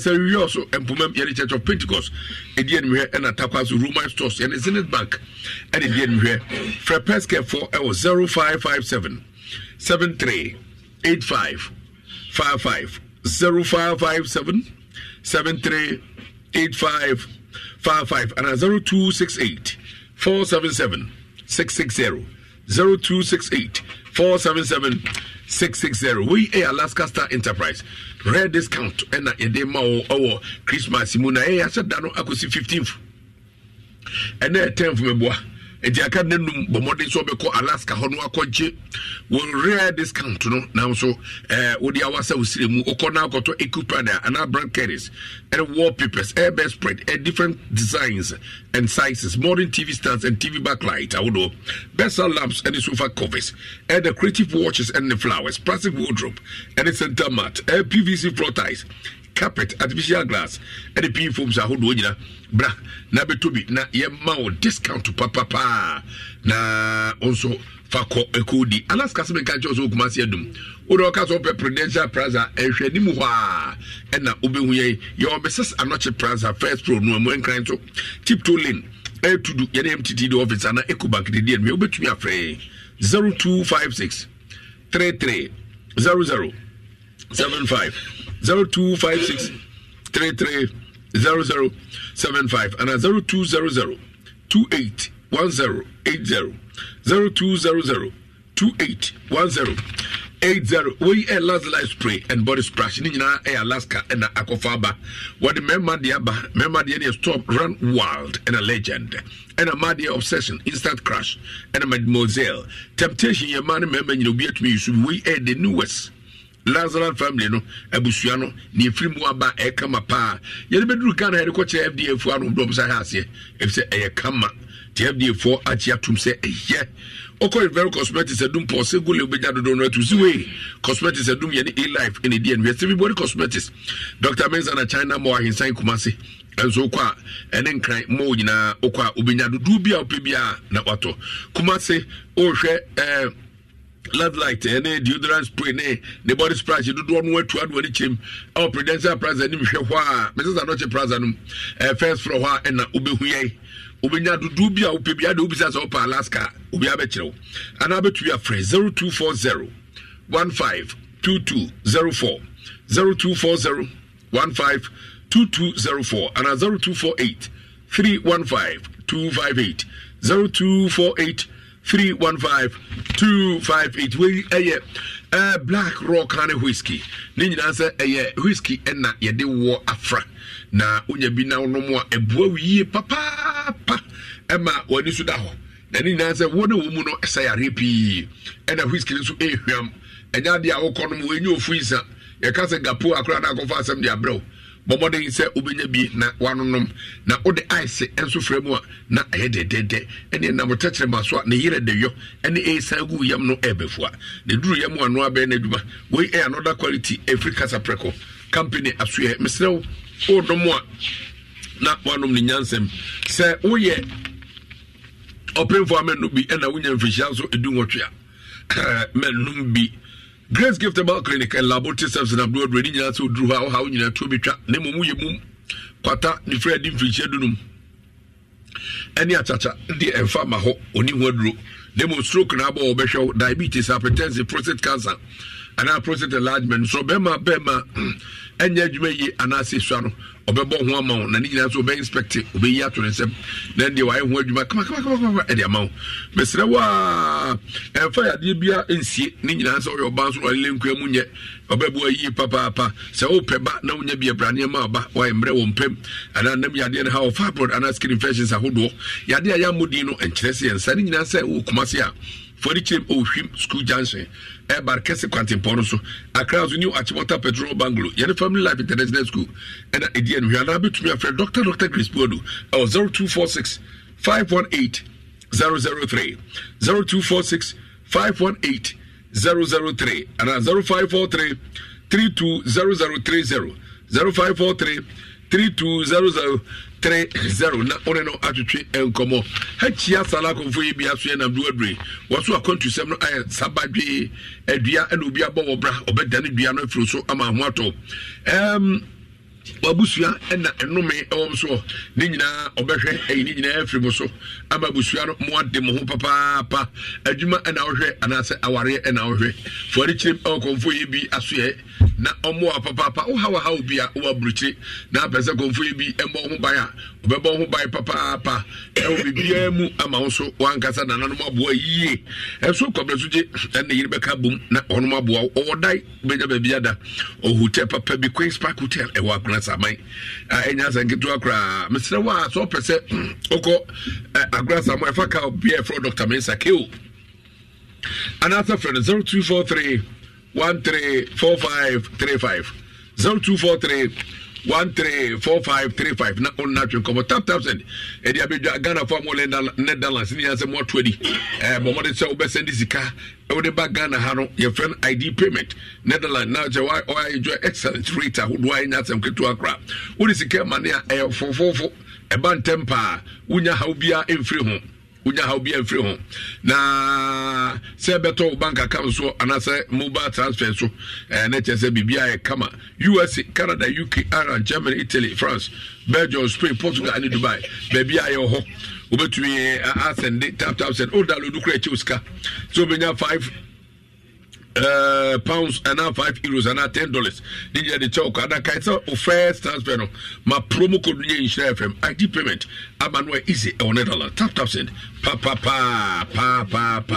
sɛ wiɔ so mpoma yɛne church of pentecost ɛdi animhwɛ ɛna takwa so roman stores yɛne zenit bank ɛne ɛdi animhwɛ frɛ peskɛfoɔ ɛwɔ 0557 73 85 55 zero five five seven seven three eight five five five and zero two six eight four seven seven six six zero zero two six eight four seven seven six six zero we are Alaska Star Enterprise rare discount ɛna yɛde ma wo ɛwɔ Christmas mu na ɛyɛ ahyɛ da no akɔsi fifteenth ɛnna yɛ tenth mɛboa nti aka ne num bɔ mmɔden so wɔbɛkɔ alaska hɔ no akɔgye wɔ rare discount no nam so eh, awa awasa wo sire mu wokɔ no akɔtɔ ecupada brand carries. ɛne wallpapers airbed spread ɛ different designs and sizes modern tv stands and tv backlight ahodoɔ besa lamps ɛne sofa covers ɛne creative watches ɛne flowers plastic wardrobe ɛne center mat ɛ pvc floor ties carpet artificial glass ɛne pii foams ahodoɔ nyina bra na bɛtɔ bi na yɛma wo discount papapaa na wo nso fa kɔ ɛkɔdi alaska sɛ menka kyɛw sɛ wokuma se adum wode wɔka sɛ wopɛ prudential price a ɛhwɛ anim hɔ a ɛna wobɛhu yɛi yɛwɔ mrs anɔkye price a first pro no amu ɛnkran so chipto lane ɛtudu yɛne mtt de office ana ecobank de deɛ nomɛ wobɛtumi afrɛ 0256 33 00 seven five zero two five six three three zero zero seven five and zero two zero zero two eight one zero eight zero zero two zero zero two eight one zero eight zero wey air last life spray and body splash ne nyinaa alaska and akɔfa aba wɔde mmarima deɛ aba member deɛ deɛ stop run wild and a legend ɛna mmaa deɛ obsession instant crash a mademoiselle temptation yɛ mmaa ne mmarima nyina obi atumi yusu We air the newest lazarus family no abusua no ne ɛfiri mu aba ɛyɛ kama paa yɛde bɛduru ghana yɛde kɔkyerɛ fda foɔ ano dɔm sa hɛ aseɛ ɛfiri sɛ ɛyɛ kama te fda foɔ akye atom sɛ ɛyɛ ɔkɔ very cosmetics adum pɔ sɛ gole wobɛgya dodoɔ no atu siwei cosmetics adum yɛne alife ne deɛ no yɛsɛ bi body cosmetics dr mensana china ma ahensan kuma se nso wokɔ a ɛne nkran ma wo nyinaa wokɔ a wobɛnya dodoɔ bi a wopɛ bi a na watɔ kuma se wohwɛ Love light ɛne eh, deodorant spray ne ne body splash dodoɔ no atu adoɔ ne kyɛm ɛwɔ prudential plaza anim hwɛ hɔ a mrs adɔkye plaza no ɛɛ eh, first floor hɔ a ɛna eh, wobɛhu yɛn wobɛnya dodoɔ bi a wopɛ bi ade wobisa sɛ wopɛ alaska obi abɛkyerɛ wo anaa bɛtumi afrɛ 0240 15 2204 0240 15 2204 anaa 0248 315 258 0248 three one five two five eight wei ɛyɛ black rock ne whisky ne nyinaa sɛ ɛyɛ whisky ɛna yɛde wɔ afra na wonya bi na wonom a ɛboa wo yie papaapa ɛma w'ani so da hɔ na ne nyinaa sɛ wo ne wɔ mu no ɛsɛ yare pii ɛna whisky no nso ɛɛhwam ɛnyɛ adeɛ a wokɔ nom wɔnyɛ ofu nsa yɛka sɛ gapo akora na akɔfa asɛm de abrɛ wo bɔmmɔden sɛ wobɛnya bi na wanonom na wode ice nso frɛ mu a na ɛyɛ dɛdɛdɛ ɛne nam tɛkyerɛma so a ne yerɛ dɛyɔ ɛne ɛsan gu yam no ɛbɛfoa ne duru yam a no abɛɛ no adwuma wei ɛyɛ another quality ɛfiri kasa prɛko company asoɛ mesrɛ wo wodom a na wanom ne nyansɛm sɛ woyɛ ɔpemfoɔ amɛno bi ɛna wonya mfirihyia nso ɛdu nwɔtwe a mɛnom bi grace gift about clinic and laboratory services service na blood ready nyinaa sɛ oduru hɔ a ɔha wo nyinaa to bɛtwa na mmom woyɛ mum kwata ne frɛ adi mfirikyia dunum ɛne akyakya de ɛmfa ma hɔ ɔni ho aduro na mmom stroke na abɔ wɔbɛhwɛ wo diabetes hypertension prostate cancer and prostate enlargement nsorɔ bɛrima bɛrima ɛnyɛ adwuma yie anaasɛ sua no ɔbɛbɔ ho ama wo na ne nyinaa nso ɔbɛ inspecte ɔbɛyi ato ne nsɛm na deɛ wayɛ ho adwuma kamakamakamakama ɛde ama wo mesrɛ wo a ɛmfa yadeɛ bia nsie ne nyinaa sɛ ɔyɛ ɔba nso ɔlele nkua mu nyɛ ɔbɛboa yie papaapa sɛ wopɛ ba na wonya bi abraneɛ ma ɔba wayɛ mmerɛ wɔ mpam anaa nam yadeɛ no ha ɔfa abroad anaa skin infections ahodoɔ yadeɛ a yɛammɔdin no ɛnkyerɛ sɛ yɛnsa ne nyinaa sɛ wokoma se a fɔdikyerɛm ɔwɔhwim oh, school junction ɛbar kɛse kwantempɔ no so akra so new achimota petrol banglo yɛne family life international school ɛna ɛdi anuhwɛ anaa bɛtumi afrɛ dr dr chris poado ɛwɔ zero three zero zero five four three three two zero zero three zero na ɔne no atwitwe nkɔmmɔ hakyia sala akɔmfo yi bia so yɛ nam duadure wɔso akɔntusɛm no ayɛ sabadwee adua ɛna obi abɔ wɔ bra ɔbɛdane dua no afiri so ama ho atɔ um, wabusua na nnome ɛwɔ m soɔ ne nyinaa ɔbɛhwɛ ɛyi ne nyinaa afiri mu so ama busua no mo ade mo ho papaapa adwuma na anaasɛ awareɛ ɛwɔ yɛ bi asoɛ na ɔmmoa papaapa ya a na apɛ sɛ kɔmfo yɛ bi ɛmmɔ ho ban a ɔbɛbɔ ho ban papaapa ɛwɔ mu ama so aboa yie ɛso kɔbrɛ so na ɔnom aboa ɔwɔ baabi papa bi queens park hotel ɛwɔ agrasaman ɛnya sɛ nketewa koraa mesrɛ wo a sɛ wopɛ sɛ wokɔ agrasaman ɛfa ka bia ɛfrɛ dr mensa keo anaasɛ frɛ no 0243 134535 0243 one three four five three five na ɔn na twɛn kɔmɔ tap tap send ɛdi abɛdwa ghana fɔ amɔ netherlands ne yansɛ mɔ twenty ɛɛ mɔmɔde sɛ ɔbɛsɛn de sika ɛwɔde ba ghana ha no yɛfrɛ no id payment netherlands na kyɛ wa ɔyɛ enjoy excellent rate ahodoɔ a ɛnya asɛm ketewa kora wode sika ma ne a ɛyɛ fofofo ɛba ntɛm paa wonya haw biara mfiri ho wonya ha obi amfiri ho na sɛ ɛbɛtɔ wo bank account so anaasɛ mobile transfer so eh, ne kyerɛ sɛ biribia yɛ kama usa canada uk ireland germany italy france belgium spain portugal ne dubai baabi a yɛwɔ hɔ wobɛtumi asɛnde tap sɛn wo download kora akyi wo sika sɛ wobɛnya 5 uh, pounds ɛna five euros ɛna ten dollars ne gyina de kyɛw kɔ adaka ɛsɛ o first transfer no ma promo code yɛ nhyira fm id payment ama no easy ɛwɔ ne dollar tap tap send Pa ɛno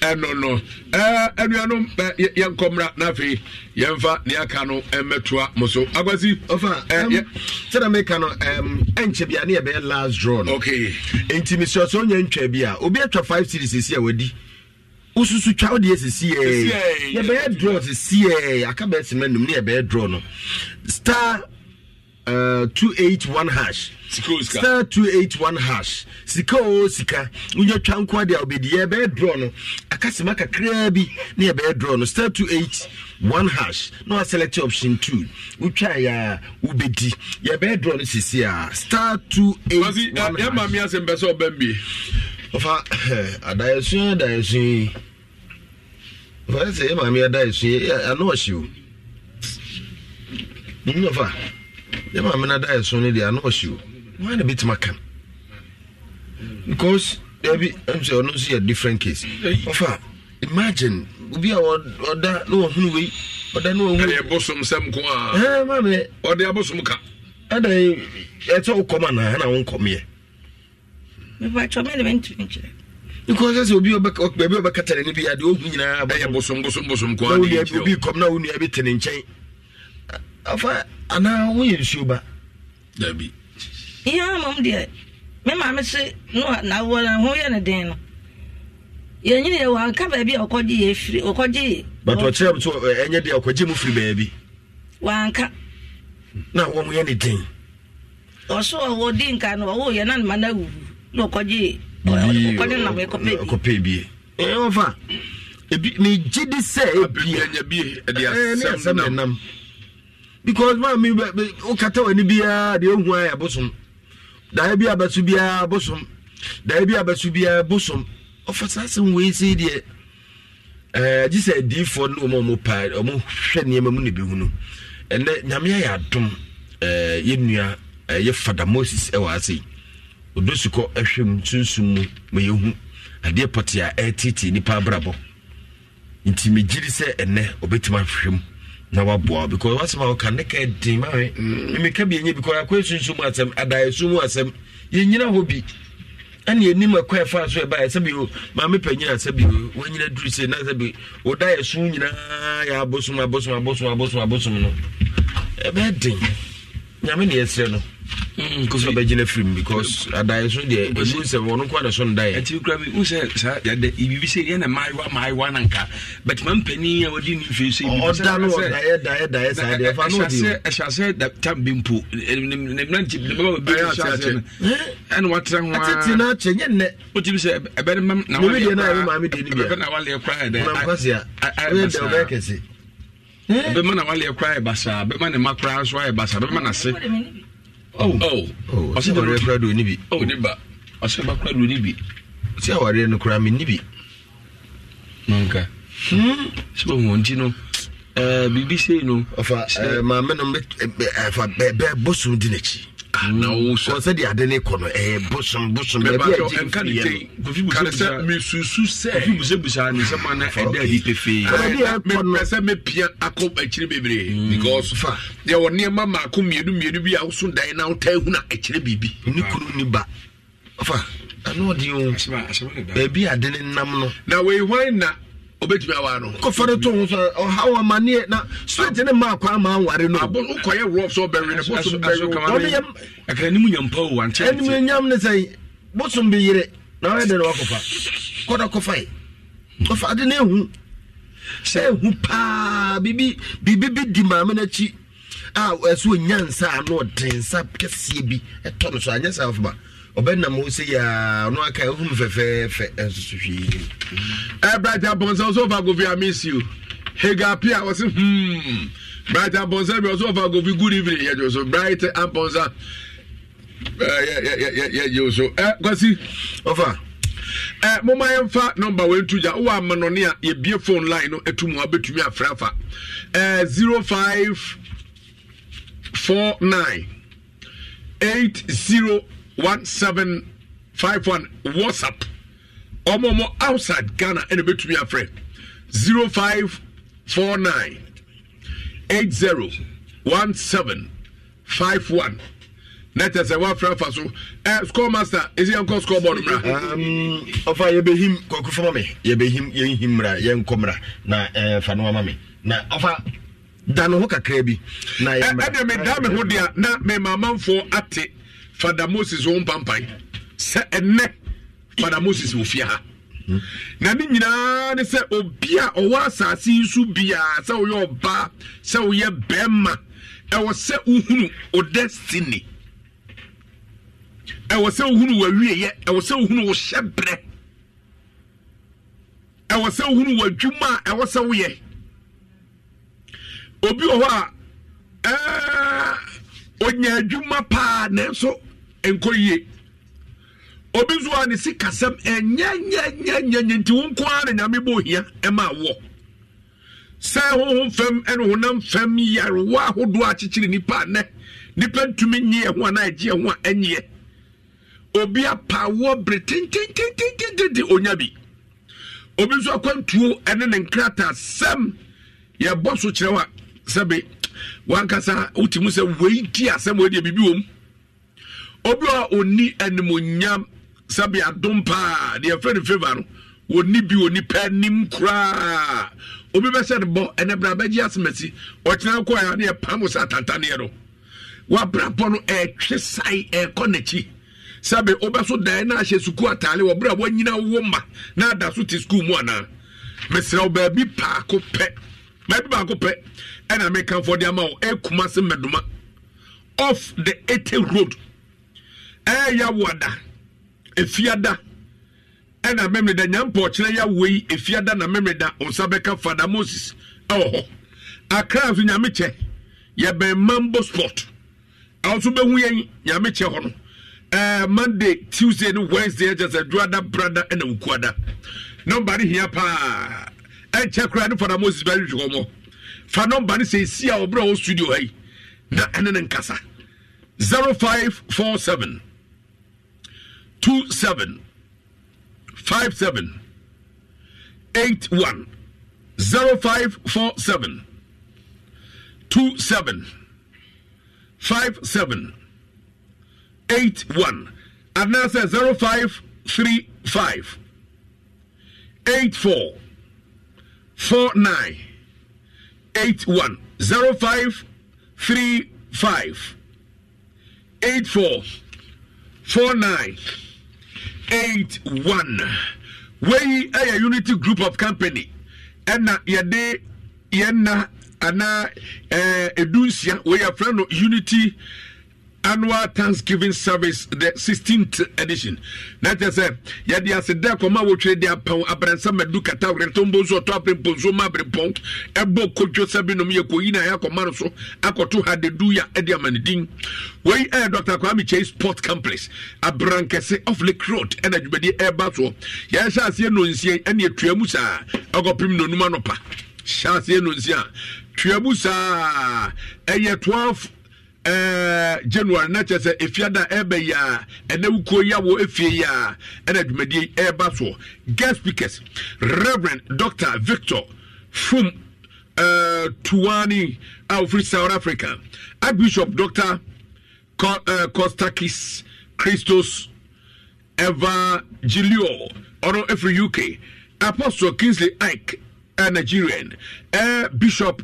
eh, no ɛnuanom eh, yɛnkɔmmra na afei yɛmfa ne aka no mmɛtoa mo so akwasi sɛdɛ meka no ɛnkyɛ bia ne yɛbɛyɛ last draw no okay enti mesrɛ sɛ ɔnyɛ ntwa bi a obi atwa 5 series ɛsi a wadi wosusu twa wodeɛ sisi ɛ yɛbɛyɛ draw sisi ɛ eh. aka bɛyɛ sima num ne yɛbɛyɛ draw no star uh, 281 hash star 281 hash sika o sika wonya twa nko adeɛ a wobɛdi yɛbɛyɛ draw no aka sima kakraa bi ne yɛbɛyɛ draw no star 281 hash na waselect option 2 wotwaeɛ a wobɛdi yɛbɛyɛ draw no sisi a ah. star 281 hash ɔfa adayɛsua adayɛsua yi ɔfa ɛsɛ yɛ e maame adayɛsua yi ano ɔhye o nyinyi ɔfa yɛ e maame na adayɛsua no deɛ ano ɔhye o wɔn na bi tuma kan because ɛbi ɛmu sɛ ɔno nso yɛ different case ɔfa imagine obi a ɔda na ɔhunu wei ɔda na ɔhunu wei ɛdi ɛbosom sɛm ko a ɛɛ maame ɔdi abosom ka ɛdi ɛtɔ kɔm anaa ɛna wɔn kɔm yɛ mepatwa me ne mentumi nkyerɛ because sɛ obi baabi ɔbɛkata nane bi ade ɔhu nyinaa bɛyɛ bosombosom koaobi kɔm na wo nua bi tene nkyɛn afa anaa woyɛ nsuo ba dabi ihe a mam deɛ me maame se nawɔna ho yɛ ne den no yɛnyini yɛ wanka baabi a ɔkɔgye yɛ firi ɔkɔgye but ɔkyerɛ m so ɛnyɛ deɛ ɔkɔgye mu firi baabi wanka na wɔn yɛ ne den ɔso ɔwɔ di nka no ɔwɔ yɛ na ne ma awuwu na ɔkɔgye ɔkɔde ah, nam ɛkɔpɛ bie ɛwɔfa ebi megye de sɛ ebianeasɛm nenam because ma me wokata w'ani biara deɛ ɛhu a ɛbosom daeɛ bi abɛso biara bosom daeɛ bi abɛso biara bosom ɔfa saa sɛm wei sei deɛ agye sɛ adiifoɔ ne ɔma ɔmo paa ɔmo hwɛ nneɛma mu ne bɛhu no ɛnɛ nyame ayɛ adom yɛ nua yɛ fada moses ɛwɔ ase yi odo ɛhwɛ mu sunsun mu ma yɛ hu adeɛ pɔte a ɛretete nipa abrabɔ nti megyiri sɛ ɛnɛ obɛtumi ahwɛ mu na waboa because wasɛm a wɔka ne ka ɛden ma hwɛ mmeka mm, bi ɛnyɛ bi kɔɔ akɔ sunsun mu asɛm adaesu mu asɛm yɛnyina hɔ bi ɛne anim ɛkɔ ɛfa so ɛbaɛ sɛ bi maame panyin a sɛ bi wanyina duru se na sɛ bi woda yɛ so nyinaa yɛ abosom abosom abosom abosom abosom no ɛbɛɛ nyame ne yɛsrɛ no bɛgyina firim because adaeɛ so deɛ ɛmu nsɛm ɔno nko adɛso no daeɛ ɛti kora bi wo sɛ saa yɛdɛ biribi sɛ yɛne maayewa maayewa no anka but ma mpanin a wɔde ne mfiri sɛ ɔda no ɔdaeɛdaeɛdaeɛ saa deɛ fa no ɔde ɛhyɛ sɛ tam bi mpo ɛne watera ho atete no akyɛ nyɛ nnɛ wotumi sɛ ɛbɛde mamdeɛ no ɛme maame deɛ no biana waleɛ koraa ɛdɛ ɔbɛyɛ kɛse bɛma na waleɛ koraa ɛbasaa bɛma ne ma koraa nso ayɛ basaa bɛma nase Oh, oh. oh. ɔsɛ awareɛ kora do ɔni bi ɔsɛ ba kora do ɔni bi ɔsɛ awareɛ no kora menni bi nanka hmm? sɛ bɛhu nti no eh, biribi sei no ɔfa eh, maame no ɛfa bɛɛbɔ som di n'akyi na mm. wo sɛ sɛ de ade ne kɔ no ɛyɛ bosom bosom ɛbɛbɛ ɛnka ne te kane sɛ mesusu sɛ kofi busa busa ne sɛ ma na ɛda adi pefee mepɛ sɛ mepia akɔ akyire bebree mm. because fa deɛ wɔ nneɛma maako mmienu mmienu bi a woso dan na wotaa hu na akyerɛ biribi ne kunu ne ba fa ɛno ɔde o baabi ade ne nam no na wei hwan na obetumi awa no. kɔfɛre to ho sɔrɔ ɔha wa ma ne yɛ na straight ne maa kwan maa nware no. abo o kɔyɛ rough sɔ bɛri ne bɔ so bɛri o wɔn yɛ. akara nimu nyampa o wa n kyɛn ti. ɛnimu nyam ne sɛn bosom bi yire na ɔyɛ de na wakɔfa kɔda kɔfa yi kɔfa adi ne ehu sɛ ehu paa bibi bibi bi di maame n'akyi a ɛso nyansa ano ɔdɛnsa kɛseɛ bi ɛtɔ no so anyɛ sɛ afɔba ɔbɛnam wo sɛ yɛa ɔno aka ɛhum fɛfɛɛfɛ ɛnsoso hwee ɛbrata bɔnsa ɔsɛ ɔfa gofi amesio hegapia ɔse hmm brata bɔnsa bi ɔsɛ ɔfa gofi good evening yɛgye so bright abɔnsa yɛgye so ɛ kwasi ɔfa ɛ moma yɛmfa nɔmba wei nto gya wowɔ amanɔne a yɛbie phone line no ɛtu mu wabɛtumi afrɛ afa ɛ 0549 80 one seven five one whatsapp ɔmo ɔmo outside ghana ɛna ebetumi afrɛ zero five four nine eight zero one seven five one net ɛsɛ wafrɛ so ɛ eh, score master esi yɛn kɔ score board mra. ɔfa um, yɛ bɛ him kɔkɔ fama mi yɛ bɛ him yɛn him mra yɛn kɔ mra na ɛɛ eh, fa no ama mi na ɔfa. da ne ho kakra bi na yɛ eh, mra ɛdɛ mi da mi ho deɛ na mi maamanfoɔ ate fada moses wɔn pampan sɛ ɛnɛ fada moses wɔ fie ha na ne nyinaa ne sɛ obi a ɔwɔ asase yi so biara sɛ woyɛ ɔbaa sɛ woyɛ bɛrima ɛwɔ sɛ wohunu o destiny ɛwɔ sɛ wohunu wawieyɛ ɛwɔ sɛ ohunu wo hyɛberɛ ɛwɔ sɛ wohunu w'adwuma a ɛwɔ sɛ woyɛ obi wɔ hɔ a ɔnya adwuma paa nanso nkɔ yie obi nso a ne si kasɛm ɛnyɛnyɛnyɛnyɛ nti wo nko ara na nyame bɔ ohia ɛma wɔ sɛ honhom fam ɛne honam fam yarewa ahodoɔ akyekyere nnipa nɛ nnipa ntumi nye ɛho anaa ɛgye ɛho a ɛnyeɛ obi apa awɔ bere tententententente onya bi obi nso akwantuo ɛne ne nkrataa sɛm yɛbɔ so kyerɛ a sɛbe wankasa wotumi sɛ wei ti asɛm wei deɛ biribi wɔ mu obi a ɔni animonyam sɛbi adom paa deɛ yɛfrɛ no favor no wɔni bi wɔni pɛ nim koraa obi bɛhyɛ no bɔ ɛnɛ bra bɛgye asɛmasi ɔkyena kɔ a ne yɛpam wo sɛ atantaneɛ no wabrabɔ no ɛtwe sae ɛkɔ n'akyi sɛbi wobɛso dan na ahyɛ sukuu ataale wɔ berɛ a woanyina wo ma na ada so te sukuu mu anaa mesrɛ wo baabi paako pɛ baabi baako pɛ ɛna mekamfoɔ de ama wo ɛkuma se mɛdoma off the ete road ɛyɛ yawo ada efiada ɛna mɛmiri da nyampɔ ɔkyerɛ yawo yi efiada na mɛmiri da ɔnsa bɛka fada moses ɛwɔ hɔ akra nso nyame kyɛ yɛbɛn mambo sport ahosuo bɛhu yɛn nyame kyɛ hɔ no ɛɛ monday tuesday ne wednesday ɛkyɛ sɛ duada brada ɛna nkuada nɔmba ne hia paa ɛnkyɛ koraa ne fada moses bɛyɛ hwɛ wɔn fa nɔmba no sɛ ɛsi a ɔberɛ a wɔ studio ha yi na ɛne ne nkasa 0547 27 57 81 0547 27 57 81 anaasɛ 0535 84 49 81 0535 84 49 81. Wei ɛyɛ Unity Group of Company ɛna yɛde yɛn na anaa ɛɛ eh, edu nsia wei yɛfrɛ no Unity annual thanksgiving service the 16th edition na kyerɛ sɛ yɛde ase dɛ kɔma wotwere de apɛn abrɛnsa madu kata werɛtombo so ɔtɔ aberempɔ so ma aberempɔn ɛbɔ kodwo sɛ binom yɛkɔyi na yɛakɔma no so akɔto hadeduya de ama ne din wei ɛyɛ eh, dr kwame kyei sport complex abrankɛse of lake road ɛna adwumadi ɛreba eh, soɔ yɛhyɛ aseɛ nonsie ɛne ɛtua mu saa ɔkɔpem nonum anɔpa hyɛ aseɛ nonsie a eh, tua mu saa ɛyɛ 12 Eh, january na kyerɛ sɛ efiada ɛbɛ yi a ɛnɛ wukuo yi awo efie yi a ɛna dwumadie ɛɛba soɔ guest speakers reverend dr victor fum uh, tuwani a ofiri south africa archbishop dr eh, costakis christos evangelio ɔno efiri uk apostle kingsley ike a nigerian uh, bishop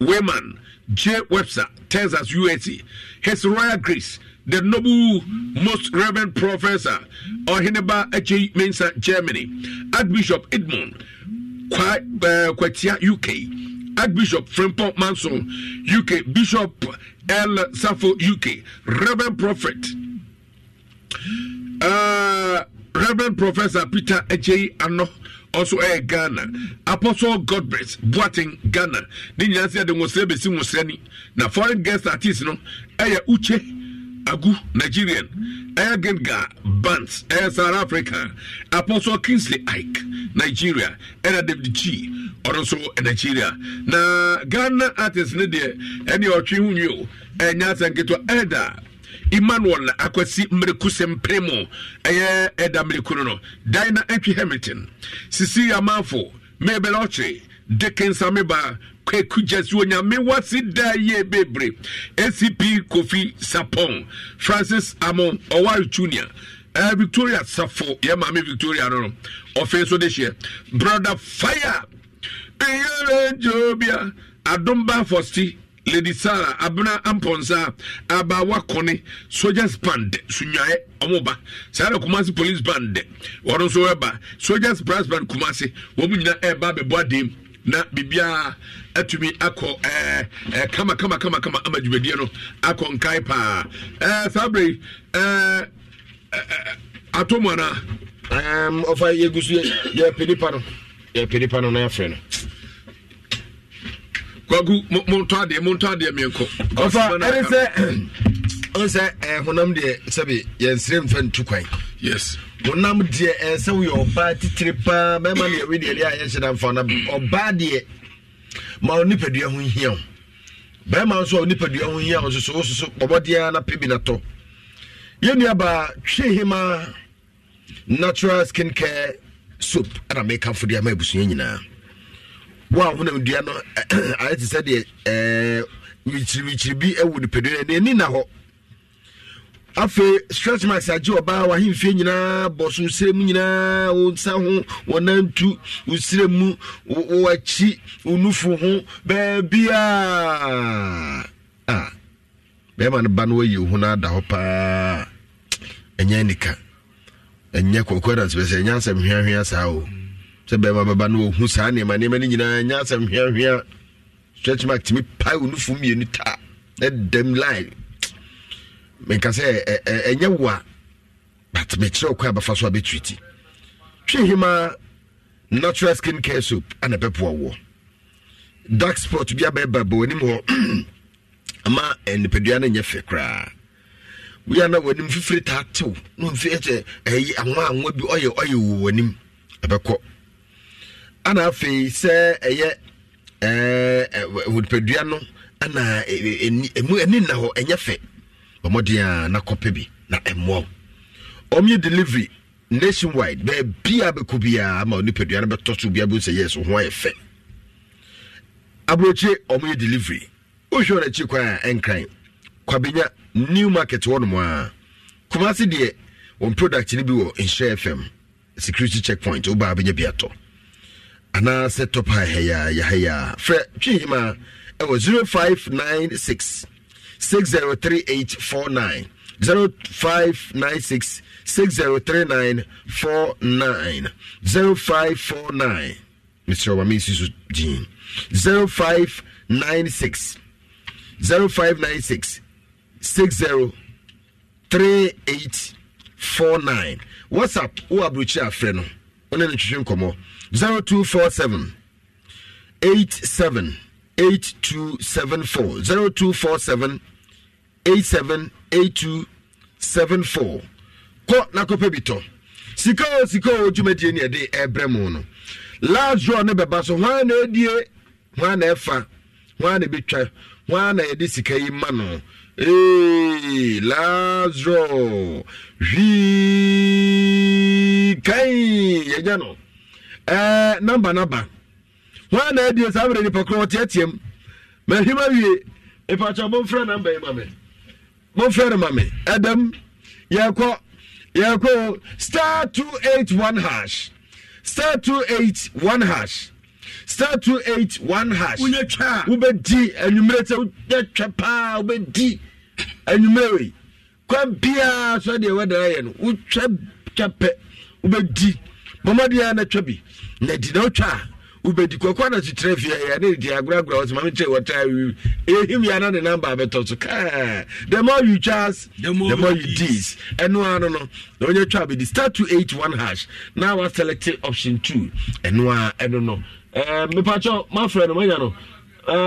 wayman. J. Webster, Texas, USA. His Royal Grace, the Noble Most Reverend Professor, Ohineba H. Mensa, Germany. Archbishop Edmund, uh, Kwatia, UK. Archbishop Frimpong Manson, UK. Bishop L. Sappho, UK. Reverend Prophet. Uh, Reverend Professor Peter H. Ano also ɛyɛ eh, ghana apostle godbress boaten ghana ne nyinaa sɛ yɛde nwosrɛ bɛsi nwosrɛ ni na foreign guest artist no ɛyɛ eh, uche agu nigerian ɛyɛ eh, genga bant ɛyɛ south africa apostle kingsley ike nigeria ɛna david g ɔno nso nigeria na ghana artist no deɛ ɛne ɔtwe ho nwi o ɛnyɛ asɛ ɛda emmanuel akwasi mmereku sɛmpremu ɛyɛ ɛda mmereku no no dina ntwi hamilton sisi amanfo mabel ɔkyere dickens ameba kwaku gyasi onyame wase daa yie bebree acp kofi sapon francis amo ɔware junior uh, victoria safo yɛ maame victoria no no ɔfei nso de hyeɛ brother fire ɛyɛ rɛ nkyɛn obia adomba fɔsti lady sara abena amponsa abawa kɔne soldiers band sunyaɛ ɔmo ba saa kumasi police band wɔn nso ɛba soldiers brass band kumasi wɔn nyinaa ɛɛba abɛbɔ adeɛ mu na biribiara atumi akɔ ɛɛ eh, ɛɛ eh, kama kama kama kama ama dwumadie no akɔ nkae paa ɛɛ eh, saa bere yi ɛɛ ɛɛ atomu ana. ɔfa um, yɛ yɛ yɛ penipa no yɛ penipa no na yɛ fɛ no kwaku montɔ adeɛ montɔ adeɛ menkɔ ɔfa ɛne sɛ ɔn sɛ ɛɛ honam deɛ sɛbi yɛnsere nfa ntu kwan yes honam deɛ ɛsɛ woyɛ ɔbaa titire paa bɛrima ne ɛwe deɛ deɛ a yɛhyɛ da mfa na ɔbaa deɛ ma wo nipadua ho hia wo bɛrima nso a wo nipadua ho hia wo soso wo soso ɔbɔdeɛ na pe bi na tɔ yɛnnua baa twe hema natural skin care soap ɛna meka fo deɛ ama abusua nyinaa wo a wonam dua no ayɛ te sɛ deɛ mikyirimikyiri bi awu nipadua no n'ani na hɔ afei stretch marks agye ɔbaa wahemfie nyinaa bɔso nsire mu nyinaa wo nsa ho wɔnantu wo sire mu wɔakyi wo nufu ho baabiaa a no ba no wayi wo ho no ada hɔ paa ɛnyɛ nika ɛnyɛ kɔkɔdans bɛ sɛ ɛnyɛ asɛm hweahwea saa o mm sɛ bɛrima bɛba no ɔhu saa nneɛma nneɛma no nyinaa nyɛ asɛm hweahwea stretch mark tumi pae wo nofo mmienu ta na dam line menka sɛ ɛnyɛ wo a but mekyerɛ kɔ a bɛfa so a bɛtwiti twe hema natural skin care soap ana ɛbɛboa woɔ dark spot bi abɛɛba bɔ w'anim hɔ ama nipadua no nyɛ fɛ koraa wia na w'anim fifiri taatew na ɔmfi ɛkyɛ ɛyi anwa anwa bi ɔyɛ ɔyɛ wɔ w'anim ɛbɛkɔ ana afei sɛ ɛyɛ wɔdpadua no ana ɛmu ani nna hɔ ɛnyɛ fɛ ɔmɔden a na kɔpɛ bi na ɛmmoa wo ɔmyɛ delivery nationwide baabia bɛkɔ biaa ama nipadua no bɛtɔ so biaa bi sɛ yɛ so ho ayɛ fɛ aburokyire ɔmyɛ delivery wohwɛ n'akyi kwan a ɛnkran kwabenya new market hɔnom a kumasi deɛ wɔn product no bi wɔ nhyɛ fm security checkpoint wobaa bɛnya bi atɔ anaasɛ tɔp ha yɛhɛyɛ a yɛhɛyɛ a frɛ twehim a ɛwɔ 0596 603849 0596 603949 0549 mesrɛ wama mensi so din 0596 0596 603849 whatsapp wo aburokyi afrɛ no wone no twetwe nkɔmmɔ 0247 87 8274 0247 87 8274 kɔ na kɔpɛ bi tɔ sika o sika o dwumadie ne yɛde ɛbrɛ mu no last draw ne bɛba so hwan na ɛdie hwan na ɛfa hwan na ɛbɛtwa hwan na yɛde sika yi ma no Hey, last we hwii kan yɛgya ɛɛ namba naba wɔn a na ɛdi saa abiri nipa koro ɔteɛteɛ mu mɛ hima wie ipatwa mo nfrɛ namba yi ma mɛ mo nfrɛ no ma mɛ ɛdɛm yɛkɔ yɛkɔ star two eight one hash star two eight one hash star two eight one hash. wúnyẹ twẹ́ a. wúbẹ̀dì ẹ̀nùmẹ̀rẹ̀ sẹ́ wúnyẹ twẹ́ paa wúbẹ̀dì ẹ̀nùmẹ̀rẹ̀ wẹ̀ kwan biara sọ de ẹ̀wẹ̀ dara yẹ no wútwẹ́ twẹ́ pẹ́ wúbẹ̀dì mọ̀mọ́dé yẹn na twẹ́ bi na di na ɔtwa a wobɛdi kɔkɔ na kyekyerɛ fie yɛ ne di agoragora hɔ sɛmame kyerɛ wɔta awi ɛhim yɛ na ne namba abɛtɔ so kaa the more you chas the more, the more you dis ɛno a no no na wonyɛ twa bɛdi start to eight one hash na waselect option two ɛno a ɛno no mepakyɛ mafrɛ no manya no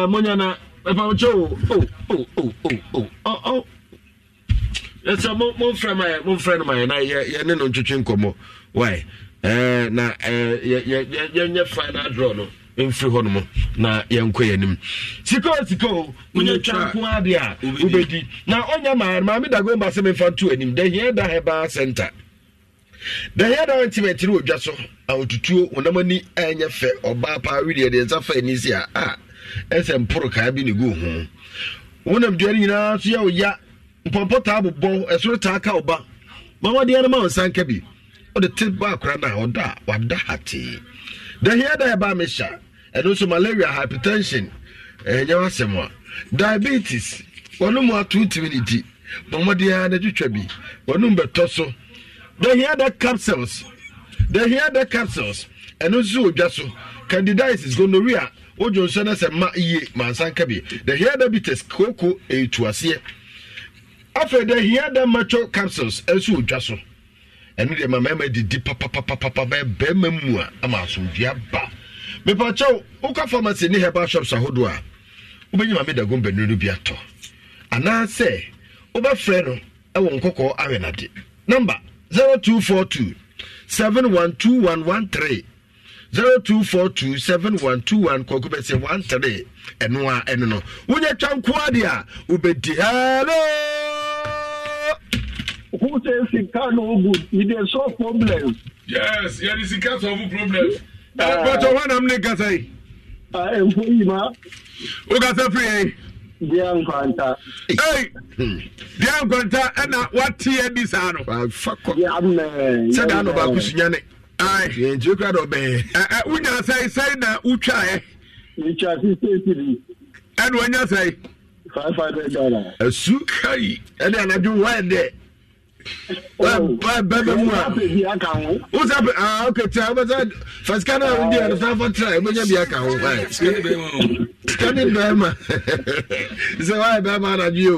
monya na mepakyɛ o yɛsɛ momfrɛ no mayɛ na yɛne no ntwetwe nkɔmmɔ wae Eh, na eh, yɛnyɛ final draw no mfiri hɔ nom na yɛnkɔ yɛ anim sikoo sikoo wonyɛ twa nko ade a wobɛdi na ɔnyɛ maa no maame dago mba sɛ memfa nto anim da da hebaa center da hia da ntimi atiri wɔ dwa so ahotutuo wonam ani ɛnyɛ fɛ ɔbaa paa wedeɛ deɛ nsa fa ani si a a ɛsɛ mporo kaa bi ne gu ho wonam dua no nyinaa so yɛ wo ya mpɔmpɔ taa bobɔ ɛsoro taa ka wo ba ma wɔdeɛ no ma wo nsa nka bi ɔde te ba akora no a ɔda a wada hatee dahia da ɛba mehyɛ ɛno nso malaria hypertension ɛnyɛ wasɛm a diabetes wɔno mu atootimi ne di bɔmmɔdeɛ no twitwa bi wɔno mu bɛtɔ so dahia da capsules dahia da capsules ɛno nso ɔdwa so candidiasis gonorrhea wodwo nso no sɛ ma yie mansanka bi dahia da bites kooko ɛyɛ tuaseɛ afei dahia da macho capsules ɛnso ɔdwa so ɛno deɛ ma mmarima didi papapapapa bɛyɛ bɛrima mu a ama asomdua ba mepakyɛw woka pharmacy ne herbal shops ahodoɔ a wobɛnya ma medago mbanu no bi atɔ anaasɛ wobɛfrɛ no ɛwɔ nkɔkɔɔ awenade number 0242 712113 02427121 kɔkɔ bɛsɛ 13 ɛno a ɛno no wonyɛ twa nkoa deɛ a wobɛdi hello who uh, uh, say sika no good e dey solve problems. yes yẹ di sika solve problems. ẹ pẹtọ wọn nam ní gasa yìí. ẹ n fún yìí ma. o gasa fi yẹn. diẹ nkwanta. ee diẹ nkwanta ẹna wati ẹ di saa no. fa kọ sẹdá àná baako sunyane. yẹn tí o kura dọ bẹẹ. ẹ ẹ wúnyà sẹyìn sẹyìn na wútwa yẹ. ìtwa sí stéètì bi. ẹnu ẹ nyà sẹyìn. five hundred dollars. ẹsùn kayi ẹni anadu wáyé dẹ bẹẹbẹ mu a o sá bẹ aa ok tí a bẹ sá fasika náà o di ẹni sá fọ tíra ẹ bẹ nyẹ bi a kà o ẹ sikẹni bẹẹ ma sẹ wáyé bẹẹ ma anadio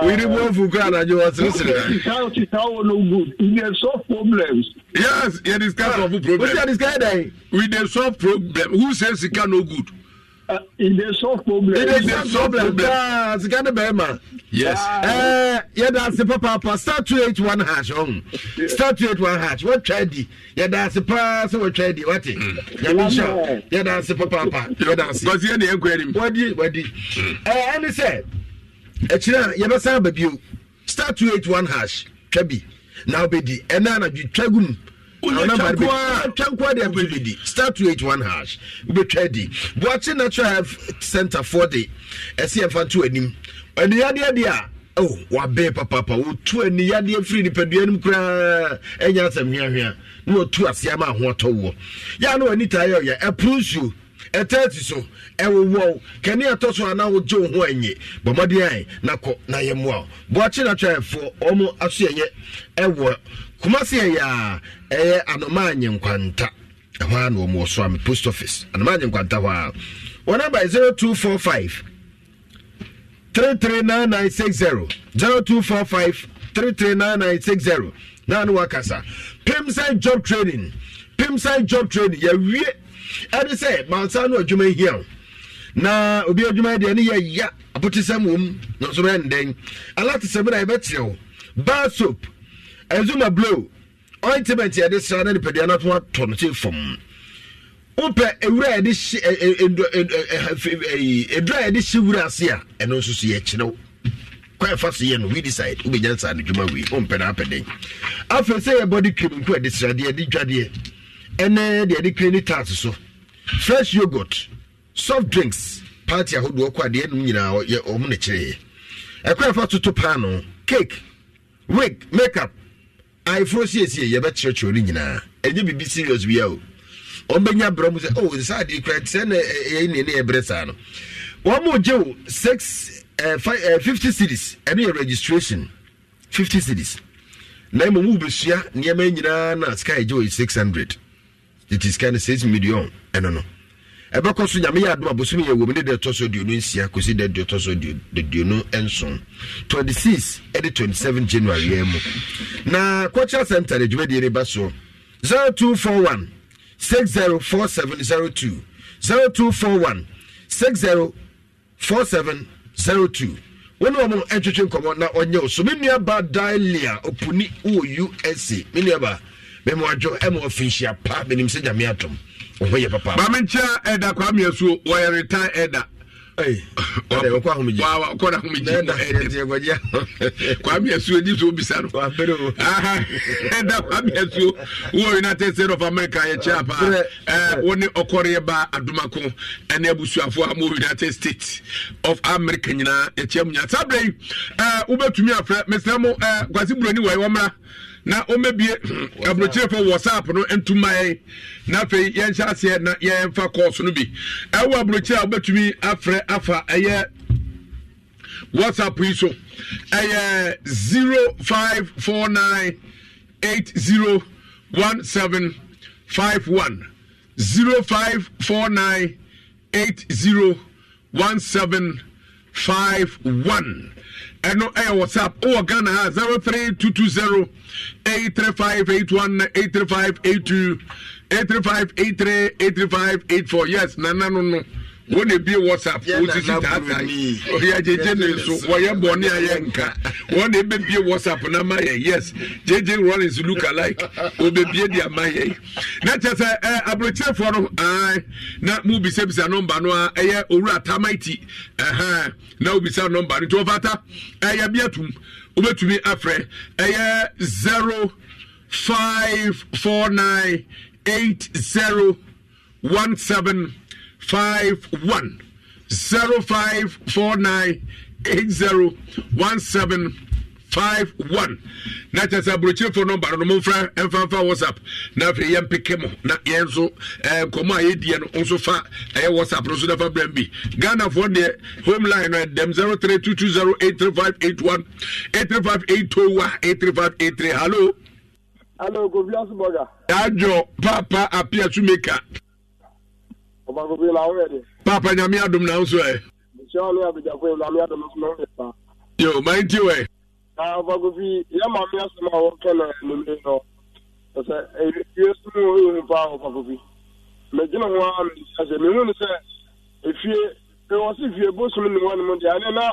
o yìí ni bó fún kó anadio wọ sírísírí. ti táwọn no we dey solve problems. yes yẹ discuss ah. of problems. we dey solve problems who says say sika no good e dey solve problem. e dey solve problem aa sika ne bɛɛ ma. yes. ɛɛ eh, yɛda ase papaapa star two eight one hash ɔn oh. star two eight one hash wɔtwa adi yɛda ase paa sɛ wɔtwa adi wɔte. nyame nhyɛ yɛda ase papaapa yɛda ase. gɔsi yɛ na yɛn kɔ yɛ nim. wadi wadi ɛɛ ɛni sɛ ɛkyerɛ yɛbɛsan abɛbio star two eight one hash twa bi na ɔbɛdi ɛnna anadwo twa gum twankoa deɛ bɛdi star one hash wobɛtwa di boakye natural health center foɔ de ɛsɛ yɛmfa nto anim anuadeɛ deɛ a oh wabɛɛ papapa wotu aniyadeɛ firi nipadua nom koraa ɛnyɛ asɛm hweahwea na watu aseɛ ma ho atɔ woɔ yɛa na wanitaeɛ ɔyɛ ɛporo nsuo ɛtɛɛti so ɛwowɔw kane ɛtɔ so anaa wogye wo ho anye bɔ mmɔden ae na kɔ na yɛmmoa wo boakye natwaɛfoɔ ɔmo aso ɛyɛ ɛwɔ Kumasi ɛyɛ a ɛyɛ anoma anyenkwanta ɛhɔ a na wɔn wɔ so ame post office anoma anyenkwanta hɔ a wɔn namba zero two four five three three nine nine six zero zero two four five three three nine nine six zero naanu wakasa pimsai job training pimsai job training yɛwie ɛde sɛ mansa no adwuma hia o na obi adwuma deɛ ne yɛ ya apotesɛm wɔ mu na nso bɛyɛ ndɛn alate na yɛbɛkyerɛ bar soap ɛzuma blow ointment yɛde sra na nipadua no to atɔ no sɛ fam wopɛ ewura yɛde hye edura yɛde hye wura ase a ɛno nso so yɛkyerɛw kɔ ɛfa so yɛ no we decide wobɛnya nsa no dwuma wei wompɛ no apɛ dɛn afei sɛ yɛbɔ de twam nko ɛde sra deɛ ɛde dwadeɛ ɛnɛ deɛ ɛde kwe ne taat so fresh yogurt soft drinks party ahodoɔ kɔ adeɛ nom nyinaa ɔmo ne kyerɛɛ ɛkɔ ɛfa toto paano cake wig makeup ayeforo siesie yɛbɛkyerɛkyerɛ no nyinaa ɛnyɛ biribi serious a, o ɔmbɛnya berɛ mu sɛ o oh, saadeɛ kura te sɛ na ɛyɛ eh, eh, ne ne yɛbrɛ saa no wɔn mo gye wo six uh, eh, five, uh, fifty cities ɛno yɛ registration fifty cities na mmom wobɛsua nneɛma nyinaa na sika ɛgye wo six hundred it is kind of six million ɛno no ɛbɛkɔ so nyame yɛ adom a bosome yɛ wɔm ne deɛ ɛtɔ so aduonu nsia kɔsi da deɛ ɛtɔ so aduonu nson 26 ɛde 27 january yɛ mu na cultural center de dwumadie ne ba soɔ 0241 604702 0241 604702 wọn wọn ɛtwitwi nkɔmɔ na ɔnyɛ o so mi nua ba dailia opuni wɔ usa mi nua ba mɛmɔ adwo ɛmɔ ɔfinhyia pa mɛnim sɛ nyame atom 0241 ɔhɔ yɛ papa. maame nkyɛn ɛda kwa miɛsu wɔyɛ retan ɛda. kɔda homegyi kwame asuo di so wobisa no ɛda kwame asuo wowɔ united states of america yɛkyea paa wo ne ɔkɔreɛ ba adomako ɛne abusuafoɔ a ma united states of america nyinaa yɛkyea mu nya saa berɛ yi wobɛtumi afrɛ mesrɛ mo kwase buroni wɔi wɔmmra na ɔmɛbie aburokyerɛfo whatsapp no ntumayɛ na afei yɛnhyɛ aseɛ na yɛmfa kɔɔso no bi ɛwɔ aburokyerɛ a wobɛtumi afrɛ afa ɛyɛ whatsapp yi so ɛyɛ 0549 801751 0549 801751 ɛno ɛyɛ eh, whatsapp Oh, ghana ha 03220 83581 83582 83583 yes No. no no wọn de bie whatsapp wọn sisi taata yi ọyẹ jeje ne nso wọyẹ bọni ayẹ nka wọn de bẹ bie whatsapp na ma yẹ yes jeje rollins look alike ọbẹ bie di ama yẹ na kyerɛ sɛ ɛ aburokyerɛfoɔ no ɛɛ na mu bisabisa nɔmba no a ɛyɛ owura tamaiti ɛhɛn na obisa nɔmba no nti ɔfata ɛyɛ bia tum obetumi afrɛ ɛyɛ zero five four nine eight zero one seven five one zero five four nine eight zero one seven five one na kyɛ sɛ aburokyirifo nɔmba no no momfra ɛmfamfa whatsapp na afei yɛmpeke mo na yɛn nso eh, nkɔmmɔ a yɛdiɛ no nso fa ɛyɛ whatsapp no so na fa brɛm bi ghanafoɔ deɛ home line no ɛdɛm 0322083581 8358 8358 hallo hallo gobiasobɔga yɛadwo papa apea sumeka papa nyame adom na nso ɛ yo ma nti wɛ afagofi yɛ maame asɛm a wɔkɛ no anumere no sɛ ɛfie so mu ɛhu paa wɔ fagofi magyina ho a mesɛ sɛ mehu no sɛ ɛfie mewɔ se fie bosom ne hɔ no mu deɛ ane na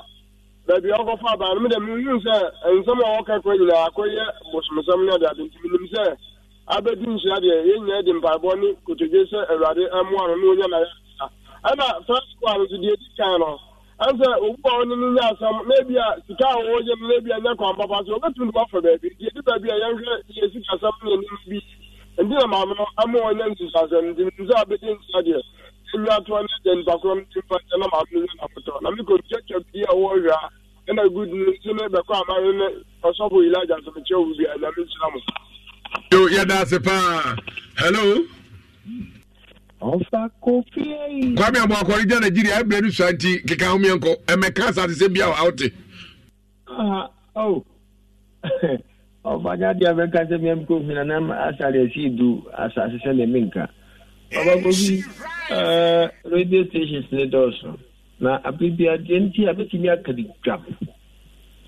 baabi a wɔkɔfa abaa no medɛ mehu sɛ nsɛm a wɔka kɔ nyinaa kɔyɛ bosomsɛm ne adeade nti menim sɛ abɛdi ya deɛ yɛn nyinaa de mpaebɔ ne kotodwe sɛ awurade amoa no na ɔnya na yɛasa ɛna fransico a nso deɛ di kan no ɛn sɛ owu a ɔne no nyɛ asɛm na ebi a sika a wɔwɔyɛ no na ebi a nyɛ kwan papa so wɔbɛtumi de wɔafɔ baabi deɛ di baabi a yɛnhwɛ yɛ sika asɛm ne yɛnim bi nti na maame no ama ɔnyɛ nsusu asɛm nti nti sɛ abɛdi nhyira deɛ ɛnyɛ atoa ne deɛ nipa korɔ no ti mfa na maame no nyɛ n'apotɔ na mi kotodwe kyɛ bi a wɔwɔ ɛna good news ne bɛkɔ amane ne ɔsɔfo yila agya wo bi anyame nhyira mo yo yɛda ase paa hello kwame ɔmɔ akɔre gya nigeria ɛbrɛ no sua nti keka ho miɛnkɔ ɛmɛka asase sɛ bia awote ɔbanya deɛ bɛka sɛ miam kofi eh, na nam asare asii du asase sɛ ne menka ɔba kofi radio stations ne dɔɔso na abebiadeɛ nti a bɛtumi aka de dwam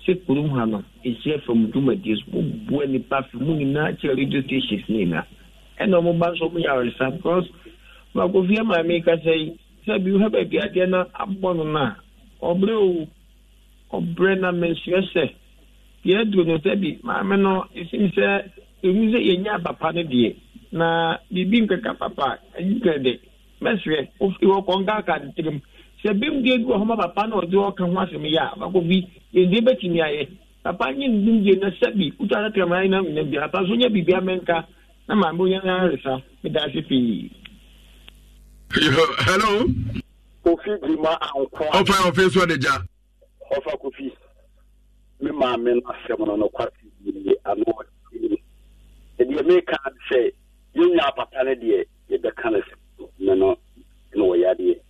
sekuru ha no ɛhyia fam dwumadie so wobua nipa afe mu nyinaa kyerɛ radio stations no nyinaa ɛna ɔmo ba nso ɔmo yaresa because makofie maame kasa yi sɛbi wohɛ baabi adeɛ no abɔ no no a ɔbrɛ o ɔbrɛ na menserɛ sɛ deɛ aduro no sɛbi maame no ɛsim sɛ ɛhu sɛ yɛnya papa no deɛ na biribi nkaka papa ɛyi kɛ de mɛserɛ wofiri hɔ kɔnka ka sɛ bɛm die gu hɔ ma papa na ɔde ɔka ho asɛm yɛ a bakɔ bi yɛnde bɛtumi ayɛ papa nye ndum die na sɛbi wotɔ adatrama ayɛ na nyina bi papa so nyɛ biribia mɛnka na maame onya na resa meda ase pii hello kofi grima anko ɔfa ɔfa so ade gya ɔfa kofi me maame na asɛm no no kwate yie ano ɛdeɛ meka sɛ yɛnya papa no deɛ yɛbɛka no sɛ no na wɔyɛ adeɛ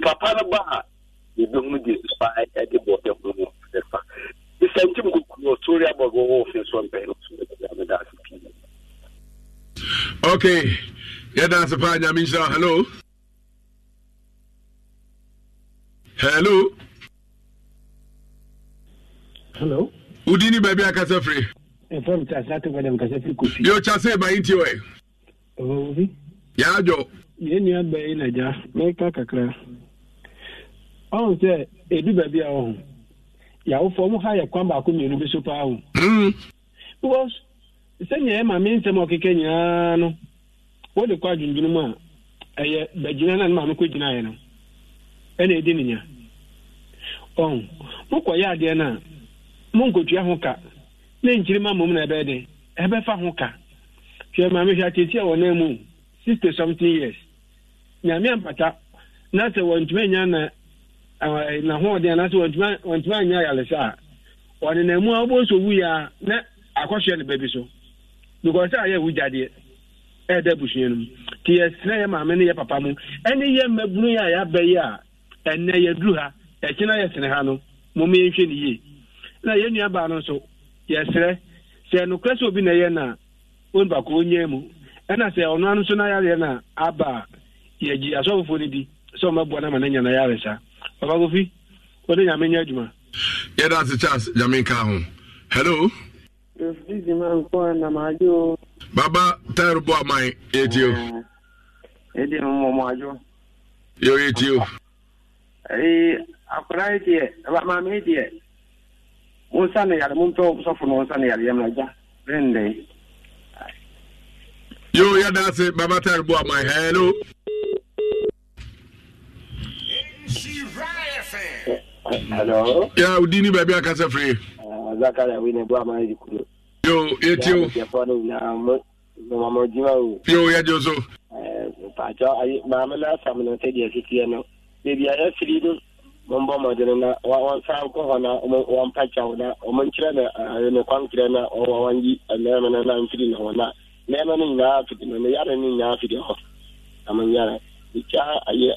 nti papa no ba e, e, e, a yɛbɛhu de fa de bɔ ɛho mu fa nsɛntim kokuru ɔsori abɔgɔ wɔ ɔfe so mpɛ no so meda ase pii okay yɛda ase paa nyame nhyira hello hello hello wodini baabi akasa firi ɛfam kyase atɔbadam kasa firi kofi yo kyase ma yinti wɛ obi yaadwo yɛnnua bɛyi na gya mɛka kakra ọhụ sị edu baabi ya ọhụ yàwụfọ ọmụ ha yɛ kwan baako mmienu bi so paa ahụ. because sɛnea ɛma me nsɛm ɔkeka nyinaa no wode kɔ adwendwene mu a ɛyɛ bagyina na a ne maame kɔ gyinaeɛ no ɛna edi ne nya ɔn mokɔyɛ adeɛ no a monkɔtua ho ka na nkyiri ma mmom na ɛbɛyɛ den ɛbɛfa ho ka hwɛ maame hwɛ atɛti a wɔnam mu sixty something years nyame ampata na sɛ wɔntumi anya na Eh, na hoɔden anaasɛ anya anyɛ ya a ɔnenam mu a wobɔ nso wu ya na akɔhwɛ no baabi so because sɛ ayɛ wugyadeɛ ɛɛda abusua no mu ya maame ne yɛ papa mu ɛne yɛ mmabunu ya a yɛabɛyɛ a ya yɛduru ha ɛkyena yɛsene ha no mom yɛnhwɛ no yie na yɛn nua baa no nso yɛsrɛ sɛ obi na ɛyɛ na a onipa ko ɔnyaa mu ɛna ọnụ ɔno ano nso ya na no a aba a yɛgyi asɔfofoɔ no bi sɛ na no na ya nya papa kofi wɔde nyame nyɛ adwuma yɛda ase charles nyame nka ho hello baba tayɛro bɔ aman yɛtio yo yɛtio akwadaa yi deɛ maame yi deɛ mo nsa ne yare mo mpɛ sɔfo no nsa ne yare yɛ mmerɛ gya bɛn dɛ yo yɛda ase baba tayɛro bɔ aman hello Hello. Yeah, udi ni baabi akasa firi. Eh, Zakaria wi ne bua maa yi kuro. Yo, yeti o. Yafọ ni na mo mo mo jima o. Yo, ya jo so. Pàjọ́ ayé maame náà sàmì náà sẹ́dí ẹ̀sì tiẹ̀ nọ. Bèbí ayé firi ni mo ń bọ́ ọmọdéni na wọ́n sá kó hàn na wọ́n pàjá wọn na wọ́n ń kyerẹ́ na ayé ne kwan kyerẹ́ na wọ́n wọ́n yí ẹ̀mẹ́rẹ́mẹ náà náà ń firi na wọn na mẹ́rẹ́mẹ ni nyinaa firi na yàrá ni nyinaa firi hɔ. Àmì yàrá. Ìkyá ayé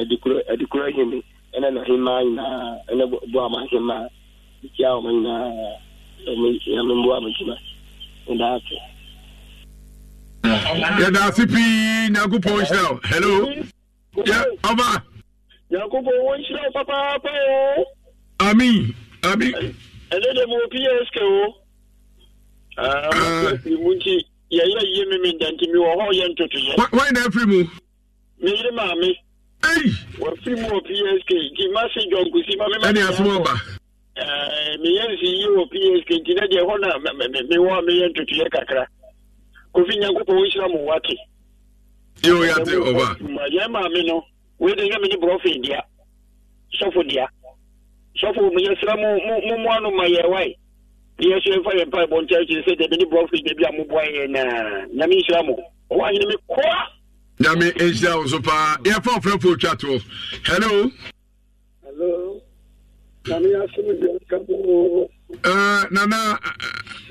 adikuro adikuro yìí mi ɛna nahema nyinaa ɛna boa ma hema metia wɔ ma nyinaa memboa ma gyima medaa ase yɛda ase pii nyankopɔn nhyira wo hello yɛ ɔba nyankopɔn wɔnhyira wo papaapa o amin amin ɛne de mo psk o mu nti yɛyɛ yie me meda nti mewɔ hɔ yɛ ntotoyɛ wan na afiri mu meyere maame wafiri mu wɔ psk nti mase john kusi ma mema ɛne asom aba meyɛ nsi yie wɔ psk nti na deɛ hɔ na mewɔ a meyɛ ntotuyɛ kakra kofi nyankopɔn wɔnhyira mo wate yo yate ɔba yɛ maame no wei de nyɛ mene borɔfe dea sɔfo dea sɔfo meyɛ sra momoa no ma yɛwae yɛ so yɛmfa yɛ mpa ɛbɔ nkyɛ kyerɛ sɛ deɛ mene borɔfe da bi a moboa yɛ naa nyame nhyira mo ɔwɔ anyene mekoa nyame nhyira wo so paa yɛfa ɔfrɛfo twa toɔ hello hello nyame asom deɛ nka mo eh, nana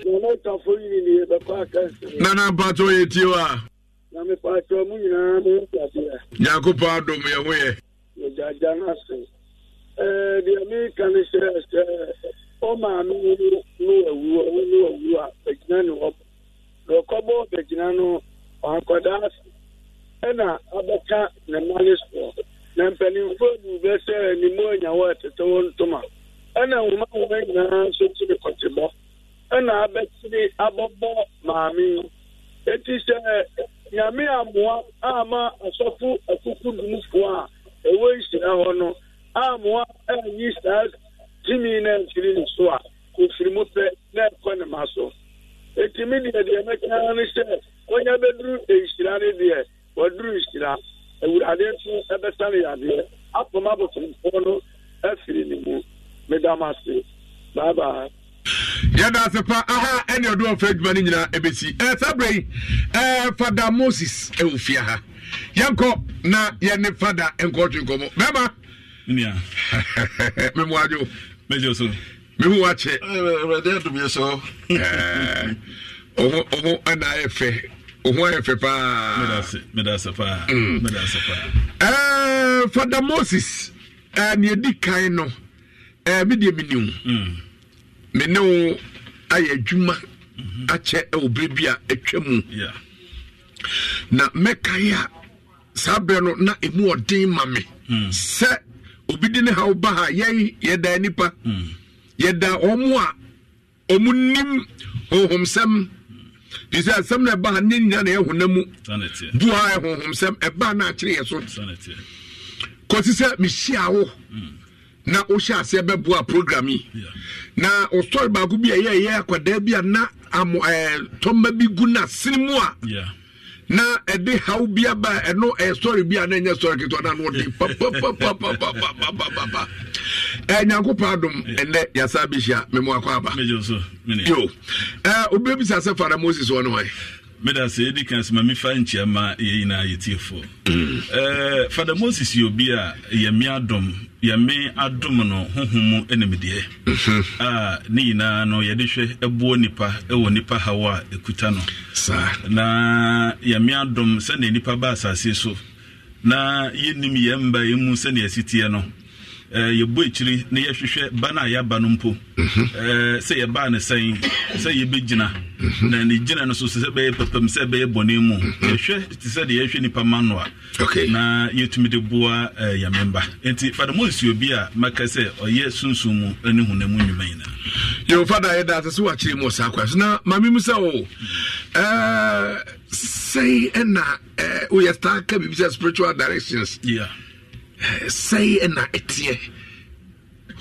nana ɔtafo yinie bɛkɔ akɛsɛ nana mpatɔ yɛtio a na mepatɔ mu nyinaa moyɛdadeɛ nyankopɔn adom yɛ ho yɛ yɛgyagya no ase eh, deɛ meka ne sɛ sɛ ɔmaa no no awuo no awuo a bɛgyina ne hɔ na ɔkɔbɔ bɛgyina no ɔankɔdaa ɛna abɛka e, ne manisfoɔ na mpanimfoɔ bubɛ sɛ nimu anyawo ɛtetɛ wɔ ntoma ɛna nwoma wɔn nyinaa nso kyiri kɔtebɔ ɛna abɛkyiri abɔbɔ maame yi eti sɛ nyame amoa ama asɔfo akuku dumfoɔ a ɛwɔ nhyira hɔ no amoa ɛnyi saa tumi na nkyiri ne so a kofiri mu pɛ na ɛkɔ ne ma so eti mi deɛ deɛ mɛka ne sɛ wɔnyɛ bɛduru nhyira ne deɛ. wɔduru hyira awurade nso ɛbɛsa no yadeɛ apam abosomfoɔ no afiri ne mu medam ase bye. yɛda ase pa aha ɛne ɔdo ɔfra adwuma no nyinaa ɛbɛsi ɛɛ saa berɛ yi ɛɛ fada moses ɛwɔ fie ha yɛnkɔ na yɛne fada nkɔɔtwe nkɔmmɔ bɛma memoadwo mehu wakyɛ ɔmo ɛna ayɛ fɛ ohu ayɛ fɛ paa fada moses ne ɛdi kan no medeɛ menim me ne wo ayɛ adwuma akyɛ ɛwɔ berɛ bi a atwa mu na mɛkae a saa berɛ no na ɛmu ɔden ma me mm. sɛ obi de ne haw ba ha yɛn yɛdaa nipa mm. yɛdaa ɔmo a ɔmo nim honhomsɛm ti sɛ asɛm na ɛba ha ne nyina na ɛyɛ honam mu duha ɛhonhom sɛm ɛba na akyerɛ yɛ so kɔsi sɛ mehyia wo mm. na wohyɛ aseɛ bɛboa program yi na wo story baako bi a ɛyɛ ɛyɛ akwadaa bi a na tɔmma bi gu no asene mu a yeah na ɛde haw bi aba ɛno ɛsɔre bi a na ɛnyɛ sɔre ketewa na no ɔde papapapapapapapa nyankopɔn adom mm. ɛnɛ yɛsa bɛhyia memoakɔ aba yo obɛbisa sɛ fara moses ɔ no wae meda sɛ yɛdi kan sɛ ma mefa nkyia ma yɛ nyinaa yɛtiefoɔ mm. eh, fada moses yɛ obi a yɛme adom yɛme adom no honhom mu nimdeɛ mhm. a ne nyinaa no yɛde hwɛ ɛboɔ nipa ɛwɔ nipa haw a ɛkuta no na yɛme adom sɛnea nipa ba asase so na yɛnim yɛn mba yɛ mu sɛnea ɛsiteɛ no Eh, yɛbɔ akyiri na yɛhwehwɛ ba no a yɛaba no mpo mhm. eh, sɛ yɛbaa ne sɛn sɛ yɛbɛgyina mhm. na ne gyina no so sɛ bɛyɛ pɛpɛm sɛ bɛyɛ bɔne mu mhm. yɛhwɛ te sɛ deɛ yɛhwɛ nnipa ma no a na yɛtumi de boa eh, yamemba enti fada mo bi a maka sɛ ɔyɛ sunsum mu ne hunamu nnwuma nyinaa yɛwɔ fada yɛda sɛ sɛ wakyerɛ mu ɔsaa kwa so na mame sɛ wo oh, sɛi ɛna woyɛ star ka biribi sɛ spiritual directions yeah sɛi ɛna ɛteɛ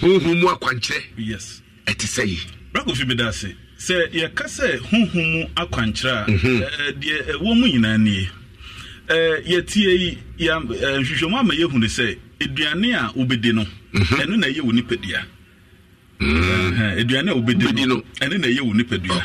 honhom mu akwankyerɛ ɛte sɛi brakofi meda ase sɛ yɛka sɛ honhom mu akwankyerɛ a deɛ ɛwɔ mu nyinaa nie eh, yɛtie yi eh, nhwehwɛmu ama yɛhunu sɛ aduane a wobɛdi mm-hmm. mm. no ɛno na ɛyɛ wo nipadua aduane a wobɛdi no ɛno na ɛyɛ wo nipadua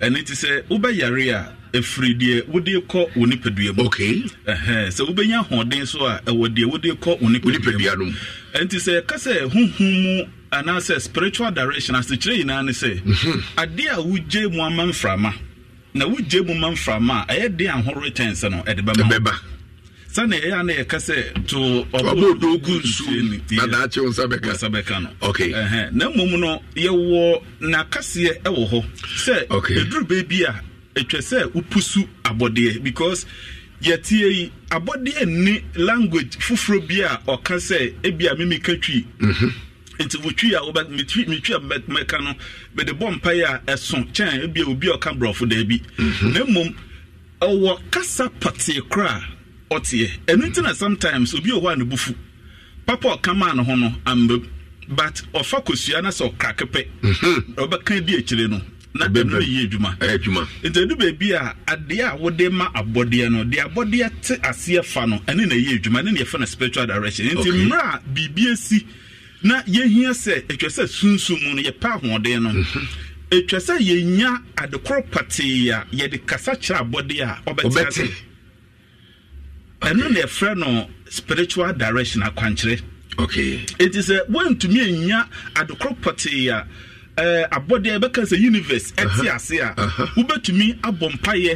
ɛno nti sɛ wobɛyare a ɛfiri deɛ wode kɔ wo nipadua mu okay. uh-huh. sɛ wobɛnya ahoɔden so a ɛwɔ deɛ wode kɔ wo nipadua mu ɛnti sɛ ɛka sɛ honhom mu anaasɛ spiritual direction asekyerɛ nyinaa ne sɛ mhm. adeɛ a wogye mu ama mframa na wogye mu ma mframa a ɛyɛ den ahoro returns no ɛde bɛma sani ɛyɛ ana yɛka sɛ to ɔbɔ odogu nsu na daakye nsa bɛka nsa bɛka no okay ɛhɛn na mmom no yɛwɔ n'akaseɛ ɛwɔ hɔ sɛ okay. eduru beebi a ɛtwa sɛ wopusu abɔdeɛ because yɛtie yi abɔdeɛ ni language foforɔ bi a ɔka sɛ ebi a mimi ka twi mhm. nti wotwi a wɔbɛ metwi metwi a mɛka no mɛde bɔ mpaeɛ a ɛso kyɛn ebi obi a ɔka borɔfo daabi mhm. na mmom ɔwɔ kasa pɔtee koraa ɔteɛ ɛnu ti na sometimes obi wɔ hɔ a ne bufu papa ɔka maa ne ho no ambam but ɔfa kosua na sɛ ɔkra kepɛ mhm. ɔbɛka di akyire no na ɛno yɛ adwuma adwuma nti ɛdu baabi a adeɛ a wode ma abɔdeɛ no deɛ abɔdeɛ te aseɛ fa no ɛne na ɛyɛ adwuma ne na yɛfa no spiritual direction nti mmerɛ a biribi asi na yɛhia sɛ ɛtwa sɛ sunsum mu no yɛpɛ ahoɔden no ɛtwa sɛ yɛnya adekorɔ patee a yɛde kasa kyerɛ abɔdeɛ a ɔbɛte ɛno na ɛfrɛ no spiritual direction akwankyerɛ ɛti sɛ woantumi anya adekorɔ patee a Eh, abɔdeɛ bɛka sɛ universe ɛte ase a wobɛtumi abɔ mpayɛ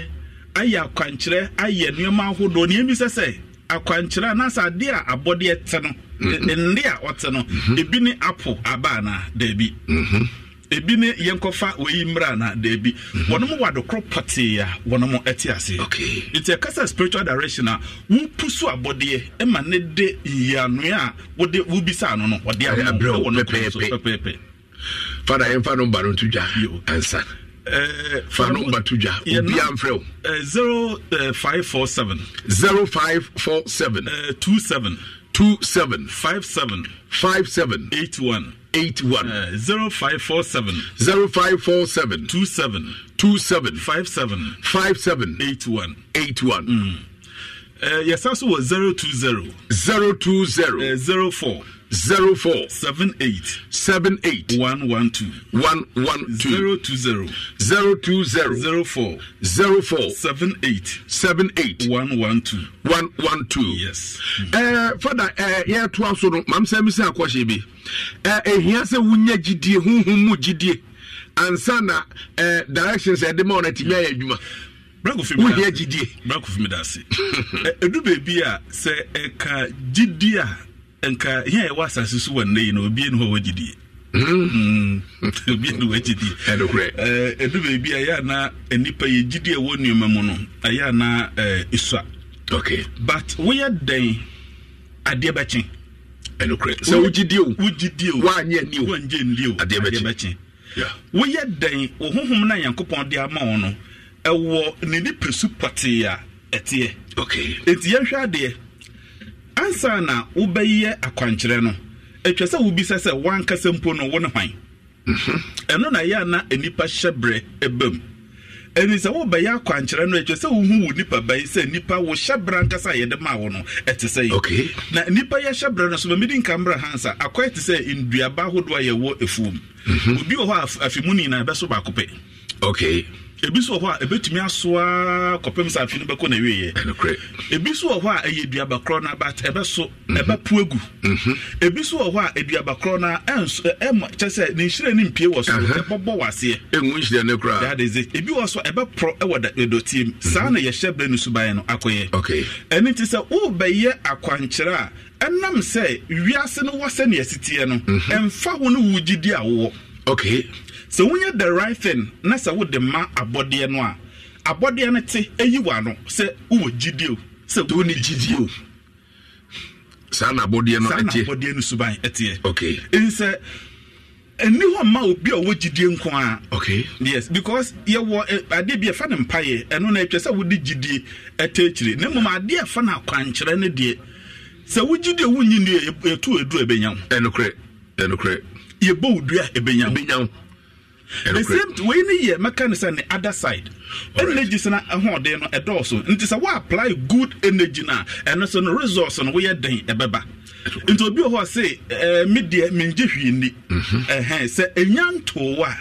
ayɛ akwankyerɛ ayɛ nneɛma ahodoɔ neɛ bi sɛ sɛ akwankyerɛ anaasɛ adeɛ a abɔdeɛ te no mhm. nde a ɔte no mhm. ebi ne apple aba anaa daabi mhm. ebi ne yɛnkɔfa wɔyi mmerɛ da daabi wɔnom wɔ adekorɔ pɔtee a wɔnom te ase nti akasa spiritual direction a wompu so abɔdeɛ ma ne de yianoa a wode wobisa ano no wɔde abrɛ wɔ no pɛpɛɛpɛ fada yɛmfa nomba no nto dwa ansa eh, fa nomba to dwa obia mfrɛ wo 0547 0547 uh, 27 27 57 57 81 81 uh, 0547 0547 27 27 57 57 81 81 mm. uh, eh, yɛsa so wɔ 020 020 uh, 04 zero four seven eight seven eight one one two one one two zero two zero zero two zero zero four zero four seven eight seven eight one one two one one two. yes. ɛɛ fada ɛɛ yɛ to aso no maame sɛ ɛmi sɛ akɔhyɛ bi ɛɛ ehia sɛ wunya gyidie huhu mu gyidie ansa na ɛɛ directions ɛde eh, ma ɔna ti mi ayɛ adwuma. wohia gyidie brako fi mi da ase ɛdu baabi a sɛ ɛka gyidie a nka yɛn ɛwɔ asase so wɔ nnɛ hmm? eh, na obi enu hɔ wɔ gyidie obi enu hɔ gyidie ɛnukurɛ ɛnu beebi a yɛ ana nipa yɛ gyidie wɔ nneɛma mu no ɛyɛ ana eh, ɛɛ esua okay but woyɛ dɛn adeɛ bɛkye ɛnukurɛ sɛ wogyidie o wogyidie o wanyɛ ni o wanyɛ ni o adeɛ bɛkye woyɛ dɛn ohuhum na yankopɔn de ama wɔn no ɛwɔ ne nipa su pɔtee a ɛteɛ okay eti yɛn hwɛ ansa na wobɛyɛ akwankyerɛ no atwa sɛ wobisa sɛ wankasa mpo no wo ne hwan mhm. ɛno na ɛyɛ na nnipa hyɛ berɛ ɛba mu ɛni sɛ wobɛyɛ akwankyerɛ no atwa sɛ wohu wo nipa bɛyi sɛ nipa wo hyɛ berɛ ankasa a yɛde maa wo no ɛte sɛ yi na nipa yɛ hyɛ berɛ no so mamedi nka mmerɛ hansa akɔ ɛte sɛ nduaba ahodoɔ a yɛwɔ afuom mhm. obi wɔ hɔ afi mu no nyinaa bɛso baako pɛ okay ebi so wɔ hɔ a ebetumi asoa kɔpem sa afi no bɛkɔ na ewie yɛ ebi so wɔ hɔ a ɛyɛ eduaba korɔ na but ɛbɛ so mhm. ɛbɛ pu egu mhm. ebi so wɔ hɔ a eduaba korɔ na ɛnso ɛma kyɛ sɛ ne nhyire ne mpie wɔ so ɛbɔbɔ wɔ aseɛ nhyire ne kora that is it ebi wɔ so ɛbɛ porɔ ɛwɔ da edotie mu mhm. saa na yɛhyɛ bere ne suban no akɔyɛ ɛni ti sɛ wɔɔbɛyɛ akwankyerɛ a ɛnam sɛ wiase no wɔ sɛ ne sɛ wonyɛ the right thing na sɛ wode ma abɔdeɛ no a abɔdeɛ no te ɛyi wa no sɛ wowɔ gyidie o sɛ wone gyidie o saa na abɔdeɛ no saa na abɔdeɛ no suban ɛteɛ okay nsɛ ɛni hɔ ma obi a ɔwɔ gyidie nko a okay yes because yɛwɔ adeɛ bi ɛfa ne mpaeɛ ɛno na ɛtwɛ sɛ wode gyidie ɛtɛ akyire na mmom adeɛ ɛfa no akwankyerɛ no deɛ sɛ wogyidie wonyi ne yɛtu edu ɛbɛnya wo ɛnokorɛ ɛnokorɛ yɛbɔ wo dua ɛbɛnya wo the same way in ne yɛ mɛka ne sɛ ne other side energy is sena ɛhoɔden no ɛdɔɔso nti sɛ woapply good energy no a ɛno so no resource no woyɛ den ɛbɛba nti obi wɔ hɔ se me deɛ need. Say a young ɛnya ntoo a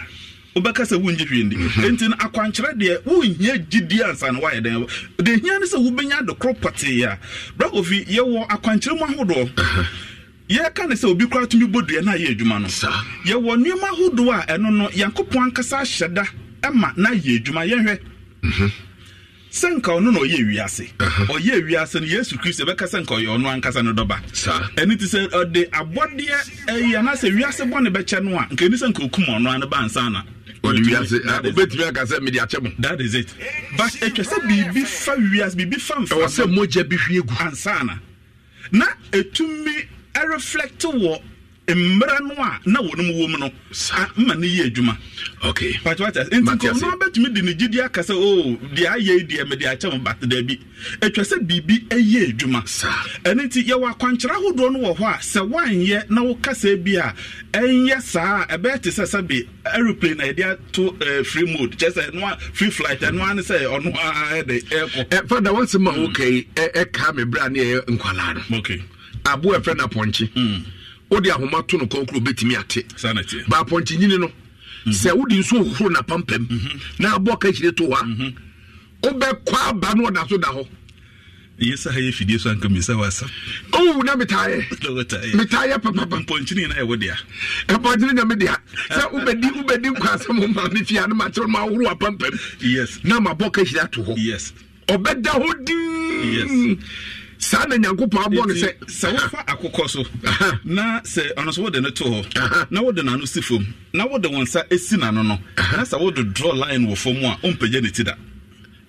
wobɛka sɛ wongye hwee ndi enti mhm. no akwankyerɛ deɛ wonhia gyidi ansa no woayɛ dɛn deɛ hia ne sɛ wobɛnya adekorɔ pɔtee a brakɔfi yɛwɔ akwankyerɛ mu ahodoɔ uh-huh yɛka ne sɛ obi koraa tumi bɔ dua no ayɛ adwuma no yɛwɔ nneɛma ahodoɔ a ɛno no nyankopɔn ankasa ahyɛ da ma na ayɛ adwuma yɛhwɛ mhm. sɛ nka ɔno na ɔyɛ wiase ɔyɛ wiase no yesu kristo bɛka sɛ nka ɔyɛ ɔno ankasa no dɔba ɛno ti sɛ ɔde abɔdeɛ ɛyi anaasɛ wiase bɔne bɛkyɛ no a nka ɛni sɛ nka okum ɔno ano ba ansa na ɔde uh, aka sɛ mede akyɛ mo but ɛtwa sɛ biribi fa wiase biribi fa mfa sɛ mogya bi hwie gu ansa na na ɛtumi ɛreflect wɔ mmerɛ no a na wɔnom wɔ mu no ma no yɛ adwuma patwata nti nkɔmno bɛtumi de ne gyidi aka sɛ o oh, deɛ ayɛ deɛ mede akyɛ mo bat daabi ɛtwa sɛ biribi ɛyɛ adwuma ɛno nti yɛwɔ akwankyerɛ ahodoɔ no wɔ hɔ a sɛ woanyɛ na woka saa bi a ɛnyɛ saa ɛbɛyɛ te sɛ sɛbe aeroplane a yɛde ato eh, free mode kyɛ sɛ ɛnoa free flight ɛnoa ne sɛ ɔno a ɛde ɛkɔ fada wansɛm a wokai ɛka me berɛ ne ɛyɛ nkwalaa no aboa ɛfrɛ no apɔnkye hmm. wode ahoma to no kɔnkoro wobɛtumi ate ba apɔnkye nyini no hmm. sɛ wode nso hohoro napampam hmm. na aboa ka kyire to hɔ a wobɛkɔ aba no ɔda so da hɔ yɛsa fidie so anka misa wasa owu na metaayɛ metaayɛ papapa mpɔnkyene nyina ɛwo dea ɛpɔnkyene nyɛ me dea sɛ wobɛdi wobɛdi nkɔ asɛm ma me fie a ne makyerɛ no maahoro apampam yes na mabɔ ka hyira to hɔ yes ɔbɛda hɔ din yes saa na nyankopɔn abɔ no sɛ sɛ wofa akokɔ so na sɛ ɔno so wode no to hɔ na wode n'ano si fam na wode wo nsa ɛsi n'ano no na sɛ wode draw line wɔ fam a ɔmpagya ne ti da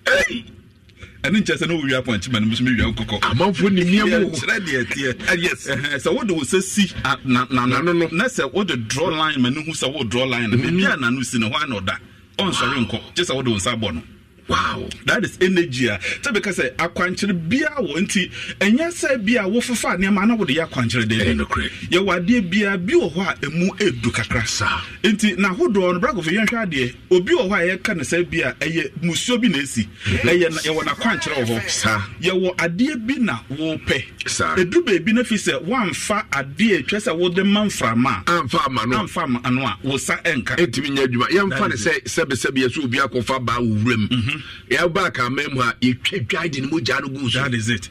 ɛne nkyɛ sɛ ne wɔwia pɔnkyema no mesome wia nkokɔ amanfoɔ neniamkyerɛ deɛ teɛ ah, sɛ wode wo sɛ si nano no na sɛ wode draw line ma ne hu sɛ wo draw line no mm-hmm. baabi a nano si no hɔ na ɔda ɔnsɔre nkɔ gye sɛ wode wo nsa abɔ no wow that is energy a tẹbi kasɛ akwankyerɛ biara wɔ nti ɛnyɛ sɛ bi a wofafa nneɛma na wɔde yɛ akwankyerɛ dɛ yɛwɔ adeɛ biara bi wɔ hɔ a emu edu kakra saa nti n'ahodoɔ no brakofo yɛn hwɛ adeɛ obi wɔ hɔ a yɛka ne sɛ bi a ɛyɛ musuo bi na esi ɛyɛ yɛwɔ n'akwankyerɛ wɔ hɔ saa yɛwɔ adeɛ bi na wɔpɛ saa edu beebi na fi sɛ wɔamfa adeɛ twɛ sɛ wɔde ma nframa amfa ama no amfa ama no a wosa ɛnka etimi nyɛ adwuma yɛmfa ne sɛ sɛbisɛbi yɛ yɛba akama mu a yɛtwa dwae de no mu gyaa no gu so that is it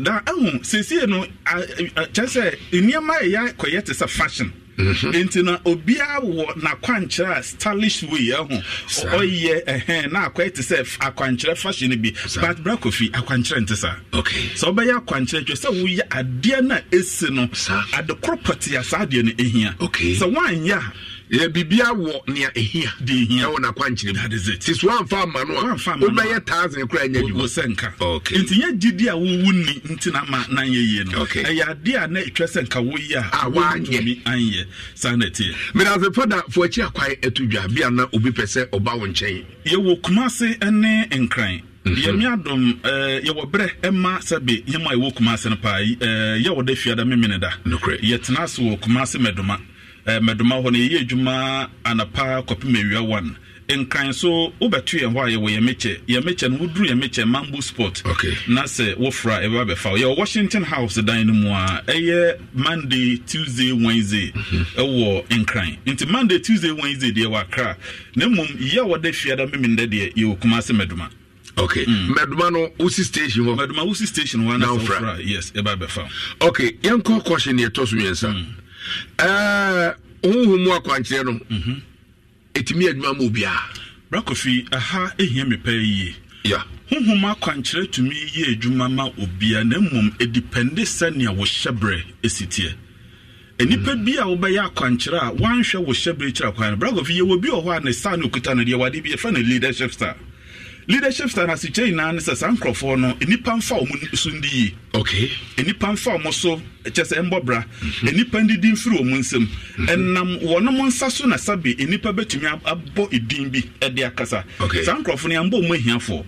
na ɛhu sesie no kyɛ sɛ nneɛma ɛyɛ kɔyɛ te sɛ fashion mhm. nti na obiara wɔ n'akwankyerɛ a stylish way ɛho ɔyɛ ɛhɛn na akɔyɛ te sɛ akwankyerɛ fashion bi but brakofi akwankyerɛ nti sa sɛ ɔbɛyɛ akwankyerɛ twɛ sɛ woyɛ adeɛ no a esi no adekoro pɔtea saa adeɛ no ehia sɛ wɔanyɛ a yɛ biribia wɔ nea ɛhia ɛwɔ nakwankyerɛ mu sɛ so amfa ama no a wobɛyɛ thousand kora nya bi sɛ nka nti yɛ gyidi a wowu ni nti na ma na nyɛ yie no ɛyɛ adeɛ a na ɛtwa sɛ nka woyi a woantumi anyɛ saa na ɛteɛ medasefo da fo akyi akwae ato dwa bia na obi pɛ sɛ ɔba wo nkyɛn yɛwɔ kumase ne nkran mhm. yɛmi adom eh, yɛwɔ berɛ ma sɛbe yɛma yɛwɔ kumase no paa eh, yɛwɔ da fiada memene da yɛtena ase wɔ kumase madoma mmadoma hɔ no yɛyɛ adwuma anapa kɔpem awia one nkran so wobɛto yɛn hɔ a yɛwɔ yɛn mekyɛ no woduru yɛn mambo sport na sɛ wofra ɛbɛba bɛfa yɛwɔ washington house dan no mu a ɛyɛ monday tuesday wednesday mhm. ɛwɔ mm-hmm. nkran nti monday tuesday wednesday deɛ wɔ akra na mmom yɛ a wɔda fie da memendɛ deɛ yɛwɔ kuma ase madoma okay mm. no wosi station hɔ mɛdoma wosi station hɔ anasɛ wofra yes ɛba bɛfa okay yɛnkɔ kɔhye ne yɛtɔ so mmiɛnsa mm wohu mu akwankyerɛ no ɛtumi mhm. adwuma ma obiaa brakofi aha ɛhia me pɛɛ yie yeah. honhom akwankyerɛ tumi yɛ adwuma ma obia na mmom ɛdipɛnde sɛnea wo hyɛberɛ ɛsi teɛ nnipa mhm. bi a wobɛyɛ akwankyerɛ a woanhwɛ wo hyɛberɛ kyerɛ kwan no brakofi yɛwɔ bi wɔ hɔ a ne saa no ɔkuta no deɛ wade bi yɛfrɛ no leadership star leadership style asekyɛ nyinaa ne sɛ saa nkurɔfoɔ no nnipa mfa ɔmo so ndi yie okay nnipa mfa ɔmo so kyɛ sɛ ɛmbɔ bra mhm. nnipa ndidi mfiri ɔmo nsam ɛnam wɔnom nsa so na sabi nnipa bɛtumi abɔ edin bi ɛde akasa okay saa nkurɔfoɔ no yɛmbɔ ɔmo ahiafoɔ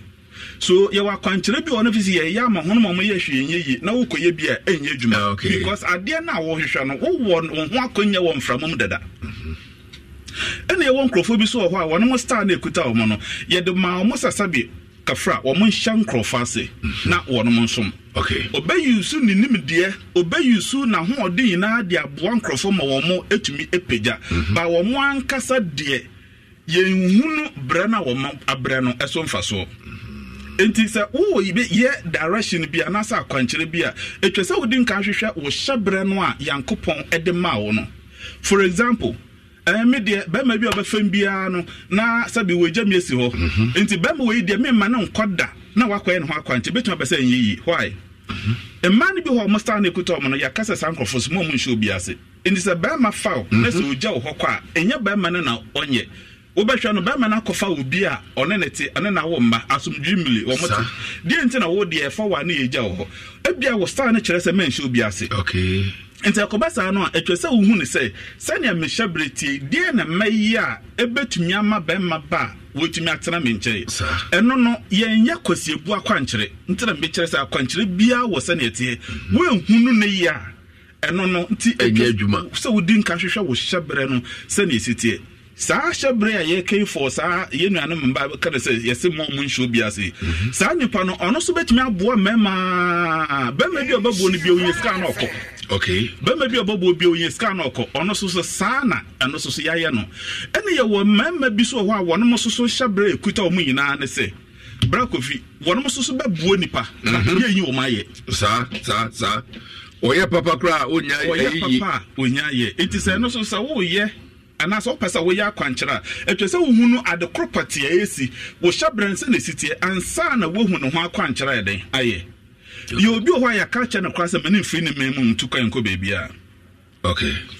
so yɛwɔ akwankyerɛ bi wɔ no fisi yɛyɛ ama ho no ma yɛ hwee ɛnyɛ yie na wokɔyɛ bi a ɛnyɛ adwuma because adeɛ no a wɔhwehwɛ no wowɔ wo ho akɔnya wɔ mframom dada mm -hmm. ɛna yɛwɔ nkurɔfoɔ bi so wɔ hɔ a wɔne mo star no ɛkuta wɔ mu no yɛde maa ɔmo sasabi kafra wɔn nhyɛ nkorɔfa ase mhm. na wɔn nsom ɔbɛyi su ne nimdeɛ ɔbɛyi su n'ahoɔden nyinaa de aboa nkorɔfo ma wɔn atumi apagya mhm. ba wɔn ankasa deɛ yɛnhunu brɛ no a wɔn abrɛ no ɛso mfasoɔ mhm. nti sɛ wowɔ yi yɛ direction bi anaasɛ akwankyerɛ bi a ɛtwa sɛ wodi nka ahwehwɛ wo brɛ no a yankopɔn de maa wo no for example Eh, me deɛ bɛrima bi a ɔbɛfam biara no na sɛbi wɔagya mi asi hɔ mhm. nti bɛrima wei deɛ mema ne nkɔ da na wakɔyɛ ne ho akwa nti bɛtumi apɛ sɛ ɛnyɛ yi why mhm. mmaa no bi hɔ ɔmo star no ekuta ɔmo no yɛaka sɛ saa nkorɔfo so mo ɔmo nhyɛ obi ase nti sɛ bɛrima fa o na sɛ mhm. ogya wɔ hɔ kɔ a ɛnyɛ bɛrima no na ɔnyɛ wobɛhwɛ no bɛrima na akɔfa obi a ɔne ne te ɔne nawo mma asomdwimile wɔmo te deɛ nti na wo deɛ ɛfa wɔ a ne gya wɔ hɔ ebia wɔ star no kyerɛ sɛ mɛnhyɛ obi ase okay. nti akɔba saa no a ɛtwa sɛ wohu ne sɛ sɛnea mehyɛ berɛ tie deɛ na mɛyi a ɛbɛtumi ama bɛrima ba a wɔtumi atena me nkyɛn ɛno no yɛnyɛ kwasiebu akwankyerɛ nti na mekyerɛ sɛ akwankyerɛ biara wɔ sɛnea teɛ woanhu no ne yi a ɛno no nti sɛ wodi nka hwehwɛ wo hyɛ berɛ no sɛnea ɛsi saa hyɛ berɛ a yɛkɛi fɔ saa yɛ nuano mba kada sɛ yɛse mɔ mu nhyɛ bi ase mhm. saa nnipa no ɔno so bɛtumi aboa mmarima bɛrima bi a ɔbɛboɔ no bia ɔnyɛ sika na ɔkɔ okay bɛrima bi a ɔbɔbɔ bi ɔyɛ sika na ɔkɔ ɔno nso so saa na ɛno nso so yɛayɛ no ɛne yɛwɔ mmarima bi so wɔ hɔ a wɔnom nso so hyɛ berɛ ekuta wɔn nyinaa ne sɛ berɛ kofi wɔnom nso so bɛbuo nipa na yɛyi wɔn ayɛ. saa saa saa ɔyɛ papa koraa a ɔnya ayɛ ɔyɛ papa a ɔnya ayɛ eti sɛ ɛno nso sɛ wɔɔyɛ anaasɛ wopɛ sɛ woyɛ akwankyerɛ a ɛtwɛ sɛ wohu no ade korɔ pɔteɛ ɛsi wɔhyɛ berɛ nsɛ na ɛsi teɛ ansa na woahu ne ho akwankyerɛ ɛdɛn ayɛ yɛ obi wɔ a yɛaka kyɛ no koraa sɛ mane mfiri ne mɛ mu ntu kwan nkɔ baabi a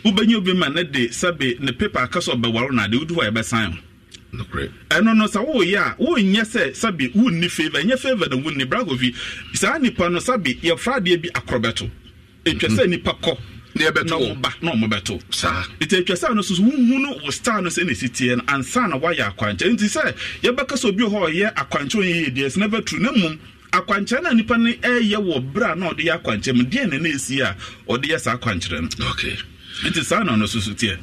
wobɛnya obi ma ne de sɛbe ne paper aka sɛ ɔbɛware no ade wodu hɔ a yɛbɛsan wo ɛno no sɛ woyɛ a wonyɛ sɛ sɛbe wonni favor ɛnyɛ favor na wonni bragovi saa nnipa no sɛbe yɛfra adeɛ bi akorɔbɛto ɛtwa sɛ mhm. nnipa kɔ nɔba na ɔmo bɛto nti atwa sɛ no soso wohunu wo star no sɛ ne sitiɛ no ansa na woayɛ akwankyɛ nti sɛ yɛbɛka sɛ obi hɔ ɔyɛ akwankyɛ ɔyɛ yɛdeɛ sɛ never true na mmom akwankyerɛ no a nipa no ɛyɛ wɔ berɛ a na ɔde yɛ akwankyerɛ mu deɛ na na ɛsi a ɔde yɛ saa akwankyerɛ no okay nti saa na ɔno soso teɛ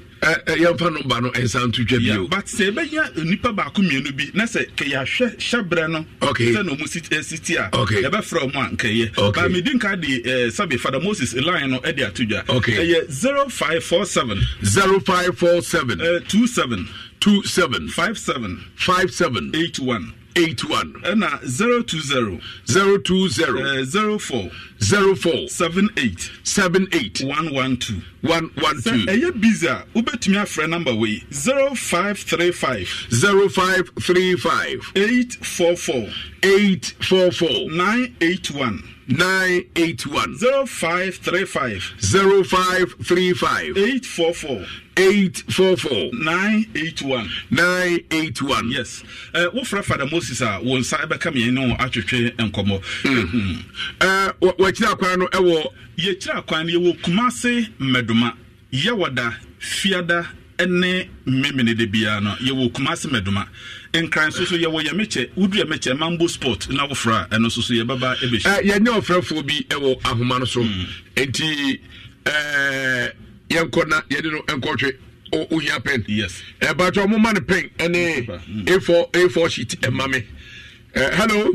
yɛmfa no ba no ɛnsa nto twa bio but sɛ ɛbɛnya nnipa baako mmienu bi na sɛ kɛyɛ ahwɛ hyɛberɛ no sɛ na ɔmu siti eh, a yɛbɛfrɛ mu a nkɛyɛ ba medi nka de eh, sabe fada moses line no de ato dwa ɛyɛ 0547 0547 27 27 57 57 81 81 ɛna 020 020 uh, 04 04 78 78 112 112 ɛyɛ busy a wobɛtumi afrɛ number wei 0535 0535 844 844 981 981 0535 0535 844 eight four four. nine eight one. nine eight one. yes ẹ eh, wọ́n fura fada moses a wọ́n nsa ẹ bẹ ká mìíràn náà atwitwe nkọmọ. ẹ mm-hmm. eh, wọ́n akyiri akwan no ẹ wọ. yẹ akyiri akwan no yẹ wọ kumase mẹduma yẹwọda fiada ɛne mmemmene de biara no yɛwɔ kumase mɛdoma nkran so so yɛwɔ yɛmɛkyɛ wodu yɛmɛkyɛ mambo sport na wofra ɛno so so yɛbɛba ɛbɛhyɛ eh, yɛnyɛ ɔfrɛfoɔ bi ɛwɔ ahoma no so mm. nti yɛnkɔ na yɛde no nkɔtwe ohia pen ɛbatwa ɔmo ma no pen ɛne a4 a4 sheet ɛma eh, me eh, hello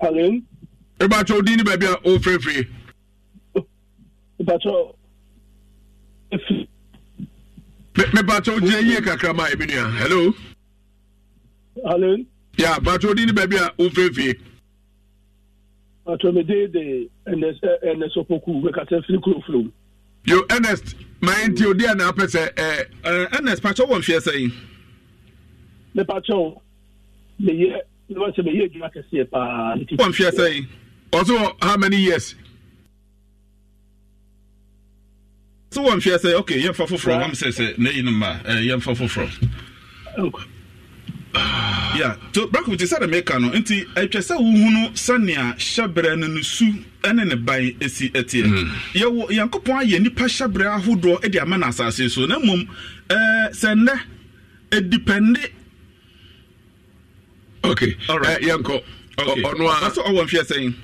hello ɛbatwa odin ne baabi a ofurefure mebatwa ogyina yie kakra ma ebi eh, nua hello ya batwa odin ne baabi a ofurefure batwa mi de de ɛnɛ ɛnɛ firi kuro yo ernest maa nti odi a na apɛ sɛ ɛ eh, ɛ eh, ernest patsɔ wɔ nfiɛ sɛn. ne patsɔ meyɛ ne ba sɛ meyɛ adwuma kɛseɛ paa. wɔ nfiɛ sɛn ɔsɔ how many years. so wɔ nfiɛ sɛn okay yɛn fa foforɔ wɔn sɛ sɛ ne yi ni ma ɛ eh, yɛn fa foforɔ ya to brakom te sɛ de meka no nti atwa sɛ wohunu sɛnea hyɛberɛ no no su ne ne ban si teɛ mm-hmm. yɛwɔ nyankopɔn ayɛ nnipa hyɛberɛ ahodoɔ de eh, ama no asase so na Eh, sende. Eh, nnɛ ɛdipɛnde okay All right. yɛnkɔ ɔno a sɛ ɔwɔ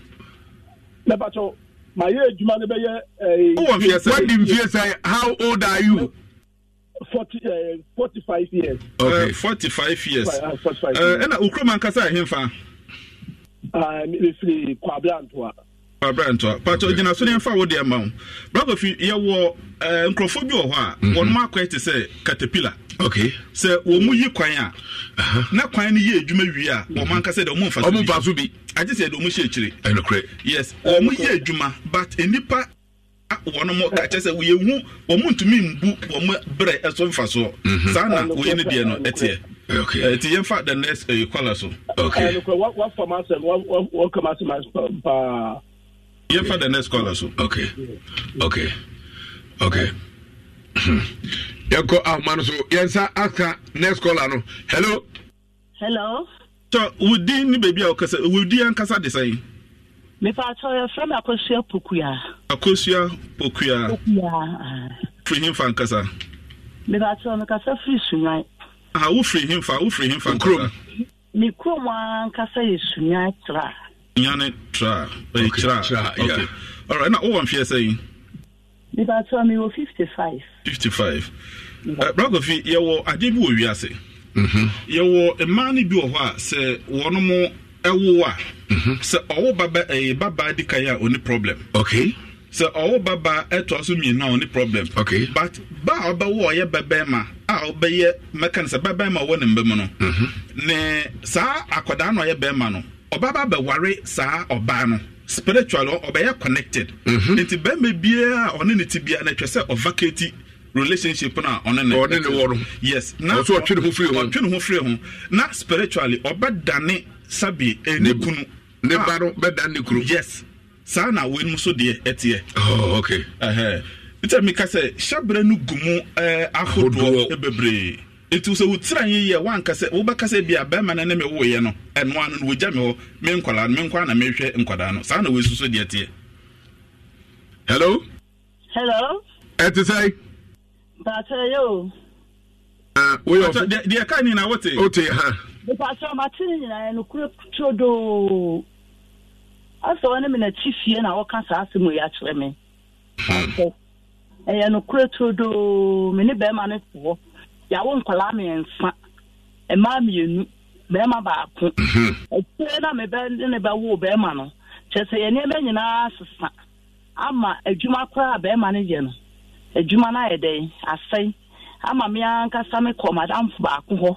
My age, man. Be ye. no bɛyɛ ɔwɔ mfeɛ sɛ wadi mfeɛ sɛ how old are you forty uh, eh, forty five years. okay uh, eh, forty five years. forty five eh, years. ɛna okurom ankasa ahemfa. Ah, mefiri kwabra ntoa. kwabra ntoa pato gyina so ne nfa wo deɛ ma wo brakofi yɛwɔ nkurɔfoɔ bi wɔ hɔ a mhm. wɔn mu akɔɛ te sɛ katapila. okay sɛ wɔn mu yi kwan a. na kwan no yɛ adwuma wie a wɔn ankasa deɛ wɔn mfa so bi. wɔn mfa so bi. agye sɛ deɛ wɔn hyɛ akyire. ɛnukurɛ. yes wɔn yɛ adwuma but nipa wɔn mo kakyɛ sɛ wɔyɛ hu wɔn mo ntumi mbu wɔn brɛ ɛso e nfa soɔ mhm. saa na wɔyɛ ne deɛ no ɛteɛ ɛti yɛn e fa the next ɛyɛ e, kɔla so. wafam asɛm wakam asɛm paa. yɛn fa the next kɔla so. okay okay okay. yɛkɔ ahoma no so yɛnsa aka next kɔla no hello. hello. tɔ wò din ni beebi a wò kasa wò din ankasa de sɛn mepatɔ yɛfrɛ me akosua pokua akosua pokua firi hemfa nkasa mepatɔ mekasa firi sunwan ah, wofiri hemfa wofiri hemfa nkrom me kurom ankasa yɛ sunwan tra nyane tra ɛyɛ okay. tra okay. yeah. alright na wowɔ mfeɛ sɛ yi mepatɔ mewɔ 55 55 uh, brakofi yɛwɔ adeɛ bi wɔ wiase mhm. yɛwɔ mmaa no bi wɔ hɔ a sɛ wɔnom ɛwo a mm-hmm. sɛ ɔwo baba ɛyɛ baba di kan a ɔni problem. okay. sɛ ɔwo baba ɛtoa so mmienu a ɔni problem. okay. but ba a ɔbɛwo ɔyɛ bɛbɛɛma a ɔbɛyɛ mɛka no sɛ bɛbɛɛma ɔwɔ ne mbɛ mu no. Mm-hmm. ne saa akwadaa na ɔyɛ bɛɛma no ɔbaba bɛware saa ɔbaa no Spiritually ɔbɛyɛ connected. Mm-hmm. nti bɛɛma biara ɔne ne ti biara na ɛtwɛ sɛ ɔvakati relationship na ɔne ne ɔne ne wɔ no. yes na ɔtwe ne ho firi ho na spiritually ɔbɛdane. sabi eh, ne kunu ne ah. ba no bɛda ne kunu yes saa na wei mu so deɛ ɛteɛ oh, okay. uh-huh. nti mika sɛ hyɛberɛ no gu mu eh, ahodoɔ eh, bebree ɛti sɛ wotira yɛ yɛ woanka sɛ wobɛka sɛ bia bɛrima no ne me woyɛ no ɛnoa no no wogya me hɔ me nkwadaa no menkɔa na mehwɛ nkwadaa no saa na wei suso deɛ teɛ hello hello ɛte sɛ batɛ yɛ eh, o deɛ ka ni na wote wote ha mepasɛ ɔmate no nyinaa nokorɛ kutrodoo asɛ wɔ ne me n'akyi fie na wɔka saa asɛm yi akyerɛ me ɛyɛ nokorɛ turodoo me ne bɛrima no te hɔ o nkwadaa mmiɛnsa mmaa mmienu bɛrima baako akyire mhm. na mebɛ ne ne bɛwoo bɛrima no kyerɛ sɛ yɛn nneɛma nyinaa ama adwuma koraa a bɛrima no adwuma no ayɛ dɛn asɛn ama me ankasa me kɔ madamfo baako hɔ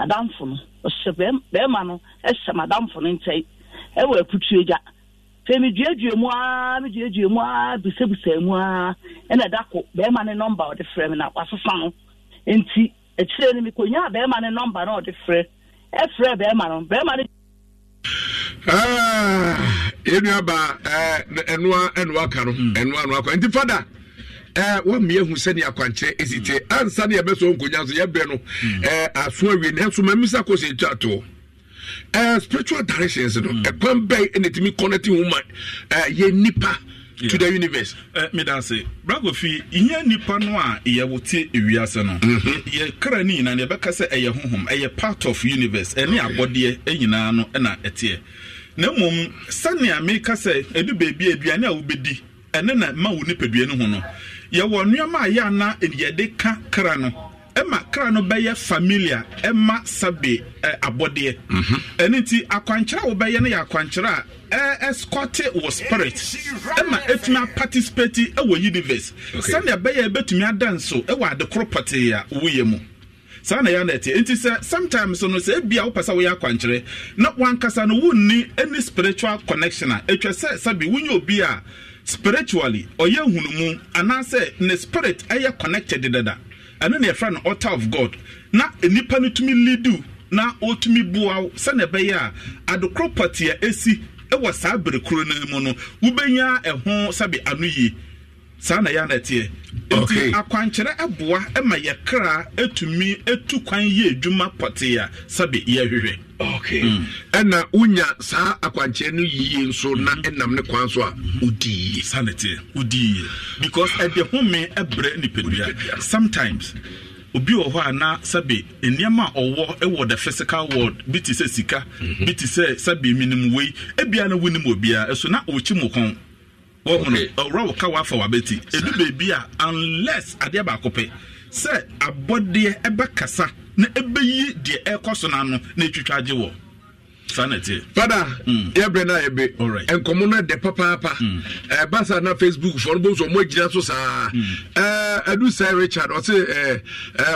madamfo no ɔsɛ bɛrima no ɛsɛ madamfo no nkyɛn ɛwɔ aputuo gya fɛ meduadua mu aa meduadua mu aa bisabisa mu aa ɛna da ko bɛrima ne nɔmba ɔde frɛ na wasesa no nti akyire no mekonyaa bɛrima ne nɔmba na ɔde frɛ ɛfrɛ no ka no nti fada Eh, wamia hu sɛne akwankyerɛ ɛsite mm. ansa mm. eh, ne yɛbɛsɛ nkonya so yɛbrɛ no aso awie nanso mami sa kɔsɛ twa toɔ Uh, eh, spiritual directions no ɛkwan mm. bɛn ɛna ɛtumi connecting woman uh, yɛ nipa to the universe. ase, medanse bragofi ihe nipa no a yɛwote ase no mhm. yɛ kra ne nyinaa yɛbɛka sɛ ɛyɛ honhom ɛyɛ part of universe ɛne abɔdeɛ e nyinaa no ɛna ɛteɛ na mmom sɛnea meka kasa ɛdu baabi aduane a wobɛdi ɛne na ma wo nipadua no ho no yɛwɔ nneɛma a yɛ ana yɛde ka kra no ɛma kra no bɛyɛ familia ɛma sabe ɛ abɔdeɛ mhm. ɛno nti akwankyerɛ a wɔbɛyɛ no yɛ akwankyerɛ a ɛɛskɔte wɔ spirit ɛma ɛtumi apatisipeti ɛwɔ universe sɛnea ɛbɛyɛ ɛbɛtumi ada nso ɛwɔ ade pɔtee a woyɛ mu saa na yɛana ɛteɛ nti sɛ sometimes no sɛ ebia wopɛ sɛ woyɛ akwankyerɛ na wankasa no wonni any spiritual connection a ɛtwa sɛ sabe wonyɛ obi a spiritually ɔyɛ hunu mu anaasɛ ne spirit ɛyɛ connected dada ɛno na yɛfrɛ no altar of god na nipa no tumi leadu na ɔtumi boa wo sɛne ɛbɛyɛ a adekoro pɔte esi ɛsi ɛwɔ saa bere koro no mu no wobɛnya ɛho sɛbe ano yie saa na ya yɛana teɛ nti akwankyerɛ ɛboa ma yɛkra ɛtumi ɛtu kwan yɛ adwuma pɔte a sɛbe yɛhwehwɛ okay mm. ɛna wonya saa akwankyerɛ no yie nso mm-hmm. na ɛnam ne kwan so a wodi sanity wodi yie because ah. ɛde home ɛbrɛ nipadua sometimes obi wɔ hɔ a na sɛbe nneɛma a ɔwɔ wɔ the physical world bi te sɛ sika mm-hmm. bi te sɛ sɛbe minim wei ebia na wonim obiara ɛso na ɔkyi mu kɔn wɔhono ɔwura wɔ ka wafa wabɛti edu beebi a unless adeɛ baako pɛ sɛ abɔdeɛ ɛbɛkasa na ɛbɛyi deɛ ɛrekɔ so na no na ɛtwitwa agye wɔ fada mm. yɛbrɛ no ayɛbe nkɔmmɔ no dɛ papaapa mm. basa na facebook foɔ no bɛsɛ ɔmo agyina so saa adu mm. sɛ richard ɔse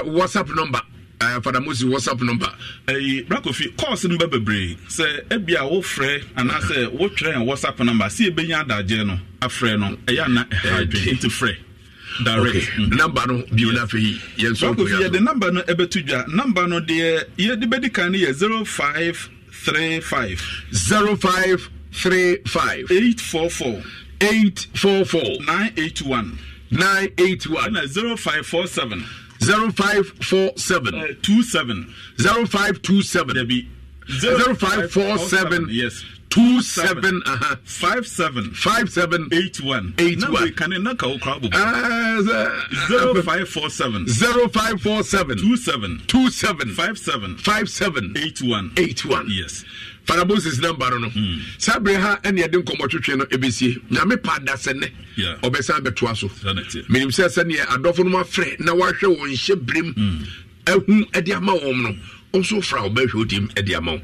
whatsapp number Uh, fada mosi whatsapp number. ɛyi brakofi kɔɔsi no bɛ bebree sɛ ebi a wofrɛ anaasɛ wotwerɛ whatsapp number si ebenya adagye no afrɛ no ɛyɛ ana ɛha adwene nti frɛ direct number. no bio na afei yɛn nso nkoya so yɛde Number no ɛbɛto dwa number. no deɛ yɛde bɛdi kan no yɛ zero five three five. zero five three five. eight four four. eight four four. nine eight one. nine eight one. ɛna zero five four seven. zero five four seven. Uh, two seven. zero five two seven. debi. zero five four seven. yes two seven five seven five seven eight one eight one. Can you knock out uh, uh, Zero five four seven zero five four seven two seven two seven five seven five seven eight one eight one. Yes. faraboses number no mm. saa bere ha ɛne yɛde nkɔmmɔtwetwe no ɛbɛsie nyame pa da sɛ nɛ ɔbɛsan bɛtoa so menim sɛ sɛneɛ adɔfo no mafrɛ na wahwɛ wɔn hyɛ berem ahu hmm. mm. ɛde ama wɔn no nso fra ɔbɛhwɛ o tim ɛde ama wo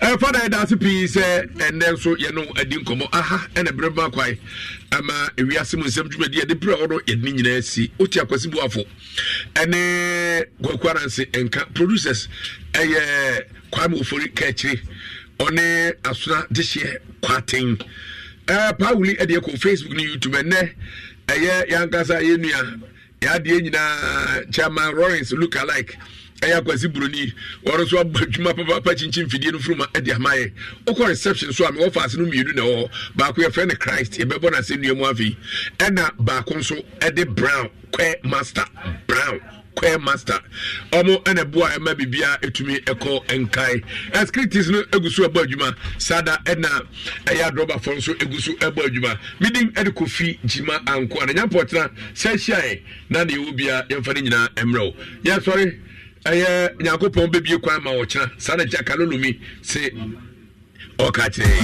ɛfa da ɛda ase pii sɛ ɛnɛ nso yɛno adi nkɔmmɔ aha ɛna berɛ ba kwae ama ewiase mu nsɛm dwumadi yɛde pere a ɔno yɛde ne nyinaa si woti akwasi bu afo ɛne kwaku aranse nka producers ɛyɛ kwame ofori kɛkyire ɔne asona dehyeɛ kwaten ɛɛ paawuli ɛde ɛkɔ facebook ne youtube ɛnɛ ɛyɛ yankasa ankasa yɛn nua yɛadeɛ nyinaa chairman lawrence look alike ɛyɛ akwasi buroni wɔn nso abɔ adwuma papaapa kyinkyin fidie no furuma ɛde ama yɛ okɔ reception so a mɛ wɔfa ase no mmienu na ɛwɔ baako yɛfrɛ no christ yɛbɛbɔ n'ase nnua mu afei ɛna baako nso ɛde brown kwɛ master brown kwɛ master ɔmo ɛna ɛboa ɛma bibia etumi ɛkɔ nkae ɛskritis no egu so ɛbɔ adwuma sada ɛna ɛyɛ adrɔbafo nso egu so ɛbɔ adwuma midin ɛde kofi gyima anko ananyapɔtena sɛ ɛhyia yɛ na na ewu bia yɛmfa ne nyinaa ɛmrɛw yɛsɔre ɛyɛ nyankopɔn bɛbie kwan ma wɔkyena saa na gyaka no nomi se ɔka kyerɛ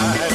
Yeah.